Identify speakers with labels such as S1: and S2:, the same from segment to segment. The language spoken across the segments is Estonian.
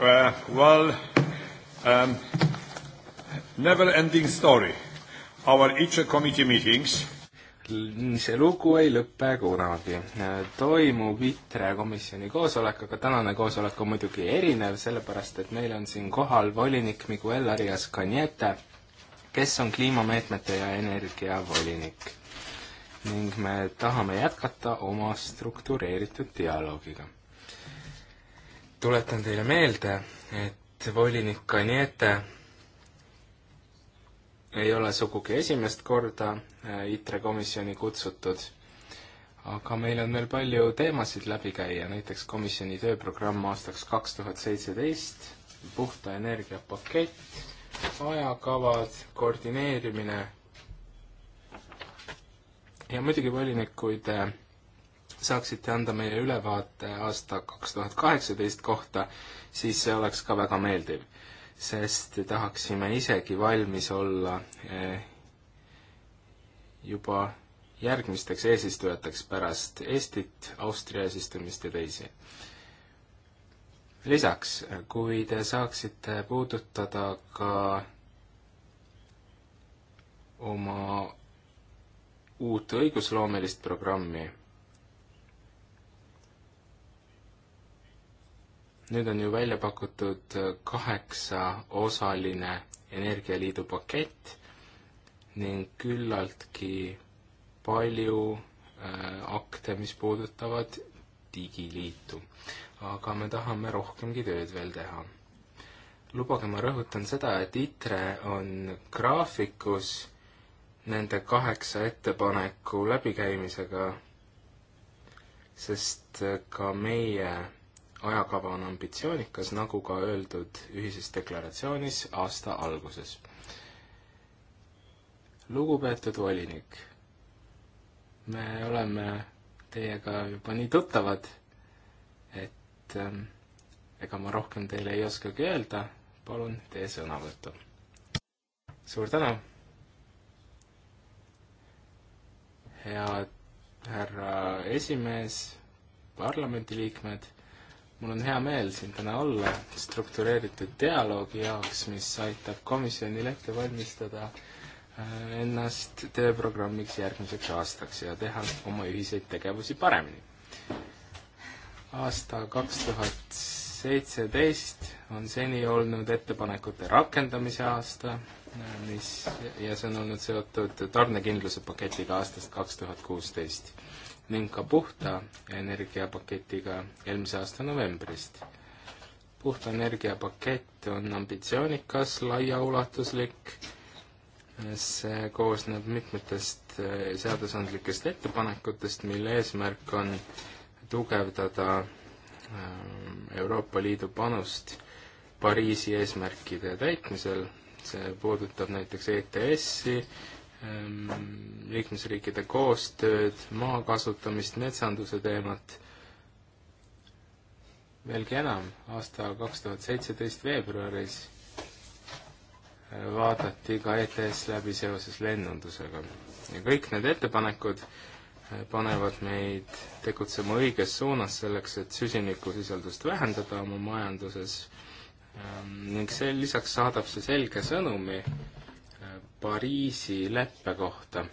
S1: Uh, well, um, never-ending story. Our each committee meetings
S2: see lugu ei lõpe kunagi. toimub ITRE komisjoni koosolek, aga tänane koosolek on muidugi erinev, sellepärast et meil on siin kohal volinik Miguel Arias Cañete, kes on kliimameetmete ja energia volinik. ning me tahame jätkata oma struktureeritud dialoogiga tuletan teile meelde, et volinik Kaniete ei ole sugugi esimest korda äh, ITRE komisjoni kutsutud, aga meil on veel palju teemasid läbi käia, näiteks komisjoni tööprogramm aastaks kaks tuhat seitseteist, puhta energia pakett, ajakavad, koordineerimine ja muidugi volinik, kui te äh, saaksite anda meile ülevaate aasta kaks tuhat kaheksateist kohta, siis see oleks ka väga meeldiv, sest tahaksime isegi valmis olla eh, juba järgmisteks eesistujateks pärast Eestit, Austria eesistumist ja teisi. lisaks, kui te saaksite puudutada ka oma uut õigusloomelist programmi nüüd on ju välja pakutud äh, kaheksaosaline Energialiidu pakett ning küllaltki palju äh, akte, mis puudutavad digiliitu. aga me tahame rohkemgi tööd veel teha. lubage, ma rõhutan seda, et ITRE on graafikus nende kaheksa ettepaneku läbikäimisega, sest äh, ka meie ajakava on ambitsioonikas, nagu ka öeldud ühises deklaratsioonis aasta alguses. lugupeetud volinik, me oleme teiega juba nii tuttavad, et ähm, ega ma rohkem teile ei oskagi öelda, palun tee sõnavõttu. suur tänu! hea härra esimees, parlamendiliikmed mul on hea meel siin täna olla struktureeritud dialoogi jaoks, mis aitab komisjonil ette valmistada äh, ennast tööprogrammiks järgmiseks aastaks ja teha oma ühiseid tegevusi paremini. aasta kaks tuhat seitseteist on seni olnud ettepanekute rakendamise aasta, äh, mis, ja see on olnud seotud tarnekindluse paketiga aastast kaks tuhat kuusteist ning ka puhta energiapaketiga eelmise aasta novembrist. puhta energiapakett on ambitsioonikas, laiaulatuslik, see koosneb mitmetest eh, seadusandlikest ettepanekutest, mille eesmärk on tugevdada eh, Euroopa Liidu panust Pariisi eesmärkide täitmisel, see puudutab näiteks ETS-i, Ähm, liikmesriikide koostööd, maa kasutamist, metsanduse teemat. veelgi enam, aasta kaks tuhat seitseteist veebruaris äh, vaadati ka ETS läbi seoses lennundusega ja kõik need ettepanekud äh, panevad meid tegutsema õiges suunas selleks, et süsinikusisaldust vähendada oma majanduses ähm, ning see lisaks saadab see selge sõnumi äh, Pariisi leppe kohta,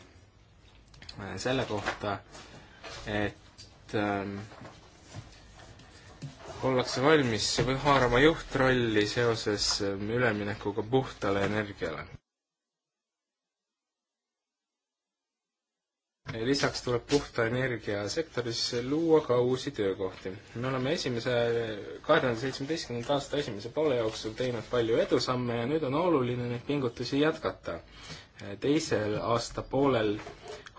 S2: selle kohta, et ähm, ollakse valmis või haarama juhtrolli seoses ähm, üleminekuga puhtale energiale lisaks tuleb puhta energia sektoris luua ka uusi töökohti. me oleme esimese, kahe tuhande seitsmeteistkümnenda aasta esimese poole jooksul teinud palju edusamme ja nüüd on oluline neid pingutusi jätkata. teisel aastapoolel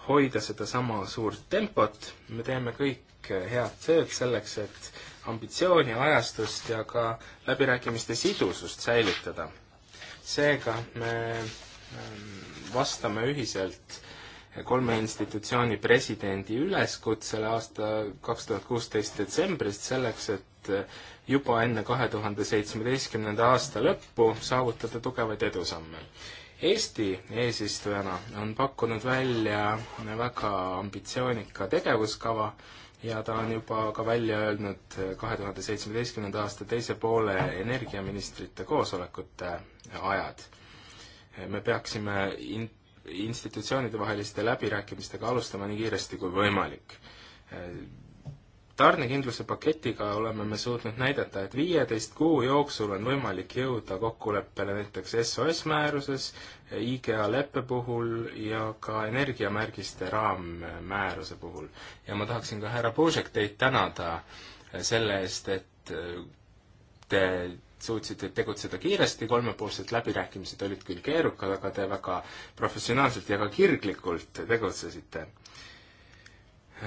S2: hoida sedasama suurt tempot, me teeme kõik head tööd selleks, et ambitsiooni, ajastust ja ka läbirääkimiste sidusust säilitada. seega me ähm, vastame ühiselt kolme institutsiooni presidendi üleskutsele aasta kaks tuhat kuusteist detsembrist selleks, et eh, juba enne kahe tuhande seitsmeteistkümnenda aasta lõppu saavutada tugevaid edusamme. Eesti eesistujana on pakkunud välja väga ambitsioonika tegevuskava ja ta on juba ka välja öelnud kahe tuhande seitsmeteistkümnenda aasta teise poole energiaministrite koosolekute ajad me peaksime in-, institutsioonide vaheliste läbirääkimistega alustama nii kiiresti kui võimalik. tarnekindluse paketiga oleme me suutnud näidata, et viieteist kuu jooksul on võimalik jõuda kokkuleppele näiteks SOS määruses, IGA leppe puhul ja ka energiamärgiste raammääruse puhul. ja ma tahaksin ka härra Puusek teid tänada selle eest, et te suutsite tegutseda kiiresti, kolmepoolsed läbirääkimised olid küll keerukad, aga te väga professionaalselt ja ka kirglikult tegutsesite.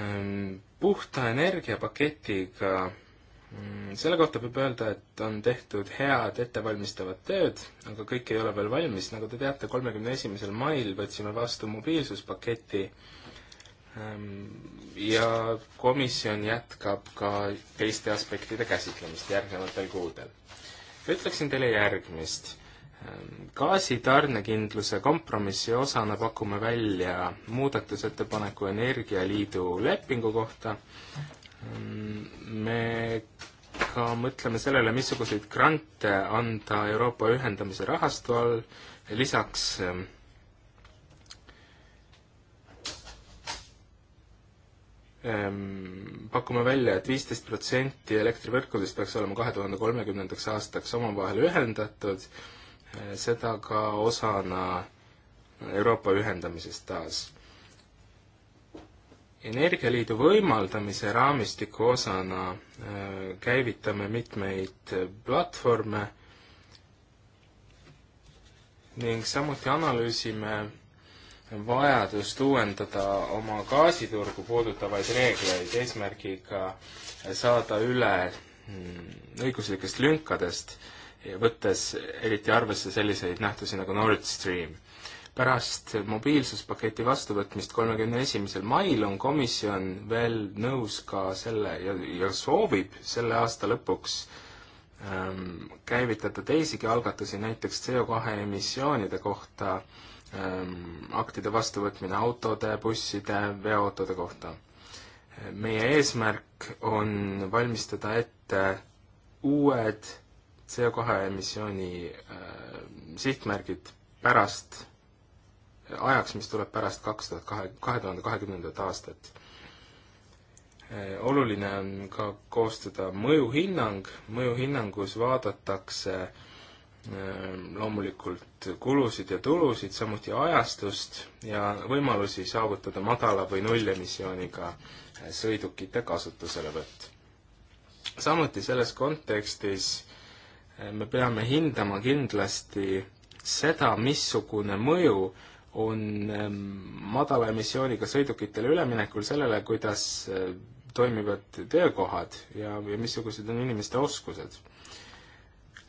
S2: Ehm, puhta energiapaketiga, mm, selle kohta võib öelda, et on tehtud head ettevalmistavat tööd, aga kõik ei ole veel valmis, nagu te teate, kolmekümne esimesel mail võtsime vastu mobiilsuspaketi ehm, ja komisjon jätkab ka teiste aspektide käsitlemist järgnevatel kuudel ütleksin teile järgmist. gaasitarnekindluse kompromissi osana pakume välja muudatusettepaneku Energialiidu lepingu kohta. me ka mõtleme sellele, missuguseid grante anda Euroopa ühendamise rahastu all, lisaks Ehm, pakume välja et, et viisteist protsenti elektrivõrkudest peaks olema kahe tuhande kolmekümnendaks aastaks omavahel ühendatud, ehm, seda ka osana Euroopa ühendamisest taas. energialiidu võimaldamise raamistiku osana ehm, käivitame mitmeid platvorme ning samuti analüüsime vajadust uuendada oma gaasiturgu puudutavaid reegleid eesmärgiga saada üle mm, õiguslikest lünkadest, võttes eriti arvesse selliseid nähtusi nagu Nord Stream. pärast mobiilsuspaketi vastuvõtmist kolmekümne esimesel mail on komisjon veel nõus ka selle ja, ja soovib selle aasta lõpuks ähm, käivitada teisigi algatusi, näiteks CO2 emissioonide kohta äh, Ähm, aktide vastuvõtmine autode, busside, veoautode kohta. meie eesmärk on valmistada ette uued CO2 emissiooni äh, sihtmärgid pärast, ajaks, mis tuleb pärast kaks tuhat kahe, kahe tuhande kahekümnendat aastat äh, oluline on ka koostada mõjuhinnang, mõjuhinnangus vaadatakse äh, Ehm, loomulikult kulusid ja tulusid, samuti ajastust ja võimalusi saavutada madala või nullemissiooniga eh, sõidukite kasutuselevõtt. samuti selles kontekstis eh, me peame hindama kindlasti seda, missugune mõju on ehm, madala emissiooniga sõidukitele üleminekul sellele, kuidas eh, toimivad töökohad ja, ja missugused on inimeste oskused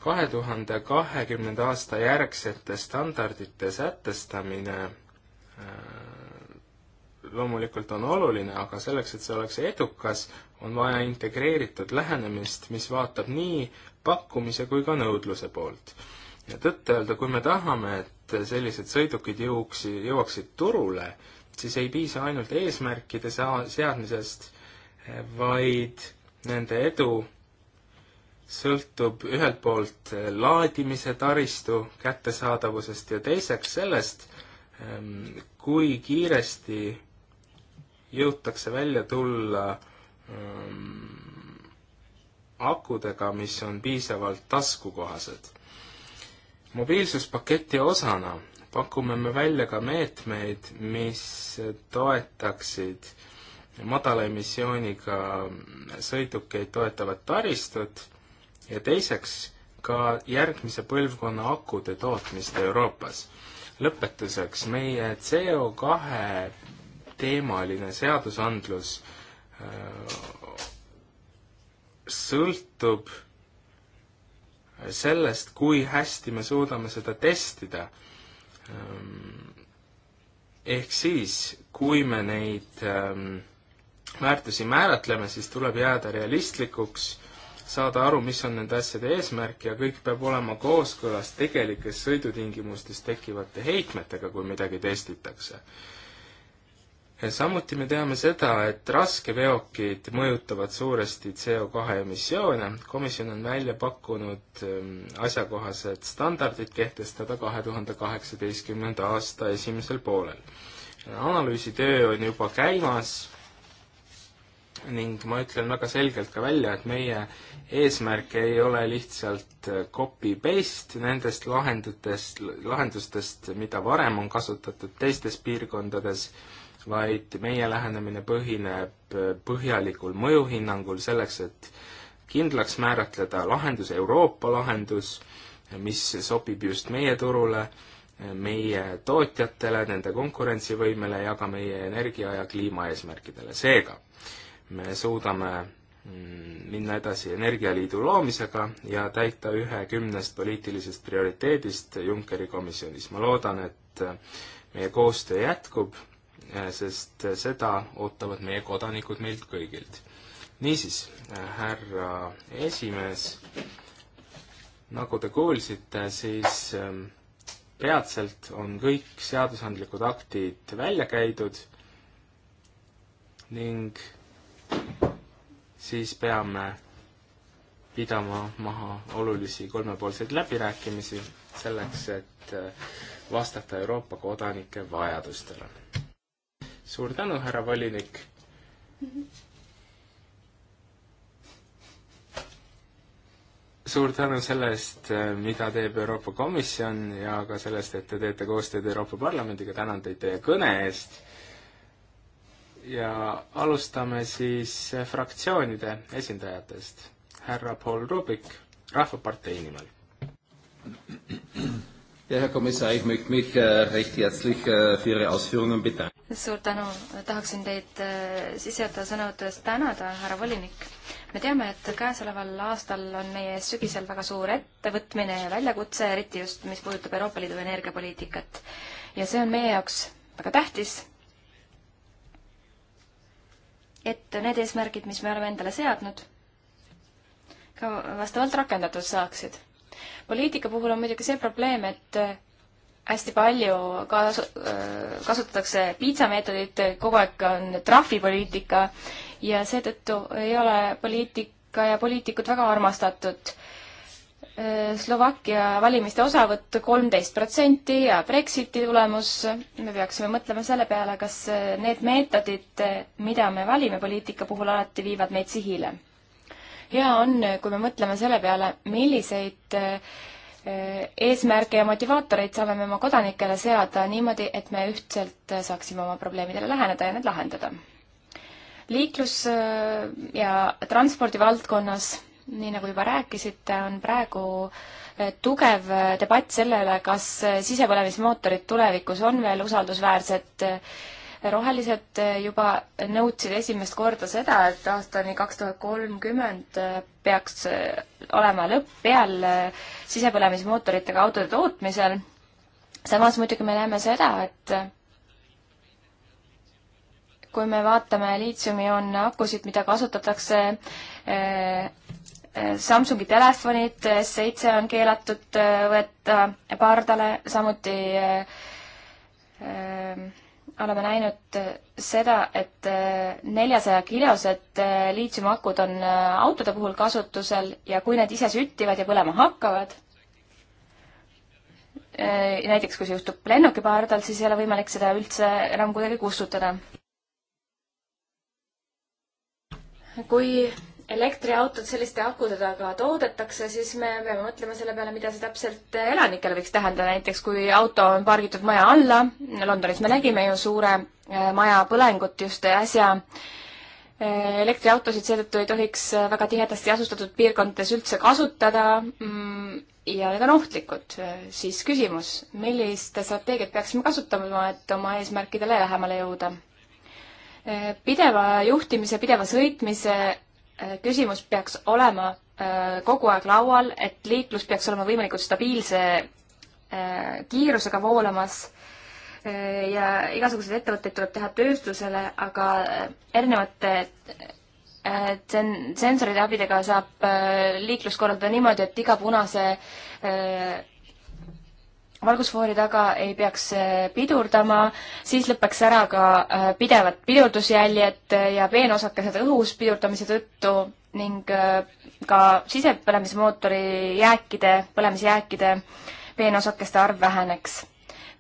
S2: kahe tuhande kahekümnenda aasta järgsete standardite sätestamine äh, loomulikult on oluline, aga selleks, et see oleks edukas, on vaja integreeritud lähenemist, mis vaatab nii pakkumise kui ka nõudluse poolt. ja tõtt-öelda, kui me tahame, et sellised sõidukid jõuaks, jõuaksid turule, siis ei piisa ainult eesmärkide sea-, seadmisest, vaid nende edu sõltub ühelt poolt laadimise taristu kättesaadavusest ja teiseks sellest, ehm, kui kiiresti jõutakse välja tulla ehm, akudega, mis on piisavalt taskukohased. mobiilsuspaketi osana pakume me välja ka meetmeid, mis toetaksid madala emissiooniga sõidukeid toetavat taristut ja teiseks ka järgmise põlvkonna akude tootmist Euroopas. lõpetuseks, meie CO kahe teemaline seadusandlus äh, sõltub sellest, kui hästi me suudame seda testida. Ähm, ehk siis, kui me neid ähm, väärtusi määratleme, siis tuleb jääda realistlikuks saada aru, mis on nende asjade eesmärk ja kõik peab olema kooskõlas tegelikes sõidutingimustes tekkivate heitmetega, kui midagi testitakse. samuti me teame seda, et raskeveokid mõjutavad suuresti CO2 emissioone. komisjon on välja pakkunud ähm, asjakohased standardid kehtestada kahe tuhande kaheksateistkümnenda aasta esimesel poolel analüüsitöö on juba käimas ning ma ütlen väga selgelt ka välja, et meie eesmärk ei ole lihtsalt copy-paste nendest lahendutest, lahendustest, mida varem on kasutatud teistes piirkondades, vaid meie lähenemine põhineb põhjalikul mõjuhinnangul selleks, et kindlaks määratleda lahendus, Euroopa lahendus, mis sobib just meie turule, meie tootjatele, nende konkurentsivõimele ja ka meie energia- ja kliimaeesmärkidele. seega me suudame mm, minna edasi Energialiidu loomisega ja täita ühe kümnest poliitilisest prioriteedist Junckeri komisjonis. ma loodan, et äh, meie koostöö jätkub, äh, sest seda ootavad meie kodanikud meilt kõigilt. niisiis, äh, härra esimees, nagu te kuulsite, siis ähm, peatselt on kõik seadusandlikud aktid välja käidud ning siis peame pidama maha olulisi kolmepoolseid läbirääkimisi selleks, et äh, vastata Euroopa kodanike vajadustele. suur tänu, härra volinik! suur tänu selle eest, äh, mida teeb Euroopa Komisjon ja ka selle eest, et te teete koostööd Euroopa Parlamendiga, tänan teid teie kõne eest ja alustame siis eh, fraktsioonide esindajatest. härra Paul Rubik Rahvapartei nimel. Ja, Herr Kommissar, ich möchte mich äh, recht herzlich äh, für Ihre Ausführungen bedanken.
S3: suur tänu, tahaksin teid äh, sissejuhatava sõnavõtu eest tänada, härra volinik. me teame, et käesoleval aastal on meie ees sügisel väga suur ettevõtmine ja väljakutse, eriti just, mis puudutab Euroopa Liidu energiapoliitikat. ja see on meie jaoks väga tähtis et need eesmärgid, mis me oleme endale seadnud, ka vastavalt rakendatud saaksid. poliitika puhul on muidugi see probleem, et äh, hästi palju kasu-, äh, kasutatakse piitsameetodit, kogu aeg on trahvipoliitika ja seetõttu ei ole poliitika ja poliitikud väga armastatud Äh, Slovakkia valimiste osavõtt kolmteist protsenti ja Brexiti tulemus, me peaksime mõtlema selle peale, kas äh, need meetodid, äh, mida me valime poliitika puhul, alati viivad meid sihile. hea on, kui me mõtleme selle peale, milliseid eesmärke ja motivaatoreid saame me oma kodanikele seada niimoodi, et me ühtselt saaksime oma probleemidele läheneda ja need lahendada. liiklus- ja transpordivaldkonnas nii nagu juba rääkisite, on praegu eh, tugev eh, debatt selle üle, kas eh, sisepõlemismootorid tulevikus on veel usaldusväärsed. rohelised juba nõudsid esimest korda seda, et aastani kaks tuhat kolmkümmend peaks olema lõpp peal sisepõlemismootoritega autode tootmisel. samas muidugi me näeme seda, et kui me vaatame liitsiumioon akusid, mida kasutatakse Äh, Samsungi telefonid, äh, S7 on keelatud äh, võtta pardale, samuti oleme näinud seda, et neljasaja kilosed liitiumakud on autode puhul kasutusel ja kui need ise süttivad ja põlema hakkavad, näiteks kui see juhtub lennuki pardal, siis ei ole võimalik seda üldse enam kuidagi kustutada. kui elektriautod selliste akude taga toodetakse, siis me peame mõtlema selle peale, mida see täpselt elanikele võiks tähendada, näiteks kui auto on pargitud maja alla, Londonis me nägime ju suure eh, maja põlengut just äsja, eh, elektriautosid seetõttu ei tohiks eh, väga tihedasti asustatud piirkondades üldse kasutada mm, ja need on ohtlikud. siis küsimus, millist strateegiat peaksime kasutama, et oma eesmärkidele lähemale jõuda? pideva juhtimise, pideva sõitmise Äh, küsimus peaks olema äh, kogu aeg laual, et liiklus peaks olema võimalikult stabiilse äh, kiirusega voolamas ja igasuguseid ettevõtteid tuleb teha tööstusele, aga erinevate sen-, sensoride abidega saab liiklust korraldada niimoodi, et iga punase valgusfoori taga ei peaks äh, pidurdama, siis lõpeks ära ka äh, pidevad pidurdusjäljed ja peenosakesed õhus pidurdamise tõttu ning äh, ka sisepõlemismootori jääkide, põlemisjääkide peenosakeste arv väheneks.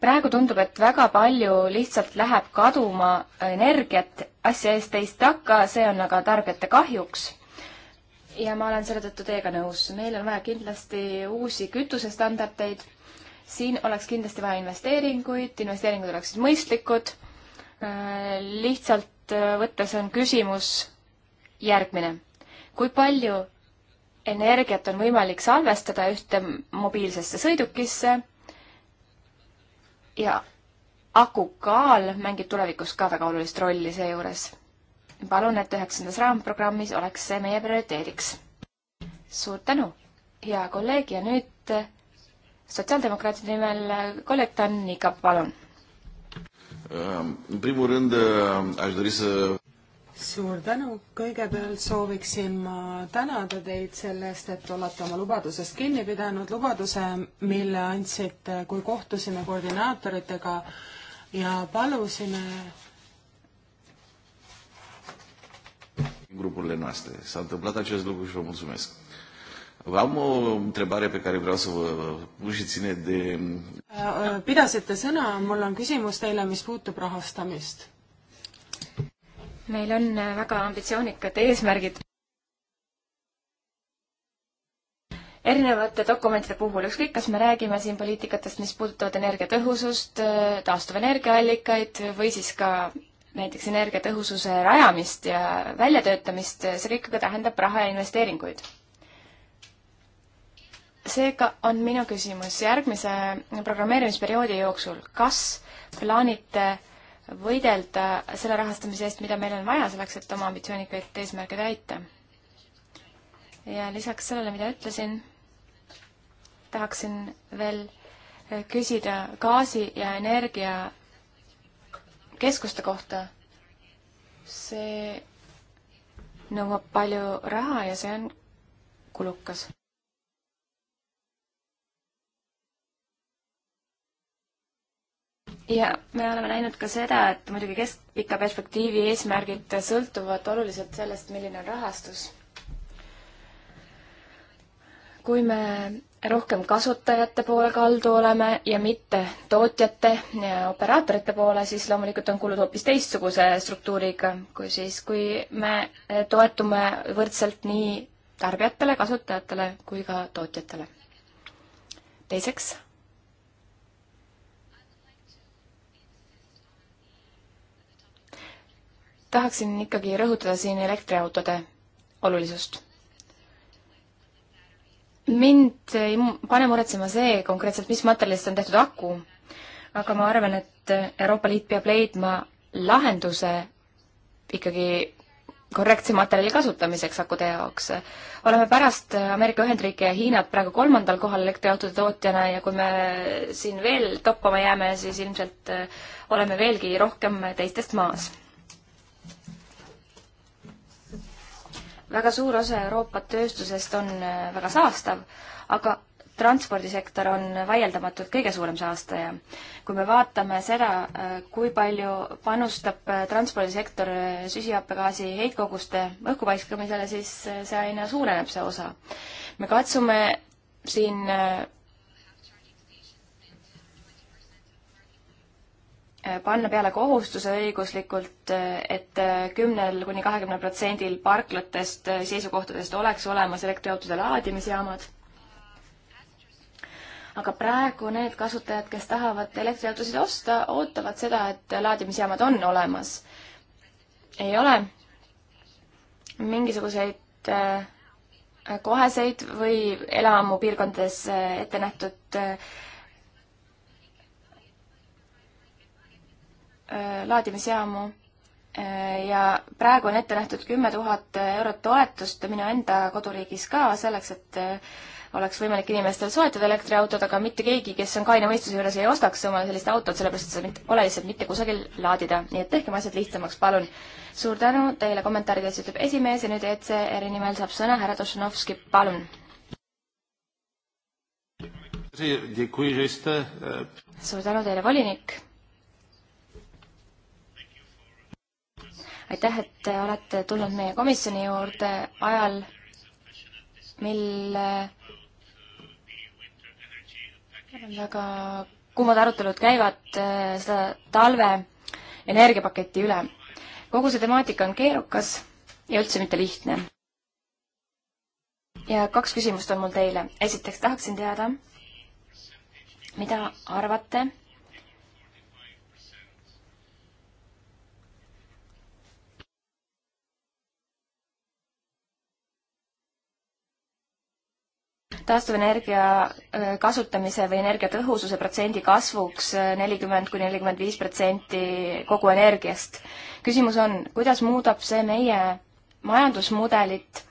S3: praegu tundub, et väga palju lihtsalt läheb kaduma energiat asja eest teist takka, see on aga tarbijate kahjuks ja ma olen selle tõttu teiega nõus, meil on vaja kindlasti uusi kütusestandardeid siin oleks kindlasti vaja investeeringuid, investeeringud oleksid mõistlikud. Äh, lihtsalt äh, võttes on küsimus järgmine. kui palju energiat on võimalik salvestada ühte mobiilsesse sõidukisse ja akukaal mängib tulevikus ka väga olulist rolli seejuures. palun, et üheksandas raamprogrammis oleks see meie prioriteediks. suur tänu, hea kolleeg ja nüüd äh, sotsiaaldemokraatide nimel eh, kolleeg Dan Nikab, palun.
S1: Ähm, eh, suur tänu,
S3: kõigepealt
S1: sooviksin ma tänada teid selle eest, et olete oma lubadusest kinni pidanud, lubaduse, mille andsite, kui kohtusime koordinaatoritega ja palusime
S3: grupurile noastre. S-a întâmplat acest lucru și vă mulțumesc. Am o întrebare pe care vreau să vă pun și ține de...
S1: Äh, äh, pidasite sõna, mul on küsimus teile, mis
S3: puutub rahastamist. Meil on äh, väga ambitsioonikad eesmärgid. Erinevate dokumentide puhul, ükskõik, kas me räägime siin poliitikatest, mis puudutavad energiatõhusust, taastuvenergiaallikaid või siis ka näiteks energiatõhususe rajamist ja väljatöötamist, see kõik aga tähendab raha ja investeeringuid seega on minu küsimus järgmise programmeerimisperioodi jooksul, kas plaanite võidelda selle rahastamise eest, mida meil on vaja selleks, et oma ambitsioonikaid eesmärke täita? ja lisaks sellele, mida ütlesin, tahaksin veel küsida gaasi- ja energiakeskuste kohta. see nõuab palju raha ja see on kulukas. ja me oleme näinud ka seda, et muidugi keskpika perspektiivi eesmärgid sõltuvad oluliselt sellest, milline on rahastus. kui me rohkem kasutajate poole kaldu oleme ja mitte tootjate ja operaatorite poole, siis loomulikult on kulud hoopis teistsuguse struktuuriga, kui siis, kui me toetume võrdselt nii tarbijatele, kasutajatele kui ka tootjatele. teiseks tahaksin ikkagi rõhutada siin elektriautode olulisust. mind ei pane muretsema see konkreetselt, mis materjalist on tehtud aku, aga ma arvan, et Euroopa Liit peab leidma lahenduse ikkagi korrektse materjali kasutamiseks akude jaoks. oleme pärast Ameerika Ühendriike ja Hiinat praegu kolmandal kohal elektriautode tootjana ja kui me siin veel toppama jääme, siis ilmselt oleme veelgi rohkem teistest maas väga suur osa Euroopa tööstusest on äh, väga saastav, aga transpordisektor on vaieldamatult kõige suurem saastaja. kui me vaatame seda, äh, kui palju panustab äh, transpordisektor süsihappegaasi heitkoguste õhku paiskamisele, siis see aina suureneb, see osa. me katsume siin Äh, panna peale kohustuse õiguslikult, äh, et äh, kümnel kuni kahekümnel protsendil parklatest, seisukohtadest oleks olemas elektriautode laadimisjaamad. aga praegu need kasutajad, kes tahavad elektriautosid osta, ootavad seda, et laadimisjaamad on olemas. ei ole mingisuguseid koheseid või elamupiirkondades ette nähtud Äh, laadimisjaamu äh, ja praegu on ette nähtud kümme tuhat eurot toetust minu enda koduriigis ka selleks, et äh, oleks võimalik inimestel soetada elektriautod, aga mitte keegi, kes on kaine mõistuse juures, ei ostaks omale sellist autot, sellepärast et seda pole lihtsalt mitte kusagil laadida. nii et tehkem asjad lihtsamaks, palun. suur tänu teile kommentaaride eest, ütleb esimees ja nüüd ECR-i nimel saab sõna härra Tošenovski, palun. suur tänu teile, volinik aitäh, et olete tulnud meie komisjoni juurde ajal, mil väga kuumad arutelud käivad eh, seda talve energiapaketi üle. kogu see temaatika on keerukas ja üldse mitte lihtne ja kaks küsimust on mul teile. esiteks tahaksin teada,
S1: mida arvate
S3: taastuvenergia äh, kasutamise või energiatõhususe protsendi kasvuks äh, nelikümmend kuni nelikümmend viis protsenti kogu energiast. küsimus on, kuidas muudab see meie majandusmudelit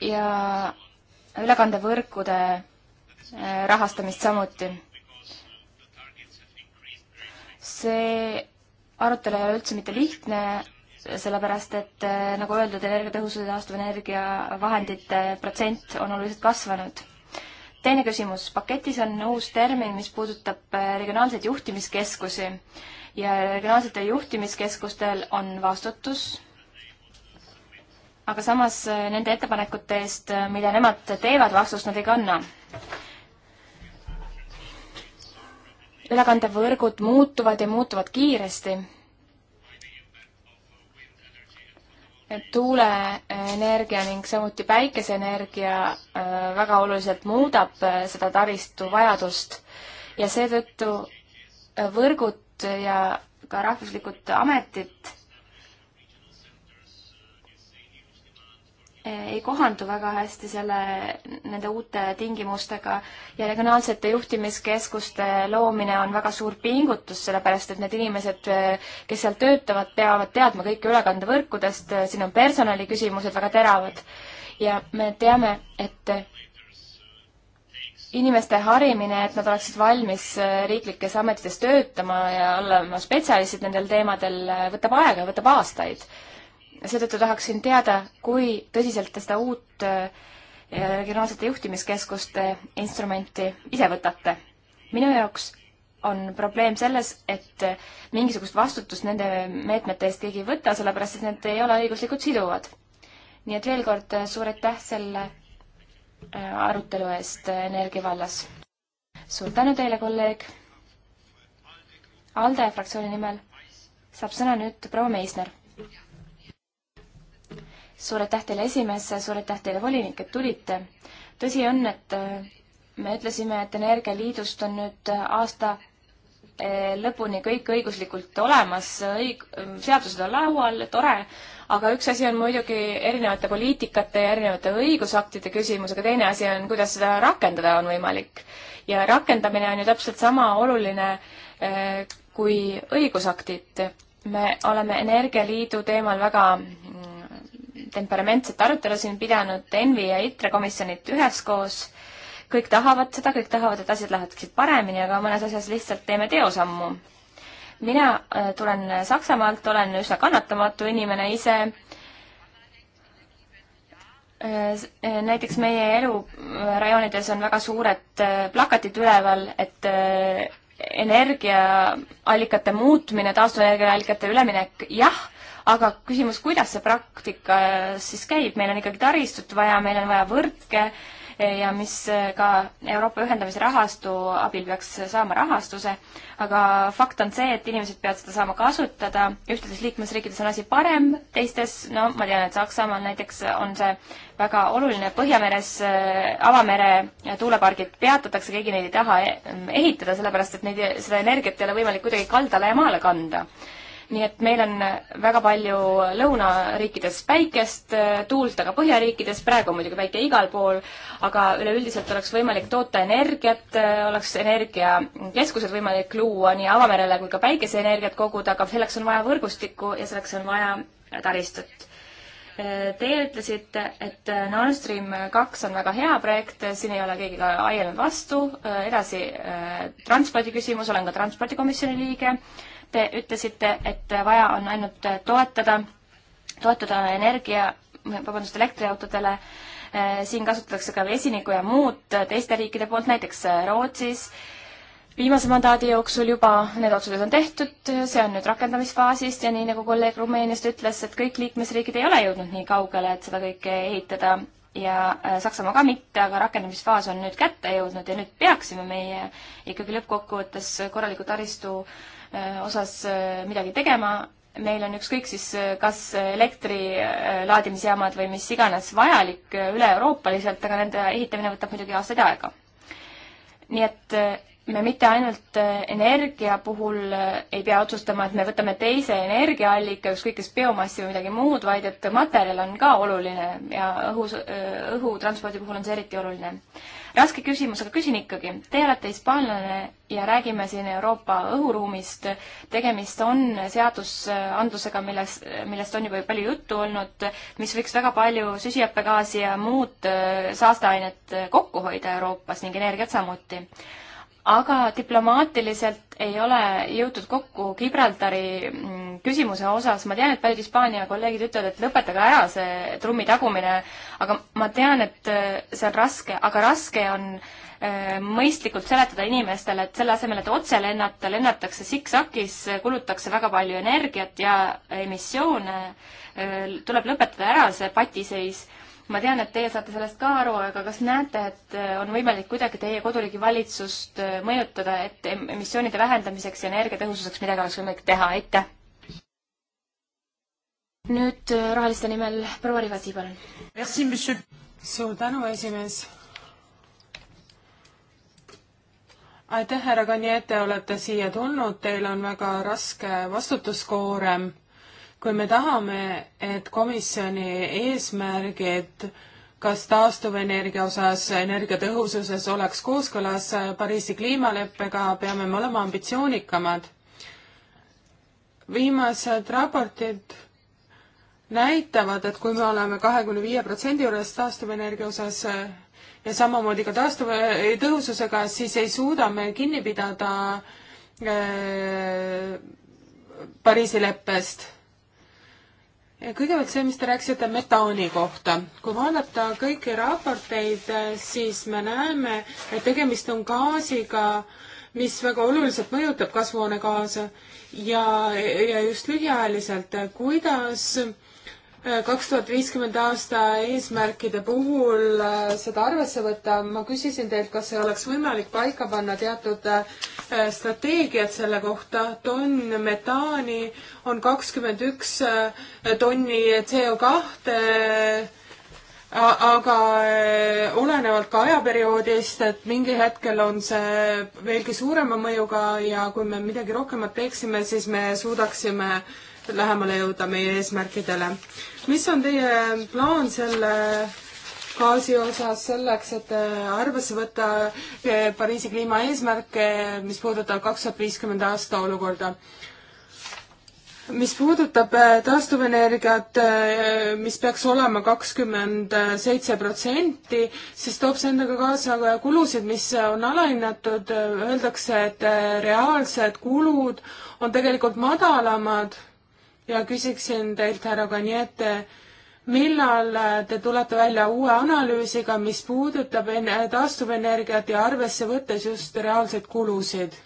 S1: ja
S3: ülekandevõrkude äh, rahastamist samuti. see arutelu ei ole üldse mitte lihtne, sellepärast et eh, nagu öeldud, energiatõhususe taastuvenergia vahendite protsent on oluliselt kasvanud. teine küsimus, paketis on uus termin, mis puudutab eh, regionaalseid juhtimiskeskusi ja regionaalsetel juhtimiskeskustel on vastutus, aga samas eh, nende ettepanekute eest, mida nemad teevad, vastust nad ei kanna ülekandevõrgud muutuvad ja muutuvad kiiresti. tuuleenergia ning samuti päikeseenergia äh, väga oluliselt muudab äh, seda taristu vajadust ja seetõttu äh, võrgud ja ka rahvuslikud ametid ei kohandu väga hästi selle, nende uute tingimustega ja regionaalsete juhtimiskeskuste loomine on väga suur pingutus, sellepärast et need inimesed, kes seal töötavad, peavad teadma kõike ülekandevõrkudest, siin on personaliküsimused väga teravad. ja me teame, et inimeste harimine, et nad oleksid valmis riiklikes ametites töötama ja olema spetsialistid nendel teemadel, võtab aega, võtab aastaid seetõttu tahaksin teada, kui tõsiselt te seda uut äh, regionaalsete juhtimiskeskuste instrumenti ise võtate. minu jaoks on probleem selles, et äh, mingisugust vastutust nende meetmete eest keegi ei võta, sellepärast et need ei ole õiguslikult siduvad. nii et veel kord äh, suur aitäh selle arutelu eest energia vallas. suur tänu teile, kolleeg. ALDE fraktsiooni nimel saab sõna nüüd proua Meisner suur aitäh teile, esimees, suur aitäh teile, volinik, et tulite. tõsi on, et äh, me ütlesime, et Energialiidust on nüüd äh, aasta äh, lõpuni kõik õiguslikult olemas, õig-, seadused on laual, tore, aga üks asi on muidugi erinevate poliitikate ja erinevate õigusaktide küsimus, aga teine asi on, kuidas seda rakendada on võimalik. ja rakendamine on ju täpselt sama oluline kui õigusaktid. me oleme Energialiidu teemal väga temperamentset arutelu siin pidanud ENVI ja ITRE komisjonit üheskoos. kõik tahavad seda, kõik tahavad, et asjad läheksid paremini, aga mõnes asjas lihtsalt teeme teosammu. mina äh, tulen Saksamaalt, olen üsna kannatamatu inimene ise äh, äh, näiteks meie elurajoonides on väga suured plakatid üleval, et energiaallikate muutmine, taastuvenergiaallikate üleminek, jah, aga küsimus, kuidas see praktika äh, siis käib, meil on ikkagi taristut vaja, meil on vaja võrke äh, ja mis äh, ka Euroopa ühendamise rahastu abil peaks saama rahastuse, aga fakt on see, et inimesed peavad seda saama kasutada, ühtedes liikmesriikides on asi parem, teistes, no ma tean, et Saksamaal näiteks on see väga oluline, Põhjameres avamere tuulepargid peatatakse, keegi neid ei taha ehitada, sellepärast et neid, seda energiat ei ole võimalik kuidagi kaldale ja maale kanda nii et meil on väga palju lõunariikides päikest, tuult aga põhjariikides, praegu on muidugi päike igal pool, aga üleüldiselt oleks võimalik toota energiat, oleks energiakeskused võimalik luua nii avamerele kui ka päikeseenergiat koguda, aga selleks on vaja võrgustikku ja selleks on vaja taristut. Teie ütlesite, et Nord Stream kaks on väga hea projekt, siin ei ole keegi ka aielnud vastu, edasi eh, transpordiküsimus, olen ka transpordikomisjoni liige Te ütlesite, et vaja on ainult toetada, toetada energia, vabandust, elektriautodele, eh, siin kasutatakse ka vesinikku ja muud teiste riikide poolt, näiteks Rootsis. viimase mandaadi jooksul juba need otsused on tehtud, see on nüüd rakendamisfaasis ja nii nagu kolleeg Rumeeniast ütles, et kõik liikmesriigid ei ole jõudnud nii kaugele, et seda kõike ehitada ja eh, Saksamaa ka mitte, aga rakendamisfaas on nüüd kätte jõudnud ja nüüd peaksime meie ikkagi lõppkokkuvõttes korraliku taristu Äh, osas äh, midagi tegema. meil on ükskõik siis äh, kas elektri laadimisjaamad või mis iganes vajalik üle-euroopaliselt, aga nende ehitamine võtab muidugi aastaid aega. nii et me mitte ainult energia puhul ei pea otsustama, et me võtame teise energiaallika, ükskõik kas biomassi või midagi muud, vaid et materjal on ka oluline ja õhus, õhutranspordi puhul on see eriti oluline raske küsimus, aga küsin ikkagi. Teie olete hispaanlane ja räägime siin Euroopa õhuruumist. tegemist on seadusandlusega, milles, millest on juba palju juttu olnud, mis võiks väga palju süsihappegaasi ja muud äh, saasteainet kokku hoida Euroopas ning energiat samuti aga diplomaatiliselt ei ole jõutud kokku Gibraltari mm, küsimuse osas. ma tean, et paljud Hispaania kolleegid ütlevad, et lõpetage ära see trummi tagumine, aga ma tean, et äh, see on raske, aga raske on äh, mõistlikult seletada inimestele, et selle asemel, et otse lennata, lennatakse siksakis, kulutakse väga palju energiat ja emissioone äh,, tuleb lõpetada ära see patiseis ma tean, et teie saate sellest ka aru, aga kas näete, et äh, on võimalik kuidagi teie koduriigi valitsust äh, mõjutada, et emissioonide vähendamiseks ja energiatõhususeks midagi oleks võimalik teha, aitäh! nüüd äh, roheliste nimel proua Rivasi, palun. suur tänu, esimees.
S1: aitäh, härra Kaniete, olete siia tulnud, teil on väga raske vastutuskoorem kui me tahame, et komisjoni eesmärgid kas taastuvenergia osas, energiatõhususes oleks kooskõlas Pariisi kliimaleppega, peame me olema ambitsioonikamad. viimased raportid näitavad, et kui me oleme kahekümne viie protsendi juures taastuvenergia osas ja samamoodi ka taastuva tõhususega, siis ei suuda me kinni pidada äh, Pariisi leppest kõigepealt see, mis te rääkisite metaani kohta. kui vaadata kõiki raporteid, siis me näeme, et tegemist on gaasiga, mis väga oluliselt mõjutab kasvuhoonegaase ja, ja just lühiajaliselt, kuidas kaks tuhat viiskümmend aasta eesmärkide puhul äh, seda arvesse võtta. ma küsisin teilt, kas ei oleks võimalik paika panna teatud äh, strateegiad selle kohta. tonn metaani on kakskümmend üks äh, tonni CO kahte aga olenevalt ka ajaperioodist, et mingil hetkel on see veelgi suurema mõjuga ja kui me midagi rohkemat teeksime, siis me suudaksime lähemale jõuda meie eesmärkidele mis on teie plaan selle gaasi osas selleks, et äh, arvesse võtta äh, Pariisi kliimaeesmärke, mis puudutab kaks tuhat viiskümmend aasta olukorda? mis puudutab äh, taastuvenergiat, mis peaks olema kakskümmend seitse protsenti, siis toob see endaga kaasa kulusid, mis on alahinnatud, öeldakse, et reaalsed kulud on tegelikult madalamad ja küsiksin teilt, härra Kaniete, millal te tulete välja uue analüüsiga, mis puudutab taastuvenergiat ja arvesse võttes just reaalseid kulusid?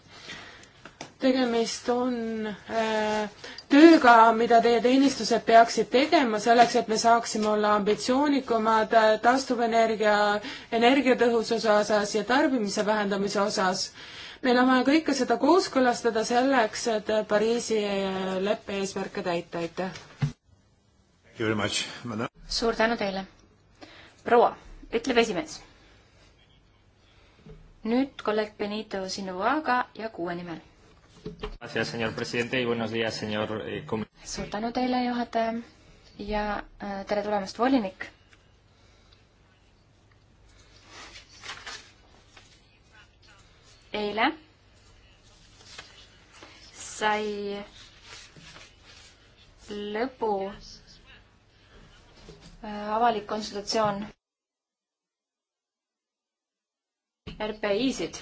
S1: tegemist on äh, tööga, mida teie teenistused peaksid tegema selleks, et me saaksime olla ambitsioonikumad taastuvenergia, energiatõhususe osas ja tarbimise vähendamise osas meil on vaja kõike seda kooskõlastada selleks,
S3: et Pariisi äh, leppe eesmärke täita, aitäh! suur tänu teile! proua, ütleb esimees. nüüd kolleeg Benito Sinuaga ja kuue nimel.
S2: Eh, suur
S3: tänu teile, juhataja, ja äh, tere tulemast, volinik eile sai lõpu äh, avalik konsultatsioon RPI-sid.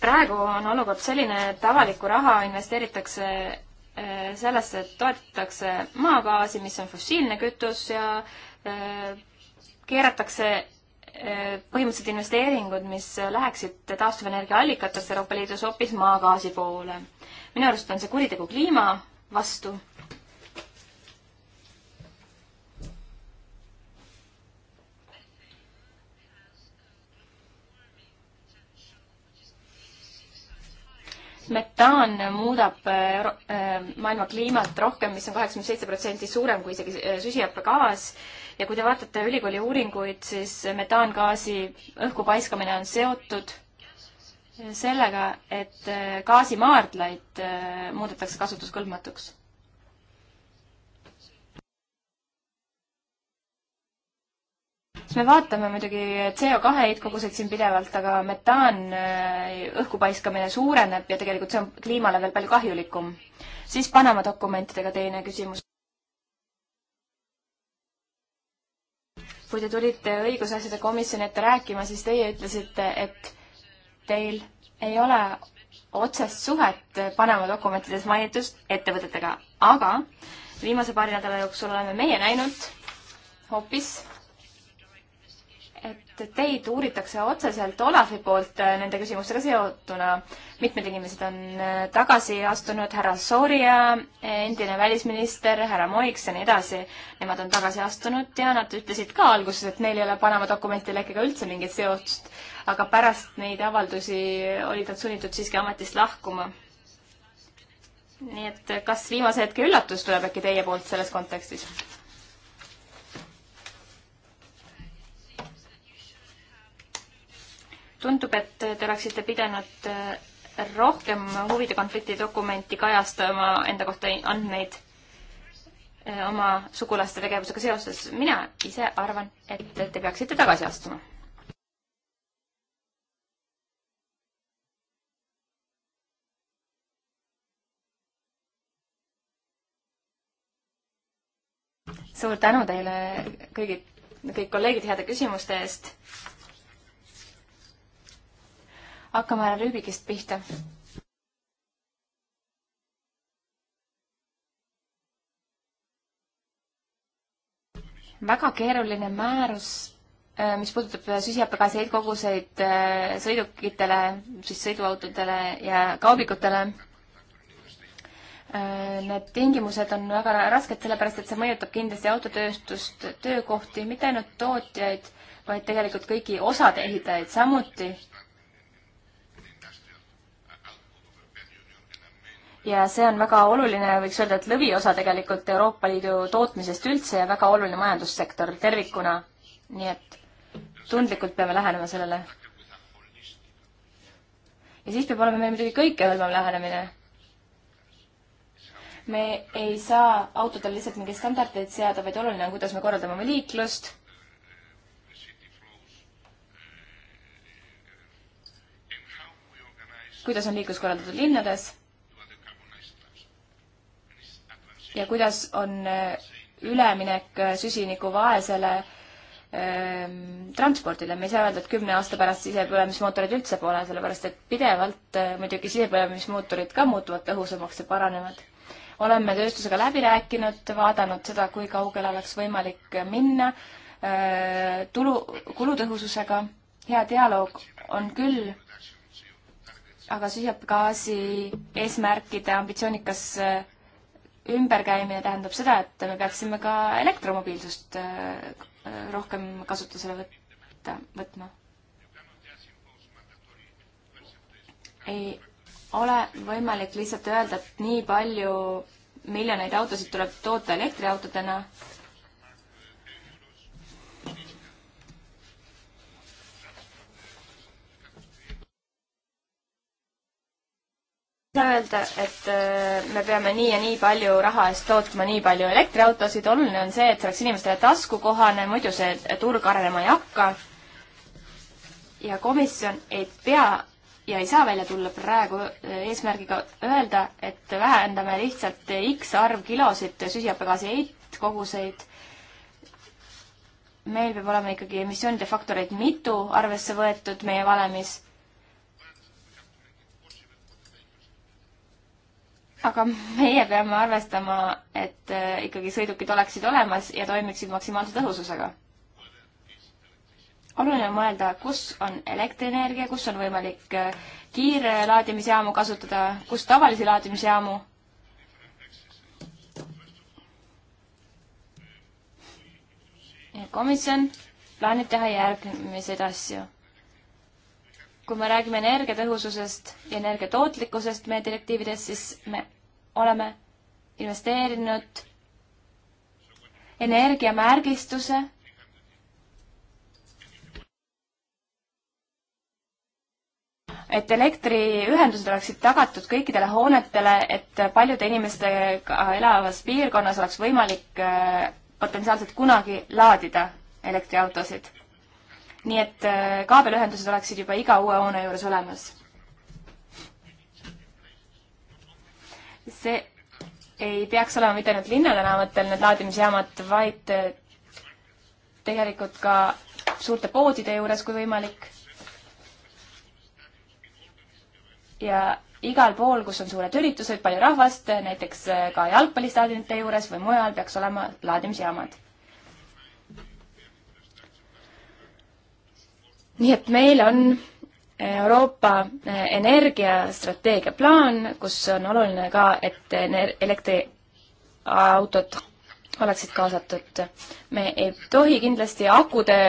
S3: praegu on olukord selline, et avalikku raha investeeritakse äh, sellesse, et toetatakse maagaasi, mis on fossiilne kütus ja äh, keeratakse Eh, põhimõtteliselt investeeringud, mis läheksid taastuvenergia allikatest Euroopa Liidus hoopis maagaasi poole. minu arust on see kuritegu kliima vastu metaan muudab äh, äh, maailma kliimat rohkem, mis on kaheksakümmend seitse protsenti suurem kui isegi äh, süsihappegaas. ja kui te vaatate ülikooli uuringuid, siis metaangaasi õhku paiskamine on seotud sellega, et gaasimaardlaid muudetakse kasutuskõlbmatuks siis me vaatame muidugi CO2 heitkoguseid siin pidevalt, aga metaan äh, õhku paiskamine suureneb ja tegelikult see on kliimale veel palju kahjulikum. siis Panama dokumentidega teine küsimus. kui te tulite õigusasjade komisjoni ette rääkima, siis teie ütlesite, et teil ei ole otsest suhet Panama dokumentides mainitud ettevõtetega, aga viimase paari nädala jooksul oleme meie näinud hoopis et teid uuritakse otseselt Olavi poolt äh, nende küsimustega seotuna. mitmed inimesed on äh, tagasi astunud, härra Soria, äh, endine välisminister, härra Moiks ja nii edasi. Nemad on tagasi astunud ja nad ütlesid ka alguses, et neil ei ole Panama dokumenti lekkega üldse mingit seost. aga pärast neid avaldusi olid nad sunnitud siiski ametist lahkuma nii et kas viimase hetke üllatus tuleb äkki teie poolt selles kontekstis? tundub, et te oleksite pidanud äh, rohkem huvide konflikti dokumenti kajastama enda kohta andmeid äh, oma sugulaste tegevusega seoses. mina ise arvan, et te peaksite tagasi astuma. suur tänu teile kõigi, kõik kolleegid heade küsimuste eest hakkame härra Rüübikist pihta. väga keeruline määrus, äh, mis puudutab äh, süsihappegaaseid koguseid äh, sõidukitele, siis sõiduautodele ja kaubikutele need tingimused on väga rasked, sellepärast et see mõjutab kindlasti autotööstust, töökohti, mitte ainult tootjaid, vaid tegelikult kõiki osade ehitajaid samuti. ja see on väga oluline, võiks öelda, et lõviosa tegelikult Euroopa Liidu tootmisest üldse ja väga oluline majandussektor tervikuna. nii et tundlikult peame lähenema sellele. ja siis peab olema meil muidugi kõikehõlmav lähenemine. me ei saa autodele lihtsalt mingeid standardeid seada, vaid oluline on, kuidas me korraldame oma liiklust kuidas on liiklus korraldatud linnades ja kuidas on äh, üleminek äh, süsinikuvaesele ähm, transpordile, me ei saa öelda, et kümne aasta pärast sisepõlemismootoreid üldse pole, sellepärast et pidevalt äh, muidugi sisepõlemismootorid ka muutuvad tõhusamaks ja paranevad. oleme tööstusega läbi rääkinud, vaadanud seda, kui kaugele oleks võimalik minna äh, tulu, kulutõhususega, hea dialoog on küll aga süsihappegaasi eesmärkide ambitsioonikas ümberkäimine tähendab seda, et me peaksime ka elektromobiilsust äh, äh, rohkem kasutusele võtta, võtma. ei ole võimalik lihtsalt öelda, et nii palju miljoneid autosid tuleb toota elektriautodena öelda, et äh, me peame nii ja nii palju raha eest tootma nii palju elektriautosid, oluline on see, et see oleks inimestele taskukohane, muidu see turg arenema ei hakka. ja komisjon ei pea ja ei saa välja tulla praegu äh, eesmärgiga öelda, et vähendame lihtsalt X arv kilosid süsihappegaasi heitkoguseid. meil peab olema ikkagi emissioonide faktoreid mitu arvesse võetud meie valemis aga meie peame arvestama, et äh, ikkagi sõidukid oleksid olemas ja toimiksid maksimaalse tõhususega. oluline on mõelda, kus on elektrienergia, kus on võimalik äh, kiire laadimisjaamu kasutada, kus tavalisi laadimisjaamu. komisjon plaanib teha järgmiseid asju kui me räägime energiatõhususest ja energiatootlikkusest meie direktiivides, siis me oleme investeerinud
S1: energiamärgistuse
S3: et elektriühendused oleksid tagatud kõikidele hoonetele, et paljude inimestega elavas piirkonnas oleks võimalik äh, potentsiaalselt kunagi laadida elektriautosid nii et äh, kaabelühendused oleksid juba iga uue hoone juures olemas. see ei peaks olema mitte ainult linnatänavatel need laadimisjaamad, vaid äh, tegelikult ka suurte poodide juures, kui võimalik. ja igal pool, kus on suured üritused, palju rahvast, näiteks äh, ka jalgpallistaadionite juures või mujal, peaks olema laadimisjaamad nii et meil on eh, Euroopa eh, energiastrateegia plaan, kus on oluline ka, et eh, elektriautod oleksid kaasatud. me ei tohi kindlasti akude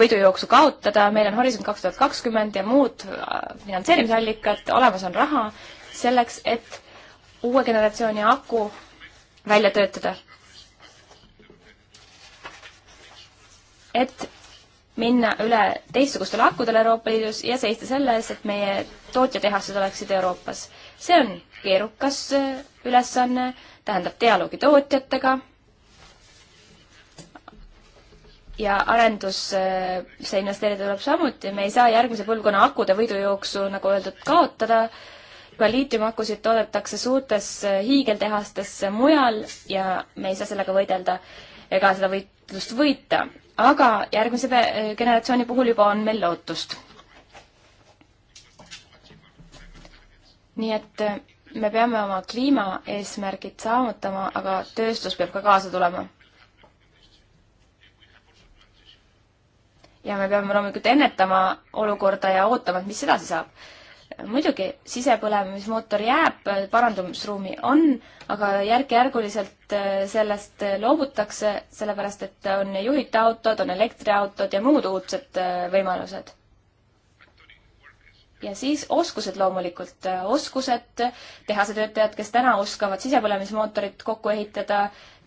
S3: võidujooksu kaotada, meil on Horisont kaks tuhat kakskümmend ja muud finantseerimisallikad, olemas on raha selleks, et uue generatsiooni aku välja töötada. et minna üle teistsugustele akudele Euroopa Liidus ja seista selle eest, et meie tootjatehased oleksid Euroopas. see on keerukas äh, ülesanne, tähendab dialoogi tootjatega ja arendusse äh, investeerida tuleb samuti, me ei saa järgmise põlvkonna akude võidujooksu, nagu öeldud, kaotada, juba liitiumakusid toodetakse suurtes äh, hiigeltehastes mujal ja me ei saa sellega võidelda ega seda võitlust võita aga järgmise eh, generatsiooni puhul juba on meil lootust. nii et eh, me peame oma kliimaeesmärgid saavutama, aga tööstus peab ka kaasa tulema. ja me peame loomulikult ennetama olukorda ja ootama, et mis edasi saab muidugi, sisepõlemismootor jääb, parandumisruumi on, aga järk-järguliselt äh, sellest äh, loobutakse, sellepärast et on juhita autod, on elektriautod ja muud uudsed äh, võimalused. ja siis oskused loomulikult, oskused, tehasetöötajad, kes täna oskavad sisepõlemismootorit kokku ehitada,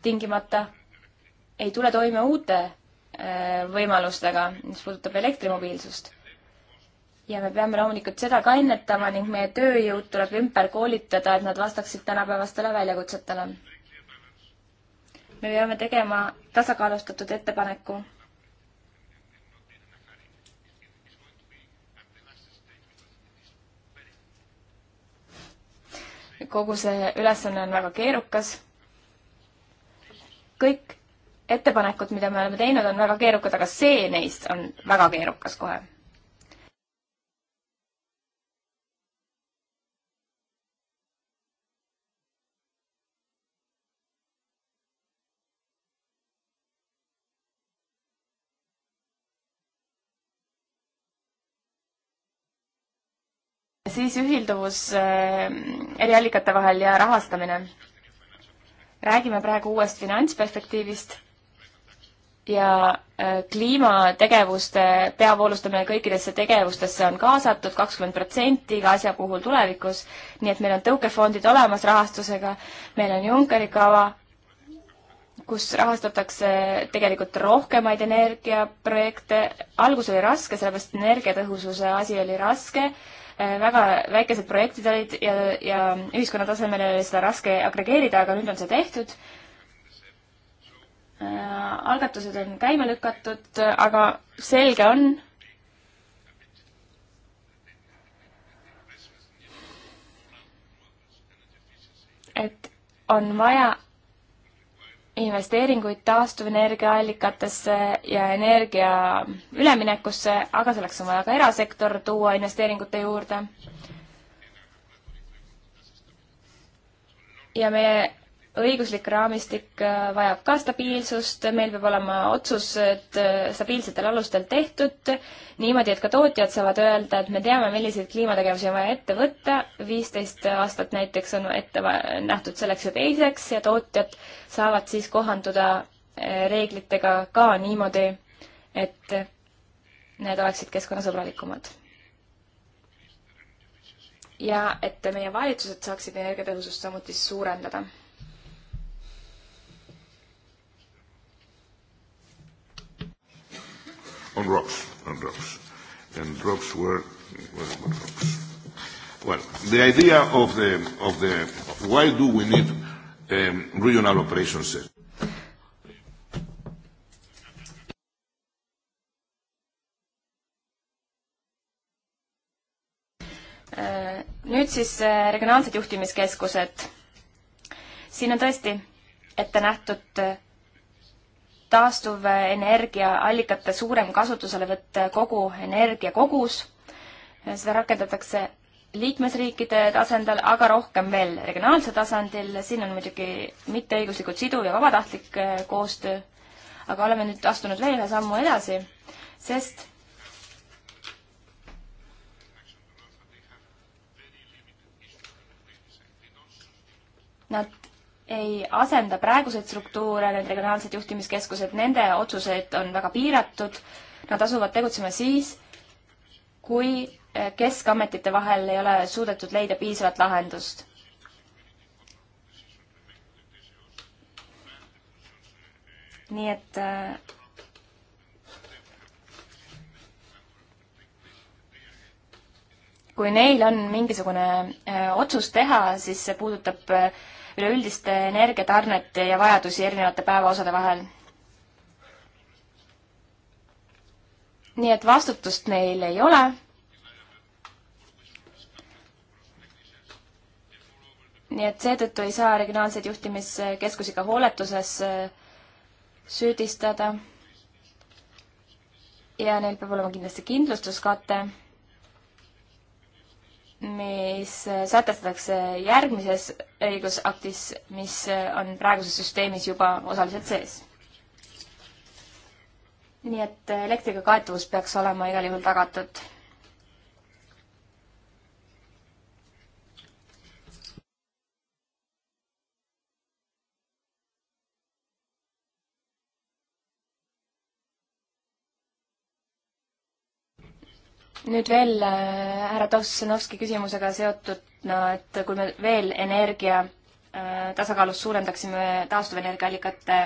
S3: tingimata ei tule toime uute võimalustega, mis puudutab elektrimobiilsust ja me peame loomulikult seda ka ennetama ning meie tööjõud tuleb ümber koolitada, et nad vastaksid tänapäevastele väljakutsetele. me peame tegema tasakaalustatud ettepaneku. kogu see ülesanne on väga keerukas. kõik ettepanekud, mida me oleme teinud, on väga keerukad, aga see neist on väga keerukas kohe siis ühilduvus äh, eriallikate vahel ja rahastamine. räägime praegu uuest finantsperspektiivist ja äh, kliimategevuste peavoolustamine kõikidesse tegevustesse on kaasatud, kakskümmend protsenti iga asja puhul tulevikus, nii et meil on tõukefondid olemas rahastusega, meil on Junckeri kava, kus rahastatakse tegelikult rohkemaid energiaprojekte, algus oli raske, sellepärast energiatõhususe asi oli raske, Äh, väga väikesed projektid olid ja, ja ühiskonna tasemel oli seda raske agregeerida, aga nüüd on see tehtud. Äh, algatused on käima lükatud, aga selge on, et on vaja investeeringuid taastuvenergiaallikatesse ja energia üleminekusse, aga selleks on vaja ka erasektor tuua investeeringute juurde. ja meie õiguslik raamistik äh, vajab ka stabiilsust, meil peab olema otsused äh, stabiilsetel alustel tehtud, niimoodi, et ka tootjad saavad öelda, et me teame, milliseid kliimategevusi on vaja ette võtta, viisteist aastat näiteks on ette nähtud selleks ja teiseks ja tootjad saavad siis kohanduda äh, reeglitega ka niimoodi, et need oleksid keskkonnasõbralikumad. ja et meie valitsused saaksid energiatõhusust samuti suurendada
S2: on rocks, on rocks. And rocks were, were, were rocks. Well, the idea of the, of the why do we need um, regional operation set?
S3: Uh, nüüd siis uh, regionaalsed juhtimiskeskused. siin on tõesti ette nähtud uh, taastuvenergiaallikate suurem kasutuselevõtt kogu energiakogus. seda rakendatakse liikmesriikide tasandil, aga rohkem veel regionaalse tasandil, siin on muidugi mitteõiguslikult siduv ja vabatahtlik äh, koostöö, aga oleme nüüd astunud veel ühe sammu edasi, sest nad ei asenda praeguseid struktuure, need regionaalsed juhtimiskeskused, nende otsused on väga piiratud, nad asuvad tegutsema siis, kui eh, keskametite vahel ei ole suudetud leida piisavat lahendust. nii et eh, kui neil on mingisugune eh, otsus teha, siis see puudutab äh, üleüldiste energiatarnete ja vajadusi erinevate päevaosade vahel. nii et vastutust neil ei ole nii et seetõttu ei saa regionaalseid juhtimiskeskusi ka hooletuses äh, süüdistada. ja neil peab olema kindlasti kindlustuskate mis äh, sätestatakse järgmises õigusaktis, mis äh, on praeguses süsteemis juba osaliselt sees. nii et äh, elektriga kaetuvus peaks olema igal juhul tagatud nüüd veel äh, härra Tovsenovski küsimusega seotud no,, et kui me veel energia äh, tasakaalus suurendaksime taastuvenergiaallikate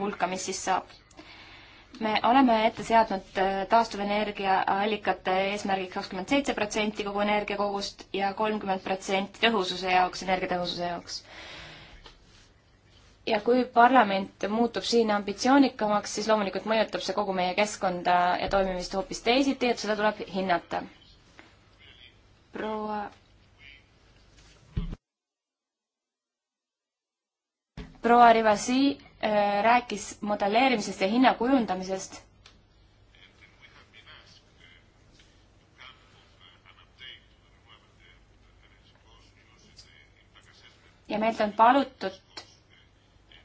S3: hulka, mis siis saab? me oleme ette seadnud äh, taastuvenergiaallikate eesmärgiks kakskümmend seitse protsenti kogu energiakogust ja kolmkümmend protsenti tõhususe jaoks, energiatõhususe jaoks ja kui parlament muutub siin ambitsioonikamaks, siis loomulikult mõjutab see kogu meie keskkonda ja toimimist hoopis teisiti, et seda tuleb hinnata. proua proua Rivasi äh, rääkis modelleerimisest ja hinna kujundamisest. ja meilt on palutud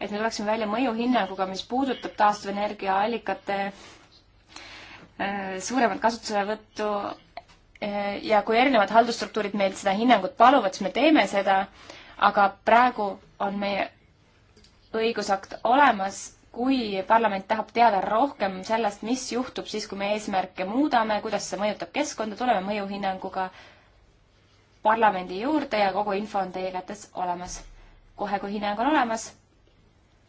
S3: et me tuleksime välja mõjuhinnanguga, mis puudutab taastuvenergiaallikate äh, suuremat kasutuselevõttu äh, ja kui erinevad haldusstruktuurid meilt seda hinnangut paluvad, siis me teeme seda, aga praegu on meie õigusakt olemas, kui parlament tahab teada rohkem sellest, mis juhtub siis, kui me eesmärke muudame, kuidas see mõjutab keskkonda, tuleme mõjuhinnanguga parlamendi juurde ja kogu info on teie kätes olemas. kohe, kui hinnang on olemas,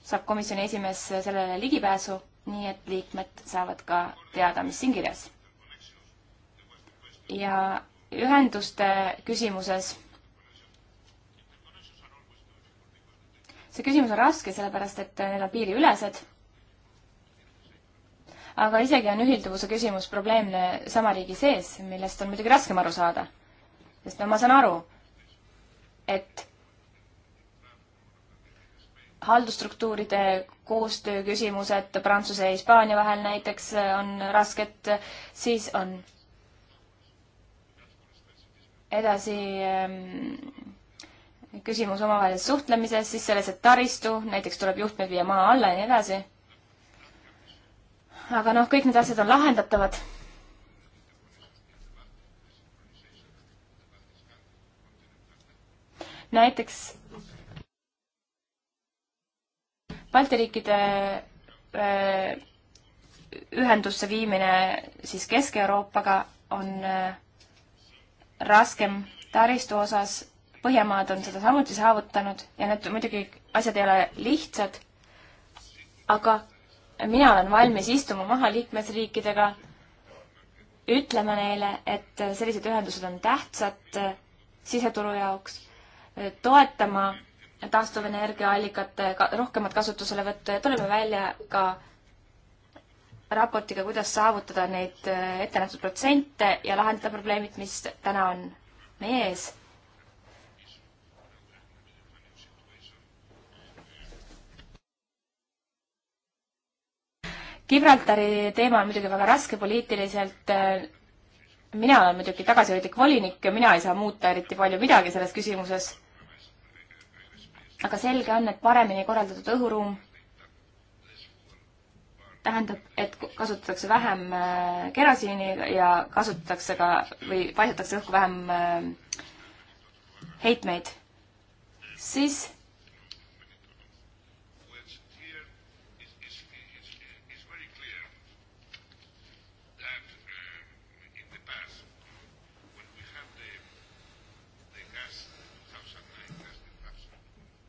S3: saab komisjoni esimees sellele ligipääsu, nii et liikmed saavad ka teada, mis siin kirjas. ja ühenduste küsimuses see küsimus on raske, sellepärast et need on piiriülesed. aga isegi on ühilduvuse küsimus probleemne sama riigi sees, millest on muidugi raskem aru saada. sest no ma saan aru, et haldusstruktuuride koostöö küsimused Prantsuse ja Hispaania vahel näiteks äh, on rasked, siis on edasi ähm, küsimus omavahelises suhtlemises, siis selles, et taristu, näiteks tuleb juhtmed viia maa alla ja nii edasi. aga noh, kõik need asjad on lahendatavad näiteks Balti riikide äh, ühendusse viimine siis Kesk-Euroopaga on äh, raskem taristu osas. Põhjamaad on seda samuti saavutanud ja need muidugi asjad ei ole lihtsad. aga mina olen valmis istuma maha liikmesriikidega, ütlema neile, et sellised ühendused on tähtsad äh, siseturu jaoks, toetama taastuvenergiaallikate ka, rohkemat kasutuselevõttu ja tuleme välja ka raportiga, kuidas saavutada neid äh, ettenähtud protsente ja lahendada probleemid, mis täna on meie ees. Gibraltari teema on muidugi väga raske poliitiliselt. Äh, mina olen muidugi tagasihoidlik volinik ja mina ei saa muuta eriti palju midagi selles küsimuses aga selge on, et paremini korraldatud õhuruum tähendab, et kasutatakse vähem äh, kerosiini ja kasutatakse ka või paisatakse õhku vähem äh, heitmeid, siis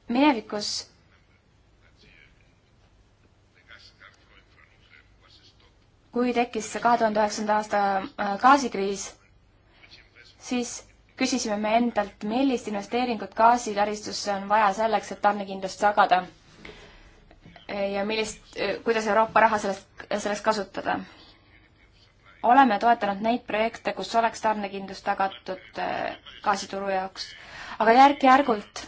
S3: minevikus kui tekkis kahe tuhande üheksanda aasta äh, gaasikriis, siis küsisime me endalt, millist investeeringut gaasitaristusse on vaja selleks, et tarnekindlust tagada. ja millist, äh, kuidas Euroopa raha sellest, selleks kasutada. oleme toetanud neid projekte, kus oleks tarnekindlus tagatud äh, gaasituru jaoks, aga järk-järgult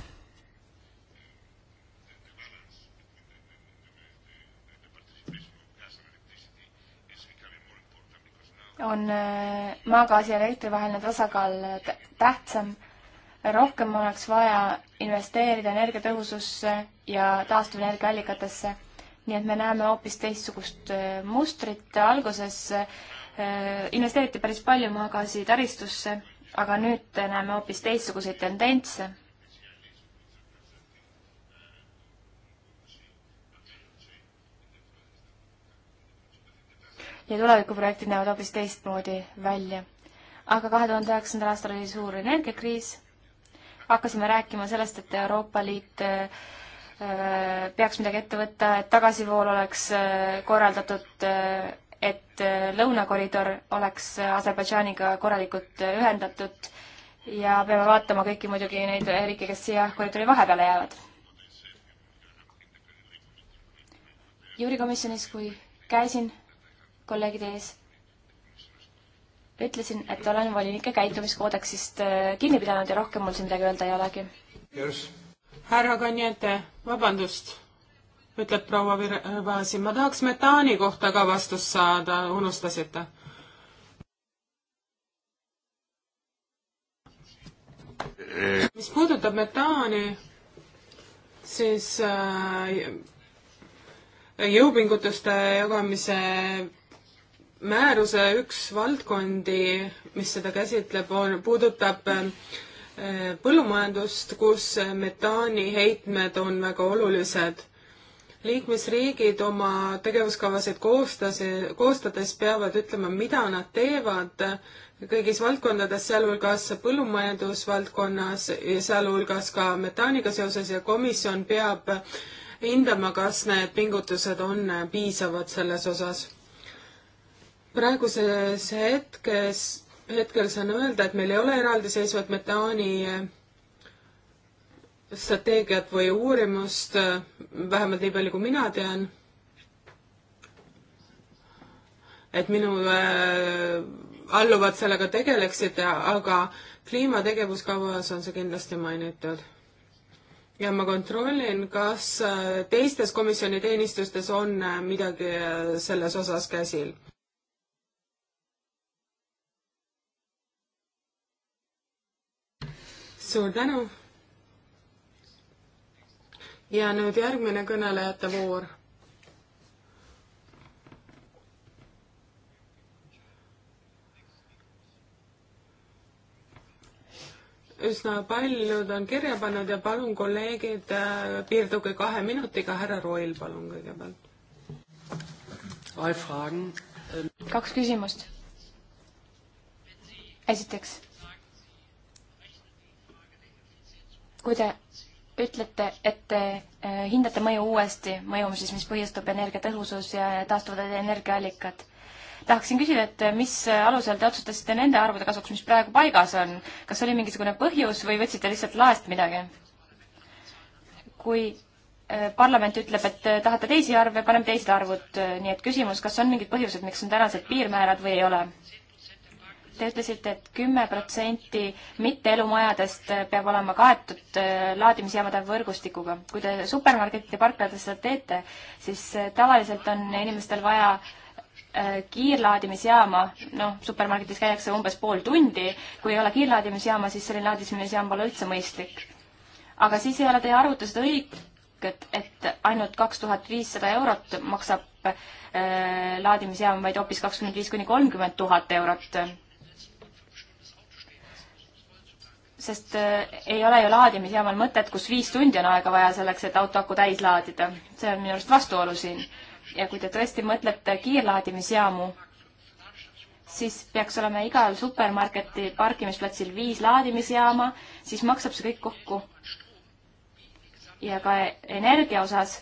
S3: on äh, maagaasi ja elektri vaheline tasakaal tähtsam. rohkem oleks vaja investeerida energiatõhususse ja taastuvenergiaallikatesse. nii et me näeme hoopis teistsugust äh, mustrit. alguses äh, investeeriti päris palju maagaasi taristusse, aga nüüd näeme hoopis teistsuguseid tendentse ja tulevikuprojektid näevad hoopis teistmoodi välja. aga kahe tuhande üheksandal aastal oli suur energiakriis, hakkasime rääkima sellest, et Euroopa Liit äh, peaks midagi ette võtta, et tagasivool oleks äh, korraldatud, äh, et lõunakoridor oleks Aserbaidžaaniga korralikult ühendatud ja peame vaatama kõiki muidugi neid riike, kes siia koridori vahepeale jäävad. juurikomisjonis, kui käisin, kolleegide ees. ütlesin, et olen volinike käitumiskoodeksist äh, kinni pidanud ja rohkem mul siin midagi öelda ei olegi
S1: yes.. härra Kanjete, vabandust, ütleb proua Vasin, äh, ma tahaks metaani kohta ka vastust saada, unustasite mis puudutab metaani, siis äh, jõupingutuste jagamise määruse üks valdkondi, mis seda käsitleb, on, puudutab äh, põllumajandust, kus metaani heitmed on väga olulised. liikmesriigid oma tegevuskavasid koostas, koostades peavad ütlema, mida nad teevad kõigis valdkondades, sealhulgas põllumajandusvaldkonnas ja sealhulgas ka metaaniga seoses ja komisjon peab hindama, kas need pingutused on piisavad selles osas praeguses hetkes, hetkel saan öelda, et meil ei ole eraldiseisvat metaani eh, strateegiat või uurimust, eh, vähemalt nii palju, kui mina tean. et minu äh, alluvad sellega tegeleksid, aga kliimategevuskavas on see kindlasti mainitud. ja ma kontrollin, kas teistes komisjoni teenistustes on midagi selles osas käsil suur tänu. ja nüüd järgmine kõnelejate voor. üsna paljud on kirja pannud ja palun, kolleegid, äh, piirduge kahe minutiga, härra Roil, palun kõigepealt.
S3: kaks küsimust. esiteks kui te ütlete, et te äh, hindate mõju uuesti, mõju siis, mis põhjustab energiatõhusus ja taastuvad energiaallikad. tahaksin küsida, et äh, mis alusel te otsustasite nende arvude kasuks, mis praegu paigas on, kas oli mingisugune põhjus või võtsite lihtsalt laest midagi? kui äh, parlament ütleb, et tahate teisi arve, paneme teised arvud, nii et küsimus, kas on mingid põhjused, miks on tänased piirmäärad või ei ole? Te ütlesite et, et kümme protsenti mitteelumajadest peab olema kaetud äh, laadimisjaamade võrgustikuga. kui te supermarketide parklates seda teete, siis äh, tavaliselt on inimestel vaja äh, kiirlaadimisjaama, noh, supermarketis käiakse umbes pool tundi, kui ei ole kiirlaadimisjaama, siis selline laadimisjaam pole üldse mõistlik. aga siis ei ole teie arvutused õiged, et ainult kaks tuhat viissada eurot maksab äh, laadimisjaam, vaid hoopis kakskümmend viis kuni kolmkümmend tuhat eurot sest äh, ei ole ju laadimisjaamal mõtet, kus viis tundi on aega vaja selleks, et auto aku täis laadida. see on minu arust vastuolu siin. ja kui te tõesti mõtlete kiirlaadimisjaamu, siis peaks olema igal supermarketi parkimisplatsil viis laadimisjaama, siis maksab see kõik kokku. ja ka energia osas,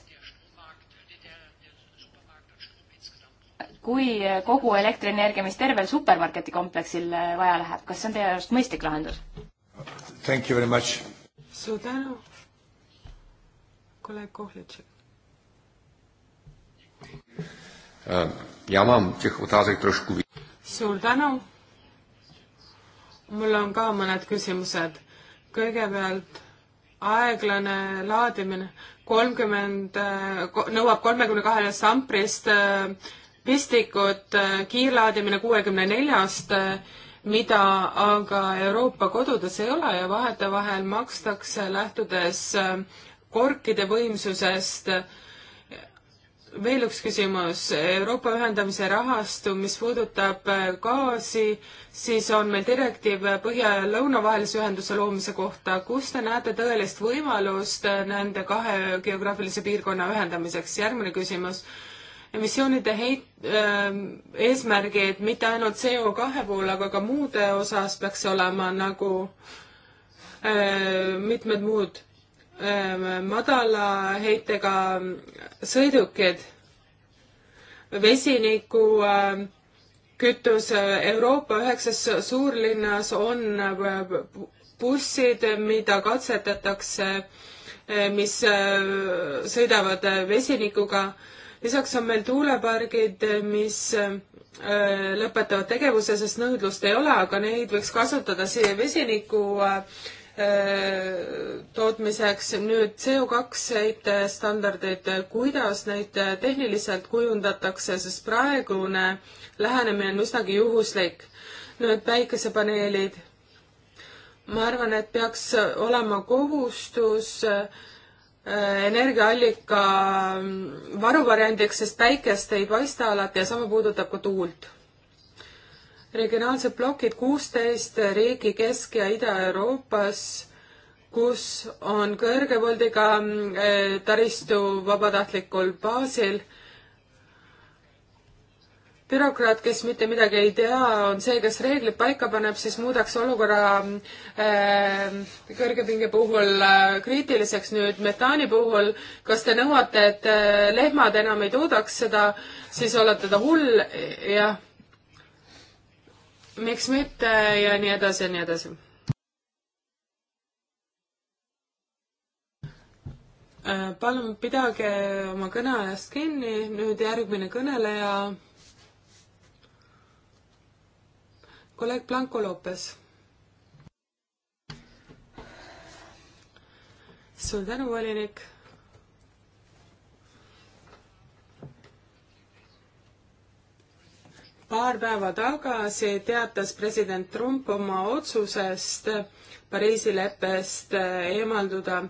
S3: kui kogu elektrienergia, mis tervel supermarketi kompleksil vaja läheb, kas see on teie arust mõistlik lahendus?
S2: Thank you very much.
S3: suur tänu, kolleeg Kohlitšek.
S2: Ähm, Já mám těch otázek trošku víc.
S1: Suur tänu. Mul on ka mõned küsimused. Kõigepealt aeglane laadimine 30, äh, nõuab 32 samprist äh, pistikut, äh, kiirlaadimine 64 mida aga Euroopa kodudes ei ole ja vahetevahel makstakse lähtudes äh, korkide võimsusest. veel üks küsimus, Euroopa ühendamise rahastu, mis puudutab äh, gaasi, siis on meil direktiiv äh, põhja ja lõuna vahelise ühenduse loomise kohta. kus te näete tõelist võimalust nende kahe geograafilise piirkonna ühendamiseks? järgmine küsimus emissioonide heit- äh,, eesmärgid mitte ainult CO2 puhul, aga ka muude osas peaks olema nagu äh, mitmed muud äh, madala heitega sõidukid, vesiniku ähm, äh, kütus Euroopa üheksas suurlinnas on äh, bussid, mida katsetatakse, äh, mis äh, sõidavad vesinikuga lisaks on meil tuulepargid, mis äh, lõpetavad tegevuse, sest nõudlust ei ole, aga neid võiks kasutada siia vesiniku äh, tootmiseks. nüüd CO2 heitestandardid, kuidas neid tehniliselt kujundatakse, sest praegune lähenemine on üsnagi juhuslik. nüüd päikesepaneelid. ma arvan, et peaks olema kohustus äh, Äh, energiaallika mm, varuvariandiks, sest päikest ei paista alati ja sama puudutab ka tuult. regionaalsed plokid kuusteist riigi Kesk- ja Ida-Euroopas, kus on kõrge voldiga mm, äh, taristu vabatahtlikul baasil bürokraat, kes mitte midagi ei tea, on see, kes reeglid paika paneb, siis muudaks olukorra äh, kõrgepinge puhul äh, kriitiliseks. nüüd metaani puhul, kas te nõuate, et äh, lehmad enam ei toodaks seda, siis olete te hull ja miks mitte ja nii edasi ja nii edasi. Äh, palun pidage oma kõne ajast kinni, nüüd järgmine kõneleja kolleeg Blanco Lopes. suur tänu, volinik. paar päeva tagasi teatas president Trump oma otsusest Pariisi leppest eemalduda.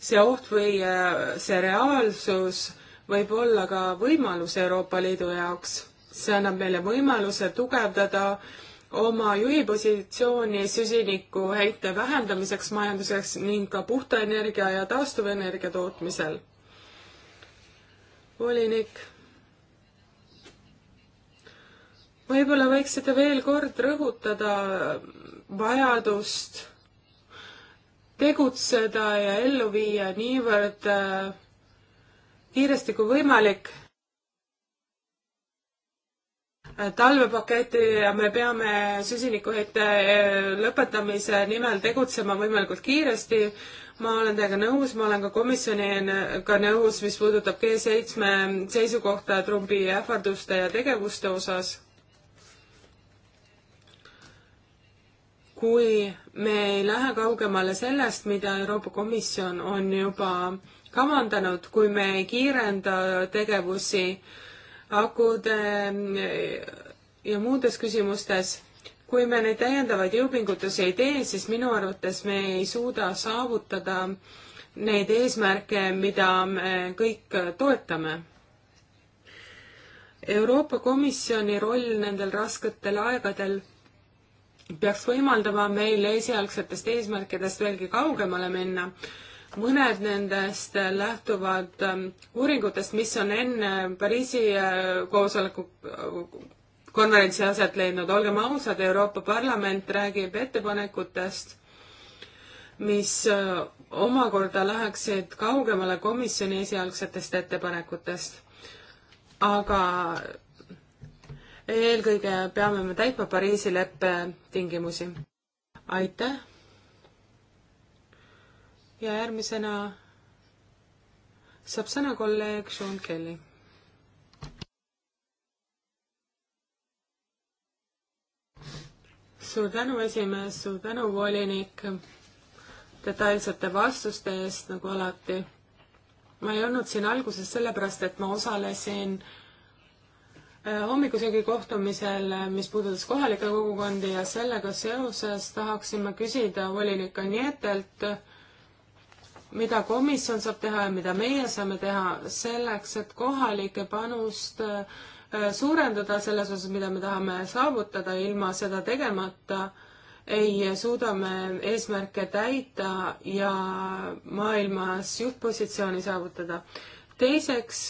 S1: see oht või äh, see reaalsus võib olla ka võimalus Euroopa Liidu jaoks. see annab meile võimaluse tugevdada äh, oma juhipositsiooni süsinikuheite vähendamiseks majanduseks ning ka puhta energia ja taastuvenergia tootmisel. volinik. võib-olla võiksite veel kord rõhutada vajadust tegutseda ja ellu viia niivõrd äh, kiiresti kui võimalik talvepaketi ja me peame süsinikuheite eh, lõpetamise nimel tegutsema võimalikult kiiresti. ma olen teiega nõus, ma olen ka komisjoniga nõus, mis puudutab G7 seisukohta Trumpi ähvarduste ja tegevuste osas. kui me ei lähe kaugemale sellest, mida Euroopa Komisjon on juba kavandanud, kui me ei kiirenda tegevusi äh, akude mm, ja muudes küsimustes. kui me neid täiendavaid jõupingutusi ei tee, siis minu arvates me ei suuda saavutada neid eesmärke, mida me kõik toetame. Euroopa Komisjoni roll nendel rasketel aegadel peaks võimaldama meil esialgsetest eesmärkidest veelgi kaugemale minna mõned nendest lähtuvad ähm, uuringutest, mis on enne äh, Pariisi äh, koosoleku äh, konverentsi aset leidnud, olgem ausad, Euroopa Parlament räägib ettepanekutest, mis omakorda läheksid kaugemale komisjoni esialgsetest ettepanekutest. aga eelkõige peame me täitma Pariisi leppe tingimusi. aitäh! ja järgmisena saab sõna kolleeg Sean Kelly. suur tänu, esimees, suur tänu, volinik, detailsete vastuste eest, nagu alati. ma ei olnud siin alguses sellepärast, et ma osalesin äh, hommikusöögi kohtumisel, äh, mis puudutas kohalikke kogukondi ja sellega seoses tahaksime küsida volinik Anietelt, mida komisjon saab teha ja mida meie saame teha selleks, et kohalike panust äh, suurendada selles osas, mida me tahame saavutada, ilma seda tegemata ei suuda me eesmärke täita ja maailmas juhtpositsiooni saavutada. teiseks,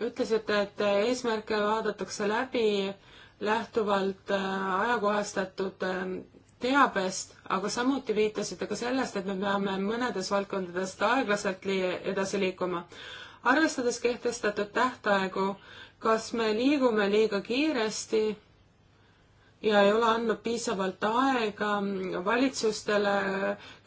S1: ütlesite, et eesmärke vaadatakse läbi lähtuvalt äh, ajakohastatud äh, teabest, aga samuti viitasite ka sellest, et me peame mõnedes valdkondadest aeglaselt lii-, edasi liikuma. arvestades kehtestatud tähtaegu, kas me liigume liiga kiiresti ja ei ole andnud piisavalt aega valitsustele,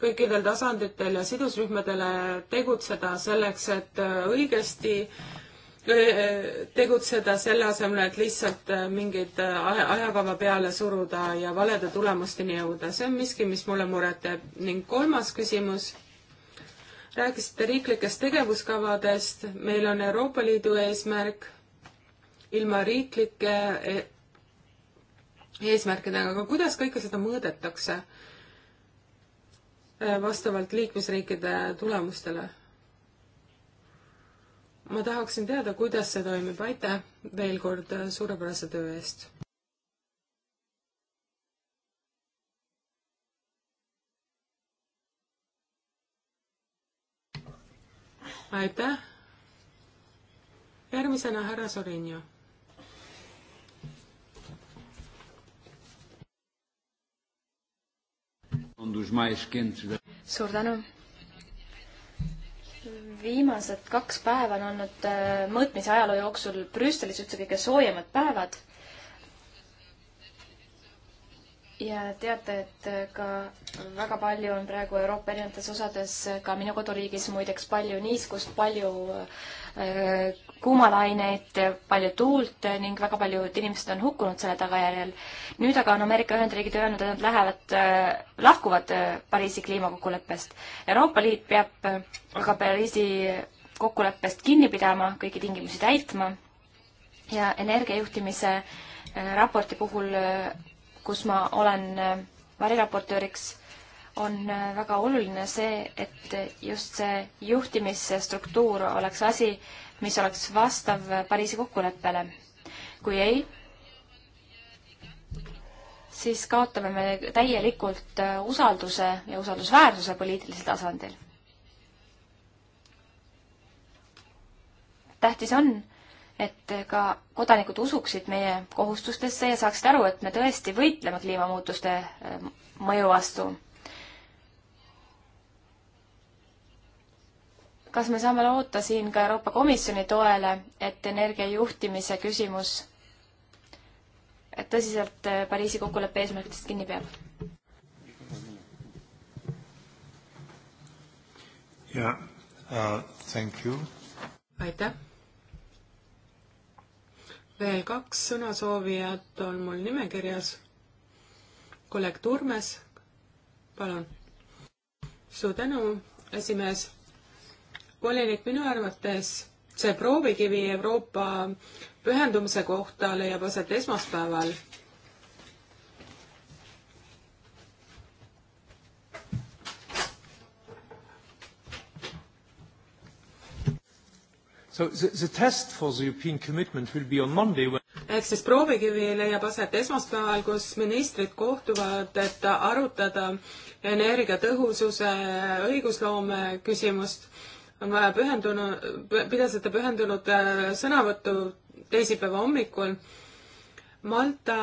S1: kõikidel tasanditel ja sidusrühmadele tegutseda selleks, et õigesti äh, tegutseda selle asemel, et lihtsalt äh, mingeid äh, ajakava peale suruda ja valede tulemusteni jõuda, see on miski, mis mulle muret teeb. ning kolmas küsimus, rääkisite riiklikest tegevuskavadest, meil on Euroopa Liidu eesmärk, ilma riiklike e, eesmärkidega, aga kuidas kõike seda mõõdetakse äh, vastavalt liikmesriikide tulemustele? ma tahaksin teada, kuidas see toimib, aitäh veel kord suurepärase töö eest! aitäh! järgmisena härra Sorinio.
S3: suur tänu! viimased kaks päeva on olnud äh, mõõtmise ajaloo jooksul Brüsselis üldse kõige soojemad päevad. ja teate, et äh, ka väga palju on praegu Euroopa erinevates osades, ka minu koduriigis muideks palju niiskust, palju äh, kuumalaineid, palju tuult ning väga paljud inimesed on hukkunud selle tagajärjel. nüüd aga on Ameerika Ühendriigid öelnud, et nad lähevad, äh, lahkuvad äh, Pariisi kliimakokkuleppest. Euroopa Liit peab aga Pariisi kokkuleppest kinni pidama, kõiki tingimusi täitma ja energiajuhtimise äh, raporti puhul, kus ma olen variraportööriks on äh, väga oluline see, et just see juhtimisstruktuur oleks asi, mis oleks vastav äh, Pariisi kokkuleppele. kui ei, siis kaotame me täielikult äh, usalduse ja usaldusväärsuse poliitilisel tasandil. tähtis on, et ka kodanikud usuksid meie kohustustesse ja saaksid aru, et me tõesti võitleme kliimamuutuste mõju vastu kas me saame loota siin ka Euroopa Komisjoni toele, et energia juhtimise küsimus tõsiselt eh, Pariisi kokkuleppe eesmärkidest kinni peab? jaa uh,, thank you. aitäh.
S1: veel kaks sõnasoovijat on mul nimekirjas. kolleeg Turmes, palun. suur tänu, esimees volinik, minu arvates see proovikivi Euroopa pühendumise kohta leiab aset esmaspäeval.
S3: So the,
S2: the test for the European commitment will be on Monday when
S1: ehk siis proovikivi leiab aset esmaspäeval, kus ministrid kohtuvad, et arutada energiatõhususe õigusloome küsimust oma pühendunud, pidasite pühendunud äh, sõnavõttu teisipäeva hommikul. Malta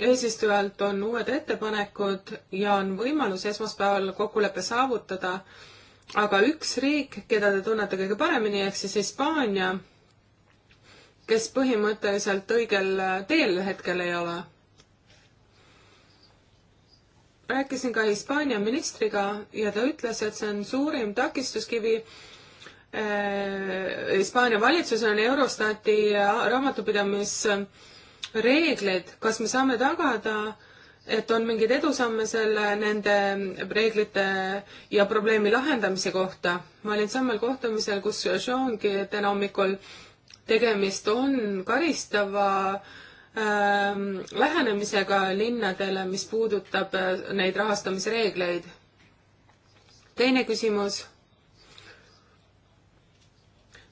S1: eesistujalt on uued ettepanekud ja on võimalus esmaspäeval kokkulepe saavutada, aga üks riik, keda te tunnete kõige paremini, ehk siis Hispaania, kes põhimõtteliselt õigel teel hetkel ei ole rääkisin ka Hispaania ministriga ja ta ütles, et see on suurim takistuskivi äh, Hispaania valitsusel on Eurostati raamatupidamisreeglid, kas me saame tagada, et on mingeid edusamme selle, nende reeglite ja probleemi lahendamise kohta. ma olin samal kohtumisel, kus Jean-Guy täna hommikul tegemist on karistava äh, Ähm, lähenemisega linnadele, mis puudutab äh, neid rahastamisreegleid. teine küsimus.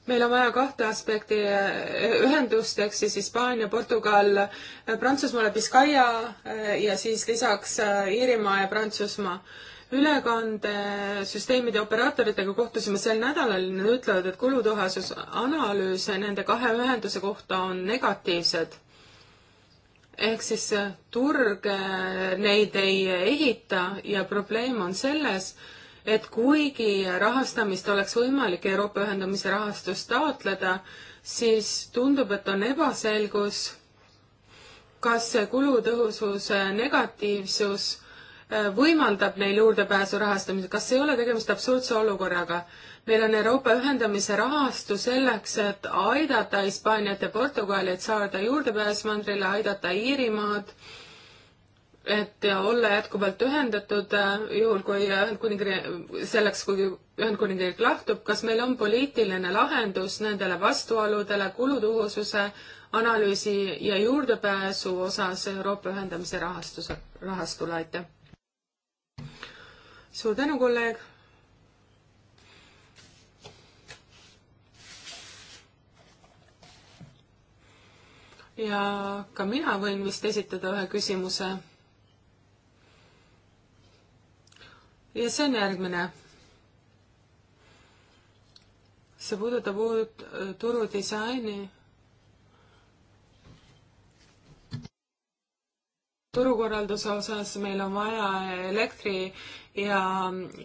S1: meil on vaja kahte aspekti äh, ühendust, ehk siis Hispaania, Portugal, äh, Prantsusmaale Biscaya ja siis lisaks Iirimaa ja Prantsusmaa ülekandesüsteemide operaatoritega kohtusime sel nädalal, nad ütlevad, et kulutuhasus analüüse nende kahe ühenduse kohta on negatiivsed ehk siis äh, turg äh, neid ei ehita ja probleem on selles, et kuigi rahastamist oleks võimalik Euroopa ühendamise rahastust taotleda, siis tundub, et on ebaselgus, kas see kulutõhususe äh, negatiivsus Äh, võimaldab neil juurdepääsu rahastamisele, kas ei ole tegemist absurdse olukorraga? meil on Euroopa ühendamise rahastu selleks, et aidata Hispaaniat ja Portugali, et saada juurdepääs mandrile, aidata Iirimaad, et olla jätkuvalt ühendatud, äh, juhul kui Ühendkuningriik, selleks, kui Ühendkuningriik lahtub, kas meil on poliitiline lahendus nendele vastuoludele, kulutuhususe analüüsi ja juurdepääsu osas Euroopa ühendamise rahastuse, rahastule, aitäh! suur tänu, kolleeg. ja ka mina võin vist esitada ühe küsimuse. ja see on järgmine. see puudutab uut äh, turudisaini turukorralduse osas meil on vaja elektri ja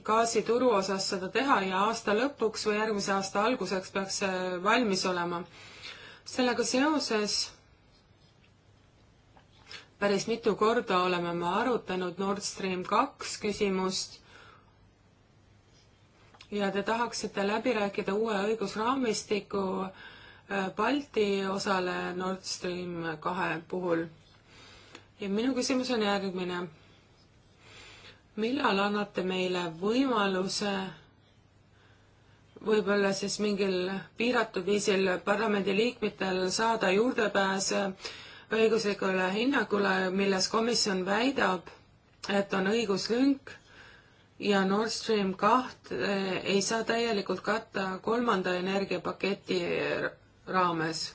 S1: gaasituru osas seda teha ja aasta lõpuks või järgmise aasta alguseks peaks see valmis olema. sellega seoses päris mitu korda oleme me arutanud Nord Stream kaks küsimust ja te tahaksite läbi rääkida uue õigusraamistiku eh, Balti osale Nord Stream kahe puhul ja minu küsimus on järgmine. millal annate meile võimaluse võib-olla siis mingil piiratud viisil parlamendiliikmetel saada juurdepääs õiguslikule hinnangule, milles komisjon väidab, et on õiguslünk ja Nord Stream kaht eh, ei saa täielikult katta kolmanda energiapaketi raames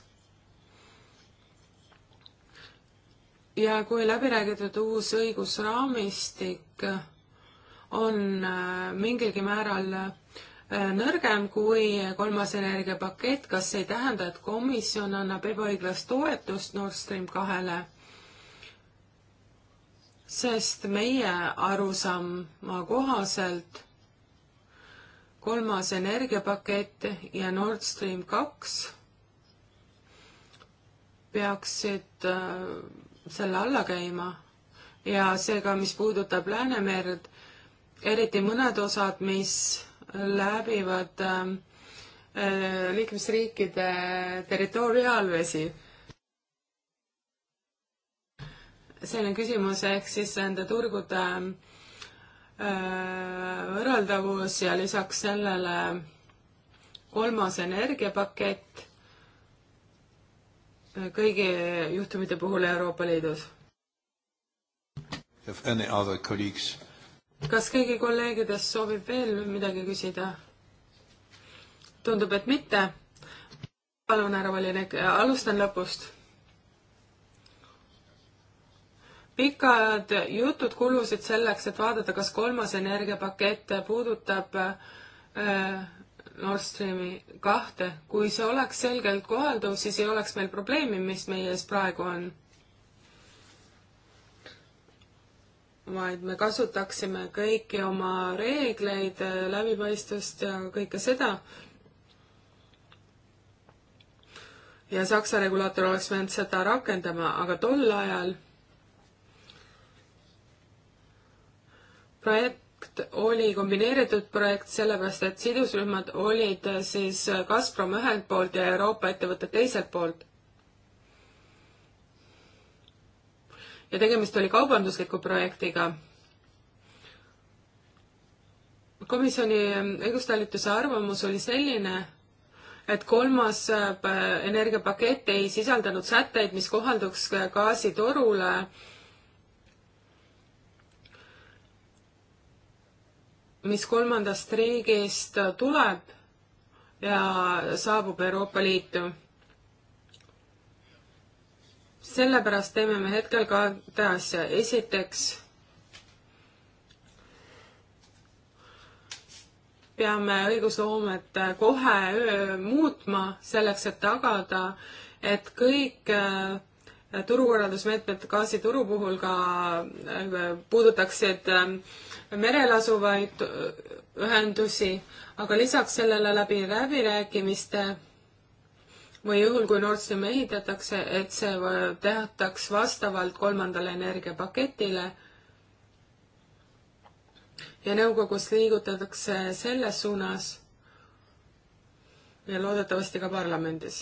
S1: ja kui läbi räägitud uus õigusraamistik on äh, mingilgi määral äh, nõrgem kui kolmas energiapakett, kas see ei tähenda, et komisjon annab ebaõiglast toetust Nord Stream kahele? sest meie arusaama kohaselt kolmas energiapakett ja Nord Stream kaks peaksid äh, selle alla käima ja seega, mis puudutab Läänemerd, eriti mõned osad, mis läbivad ähm, äh, liikmesriikide territoriaalvesi. selline küsimus, ehk siis nende turgude äh, võrreldavus ja lisaks sellele kolmas energiapakett kõigi juhtumite puhul Euroopa Liidus. kas keegi kolleegidest soovib veel midagi küsida? tundub, et mitte. palun, härra volinik, alustan lõpust. pikad jutud kulusid selleks, et vaadata, kas kolmas energiapakett puudutab äh, Nord Streami kahte. kui see oleks selgelt kohalduv, siis ei oleks meil probleemi, mis meie ees praegu on. vaid me kasutaksime kõiki oma reegleid, äh, läbipaistvust ja kõike seda. ja Saksa regulaator oleks pidanud seda rakendama, aga tol ajal projekt projekt oli kombineeritud projekt, sellepärast et sidusrühmad olid äh, siis äh, Gazprom ühelt poolt ja Euroopa ettevõtted teiselt poolt. ja tegemist oli kaubandusliku projektiga. komisjoni ähm, õigustalituse arvamus oli selline, et kolmas äh, energiapakett ei sisaldanud sätteid, mis kohalduks gaasitorule äh, mis kolmandast riigist tuleb ja saabub Euroopa Liitu. sellepärast teeme me hetkel kahte asja. esiteks peame õigusloomet kohe muutma selleks, et tagada, et kõik äh, turukorraldusmeetmed gaasituru puhul ka äh, puudutaksid äh, merel asuvaid äh, ühendusi, aga lisaks sellele läbi läbirääkimiste või juhul, kui Nord Stream ehitatakse, et see tehtaks vastavalt kolmandale energiapaketile. ja nõukogus liigutatakse selles suunas ja loodetavasti ka parlamendis.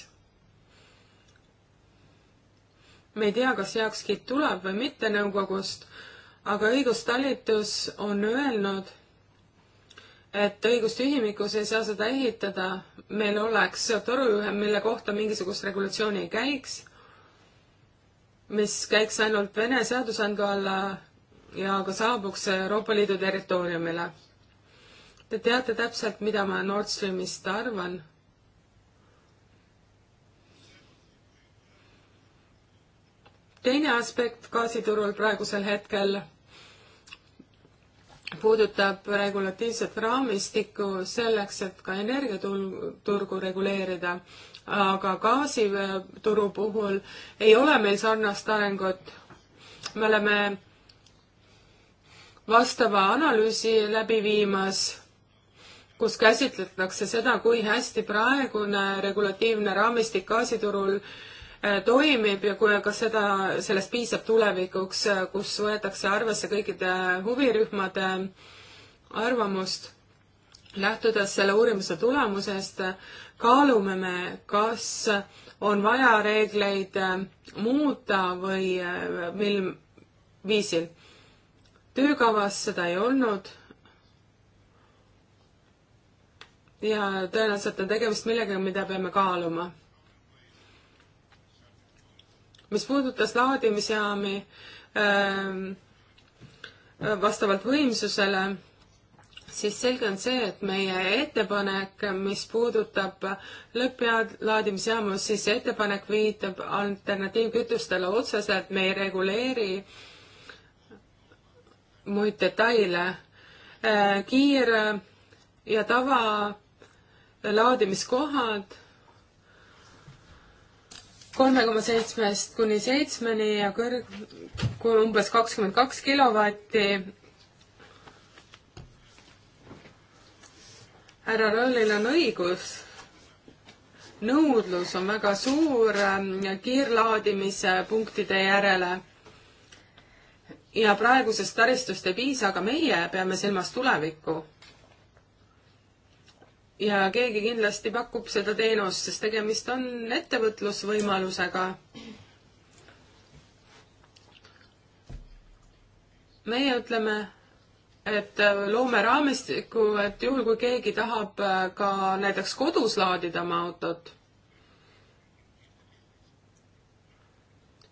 S1: me ei tea, kas heakskiit tuleb või mitte nõukogust aga õigustalitus on öelnud, et õigustühimikus ei saa seda ehitada, meil oleks torujuhe, mille kohta mingisugust regulatsiooni ei käiks, mis käiks ainult Vene seadusandlu alla ja ka saabuks Euroopa Liidu territooriumile. Te teate täpselt, mida ma Nord Streamist arvan teine aspekt gaasiturul praegusel hetkel puudutab regulatiivset raamistikku selleks, et ka energiaturgu reguleerida, aga gaasituru puhul ei ole meil sarnast arengut. me oleme vastava analüüsi läbi viimas, kus käsitletakse seda, kui hästi praegune regulatiivne raamistik gaasiturul äh, Äh, toimib ja kui, kas seda, sellest piisab tulevikuks, äh, kus võetakse arvesse kõikide huvirühmade arvamust, lähtudes selle uurimuse tulemusest, kaalume me, kas on vaja reegleid äh, muuta või mil viisil. töökavas seda ei olnud. ja tõenäoliselt on tegemist millegagi, mida peame kaaluma mis puudutas laadimisjaami ähm, vastavalt võimsusele, siis selge on see, et meie ettepanek, mis puudutab lõpplaadimisjaamu, siis see ettepanek viitab alternatiivkütustele otseselt, me ei reguleeri muid detaile. Äh, kiir ja tava laadimiskohad kolme koma seitsmest kuni seitsmeni ja kõrg-, umbes kakskümmend kaks kilovatti. härra Röllil on õigus. nõudlus on väga suur ähm, kiirlaadimise punktide järele. ja praegusest taristust ei piisa, aga meie peame silmas tulevikku ja keegi kindlasti pakub seda teenust, sest tegemist on ettevõtlusvõimalusega. meie ütleme, et loome raamistiku, et juhul, kui keegi tahab äh, ka näiteks kodus laadida oma autot,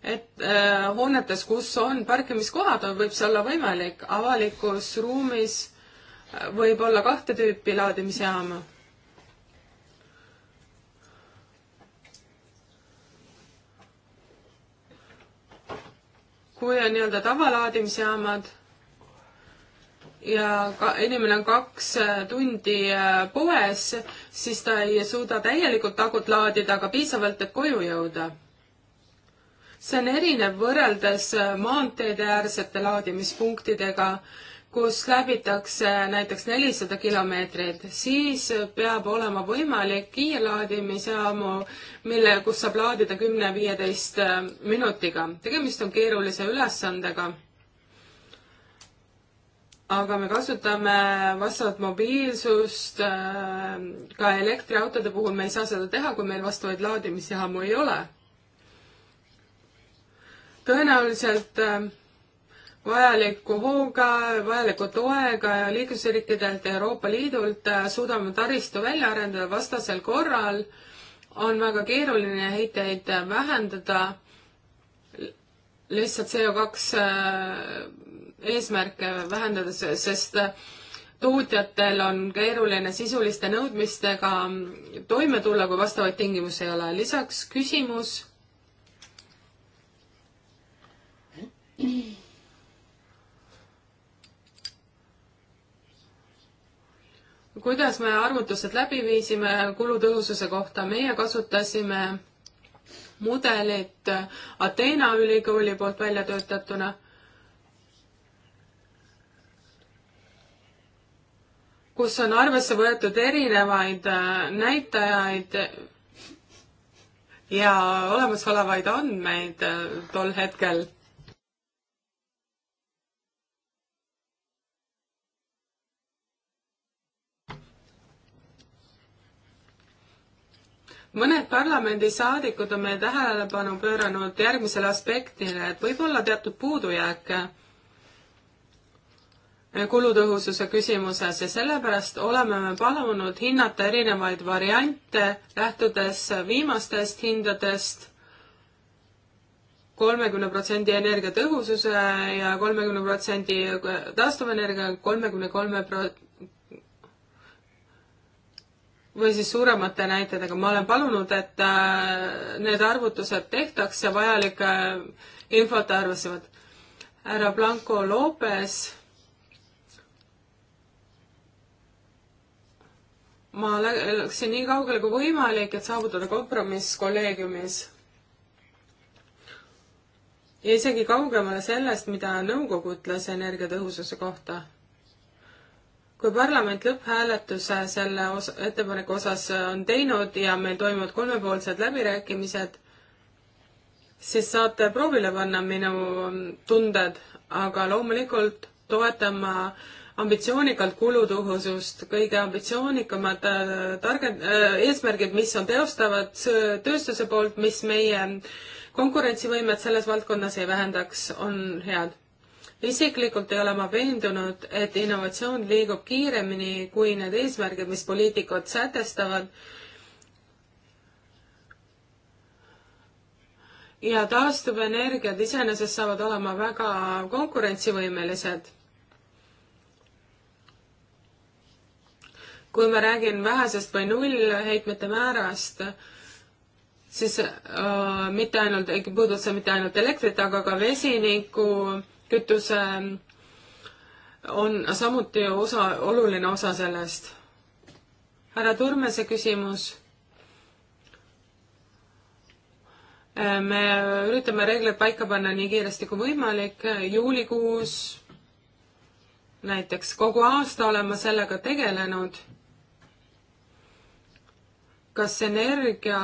S1: et äh, hoonetes, kus on parkimiskohad, võib see olla võimalik, avalikus ruumis äh, võib olla kahte tüüpi laadimisjaama kui on nii-öelda tavalaadimisjaamad ja ka inimene on kaks äh, tundi äh, poes, siis ta ei suuda täielikult akut laadida, aga piisavalt, et koju jõuda. see on erinev võrreldes äh, maanteede äärsete laadimispunktidega kus läbitakse näiteks nelisada kilomeetrit, siis peab olema võimalik kiirlaadimisjaamu, mille, kus saab laadida kümne-viieteist äh, minutiga. tegemist on keerulise ülesandega. aga me kasutame vastavat mobiilsust, äh, ka elektriautode puhul me ei saa seda teha, kui meil vastavaid laadimisjaamu ei ole. tõenäoliselt äh, vajaliku hooga, vajaliku toega liiklusriikidelt ja Euroopa Liidult äh, suudame taristu välja arendada, vastasel korral on väga keeruline heiteid äh, vähendada lihtsalt CO2 äh, eesmärke vähendades, sest tootjatel on keeruline sisuliste nõudmistega mm, toime tulla, kui vastavaid tingimusi ei ole. lisaks küsimus. kuidas me arvutused läbi viisime kulutõhususe kohta, meie kasutasime mudelit Ateena ülikooli poolt välja töötatuna, kus on arvesse võetud erinevaid äh, näitajaid ja olemasolevaid andmeid äh, tol hetkel mõned parlamendisaadikud on meie tähelepanu pööranud järgmisele aspektile, et võib olla teatud puudujääke kulutõhususe küsimuses ja sellepärast oleme me palunud hinnata erinevaid variante, lähtudes viimastest hindadest kolmekümne protsendi energiatõhususe ja kolmekümne protsendi taastuvenergia, kolmekümne kolme või siis suuremate näitajatega, ma olen palunud, et äh, need arvutused tehtaks ja vajalike äh, infot arvestavad. härra Blanco Lopes, ma läksin nii kaugele kui võimalik, et saavutada kompromiss kolleegiumis. ja isegi kaugemale sellest, mida nõukogu ütles energiatõhususe kohta kui parlament lõpphääletuse selle osa, ettepaneku osas on teinud ja meil toimuvad kolmepoolsed läbirääkimised, siis saate proovile panna minu tunded, aga loomulikult toetan ma ambitsioonikalt kulutuhusust, kõige ambitsioonikamad äh, targed äh,, eesmärgid, mis on teostavad tööstuse poolt, mis meie konkurentsivõimet selles valdkonnas ei vähendaks, on head isiklikult ei ole ma veendunud, et innovatsioon liigub kiiremini kui need eesmärgid, mis poliitikud sätestavad. ja taastuvenergiad iseenesest saavad olema väga konkurentsivõimelised kui ma räägin vähesest või nullheitmete määrast, siis äh, mitte ainult, ei puuduta see mitte ainult elektrit, aga ka vesiniku kütuse ähm, on samuti osa, oluline osa sellest. härra Turmese küsimus. Äh, me üritame reegleid paika panna nii kiiresti kui võimalik, juulikuus näiteks kogu aasta olen ma sellega tegelenud. kas energia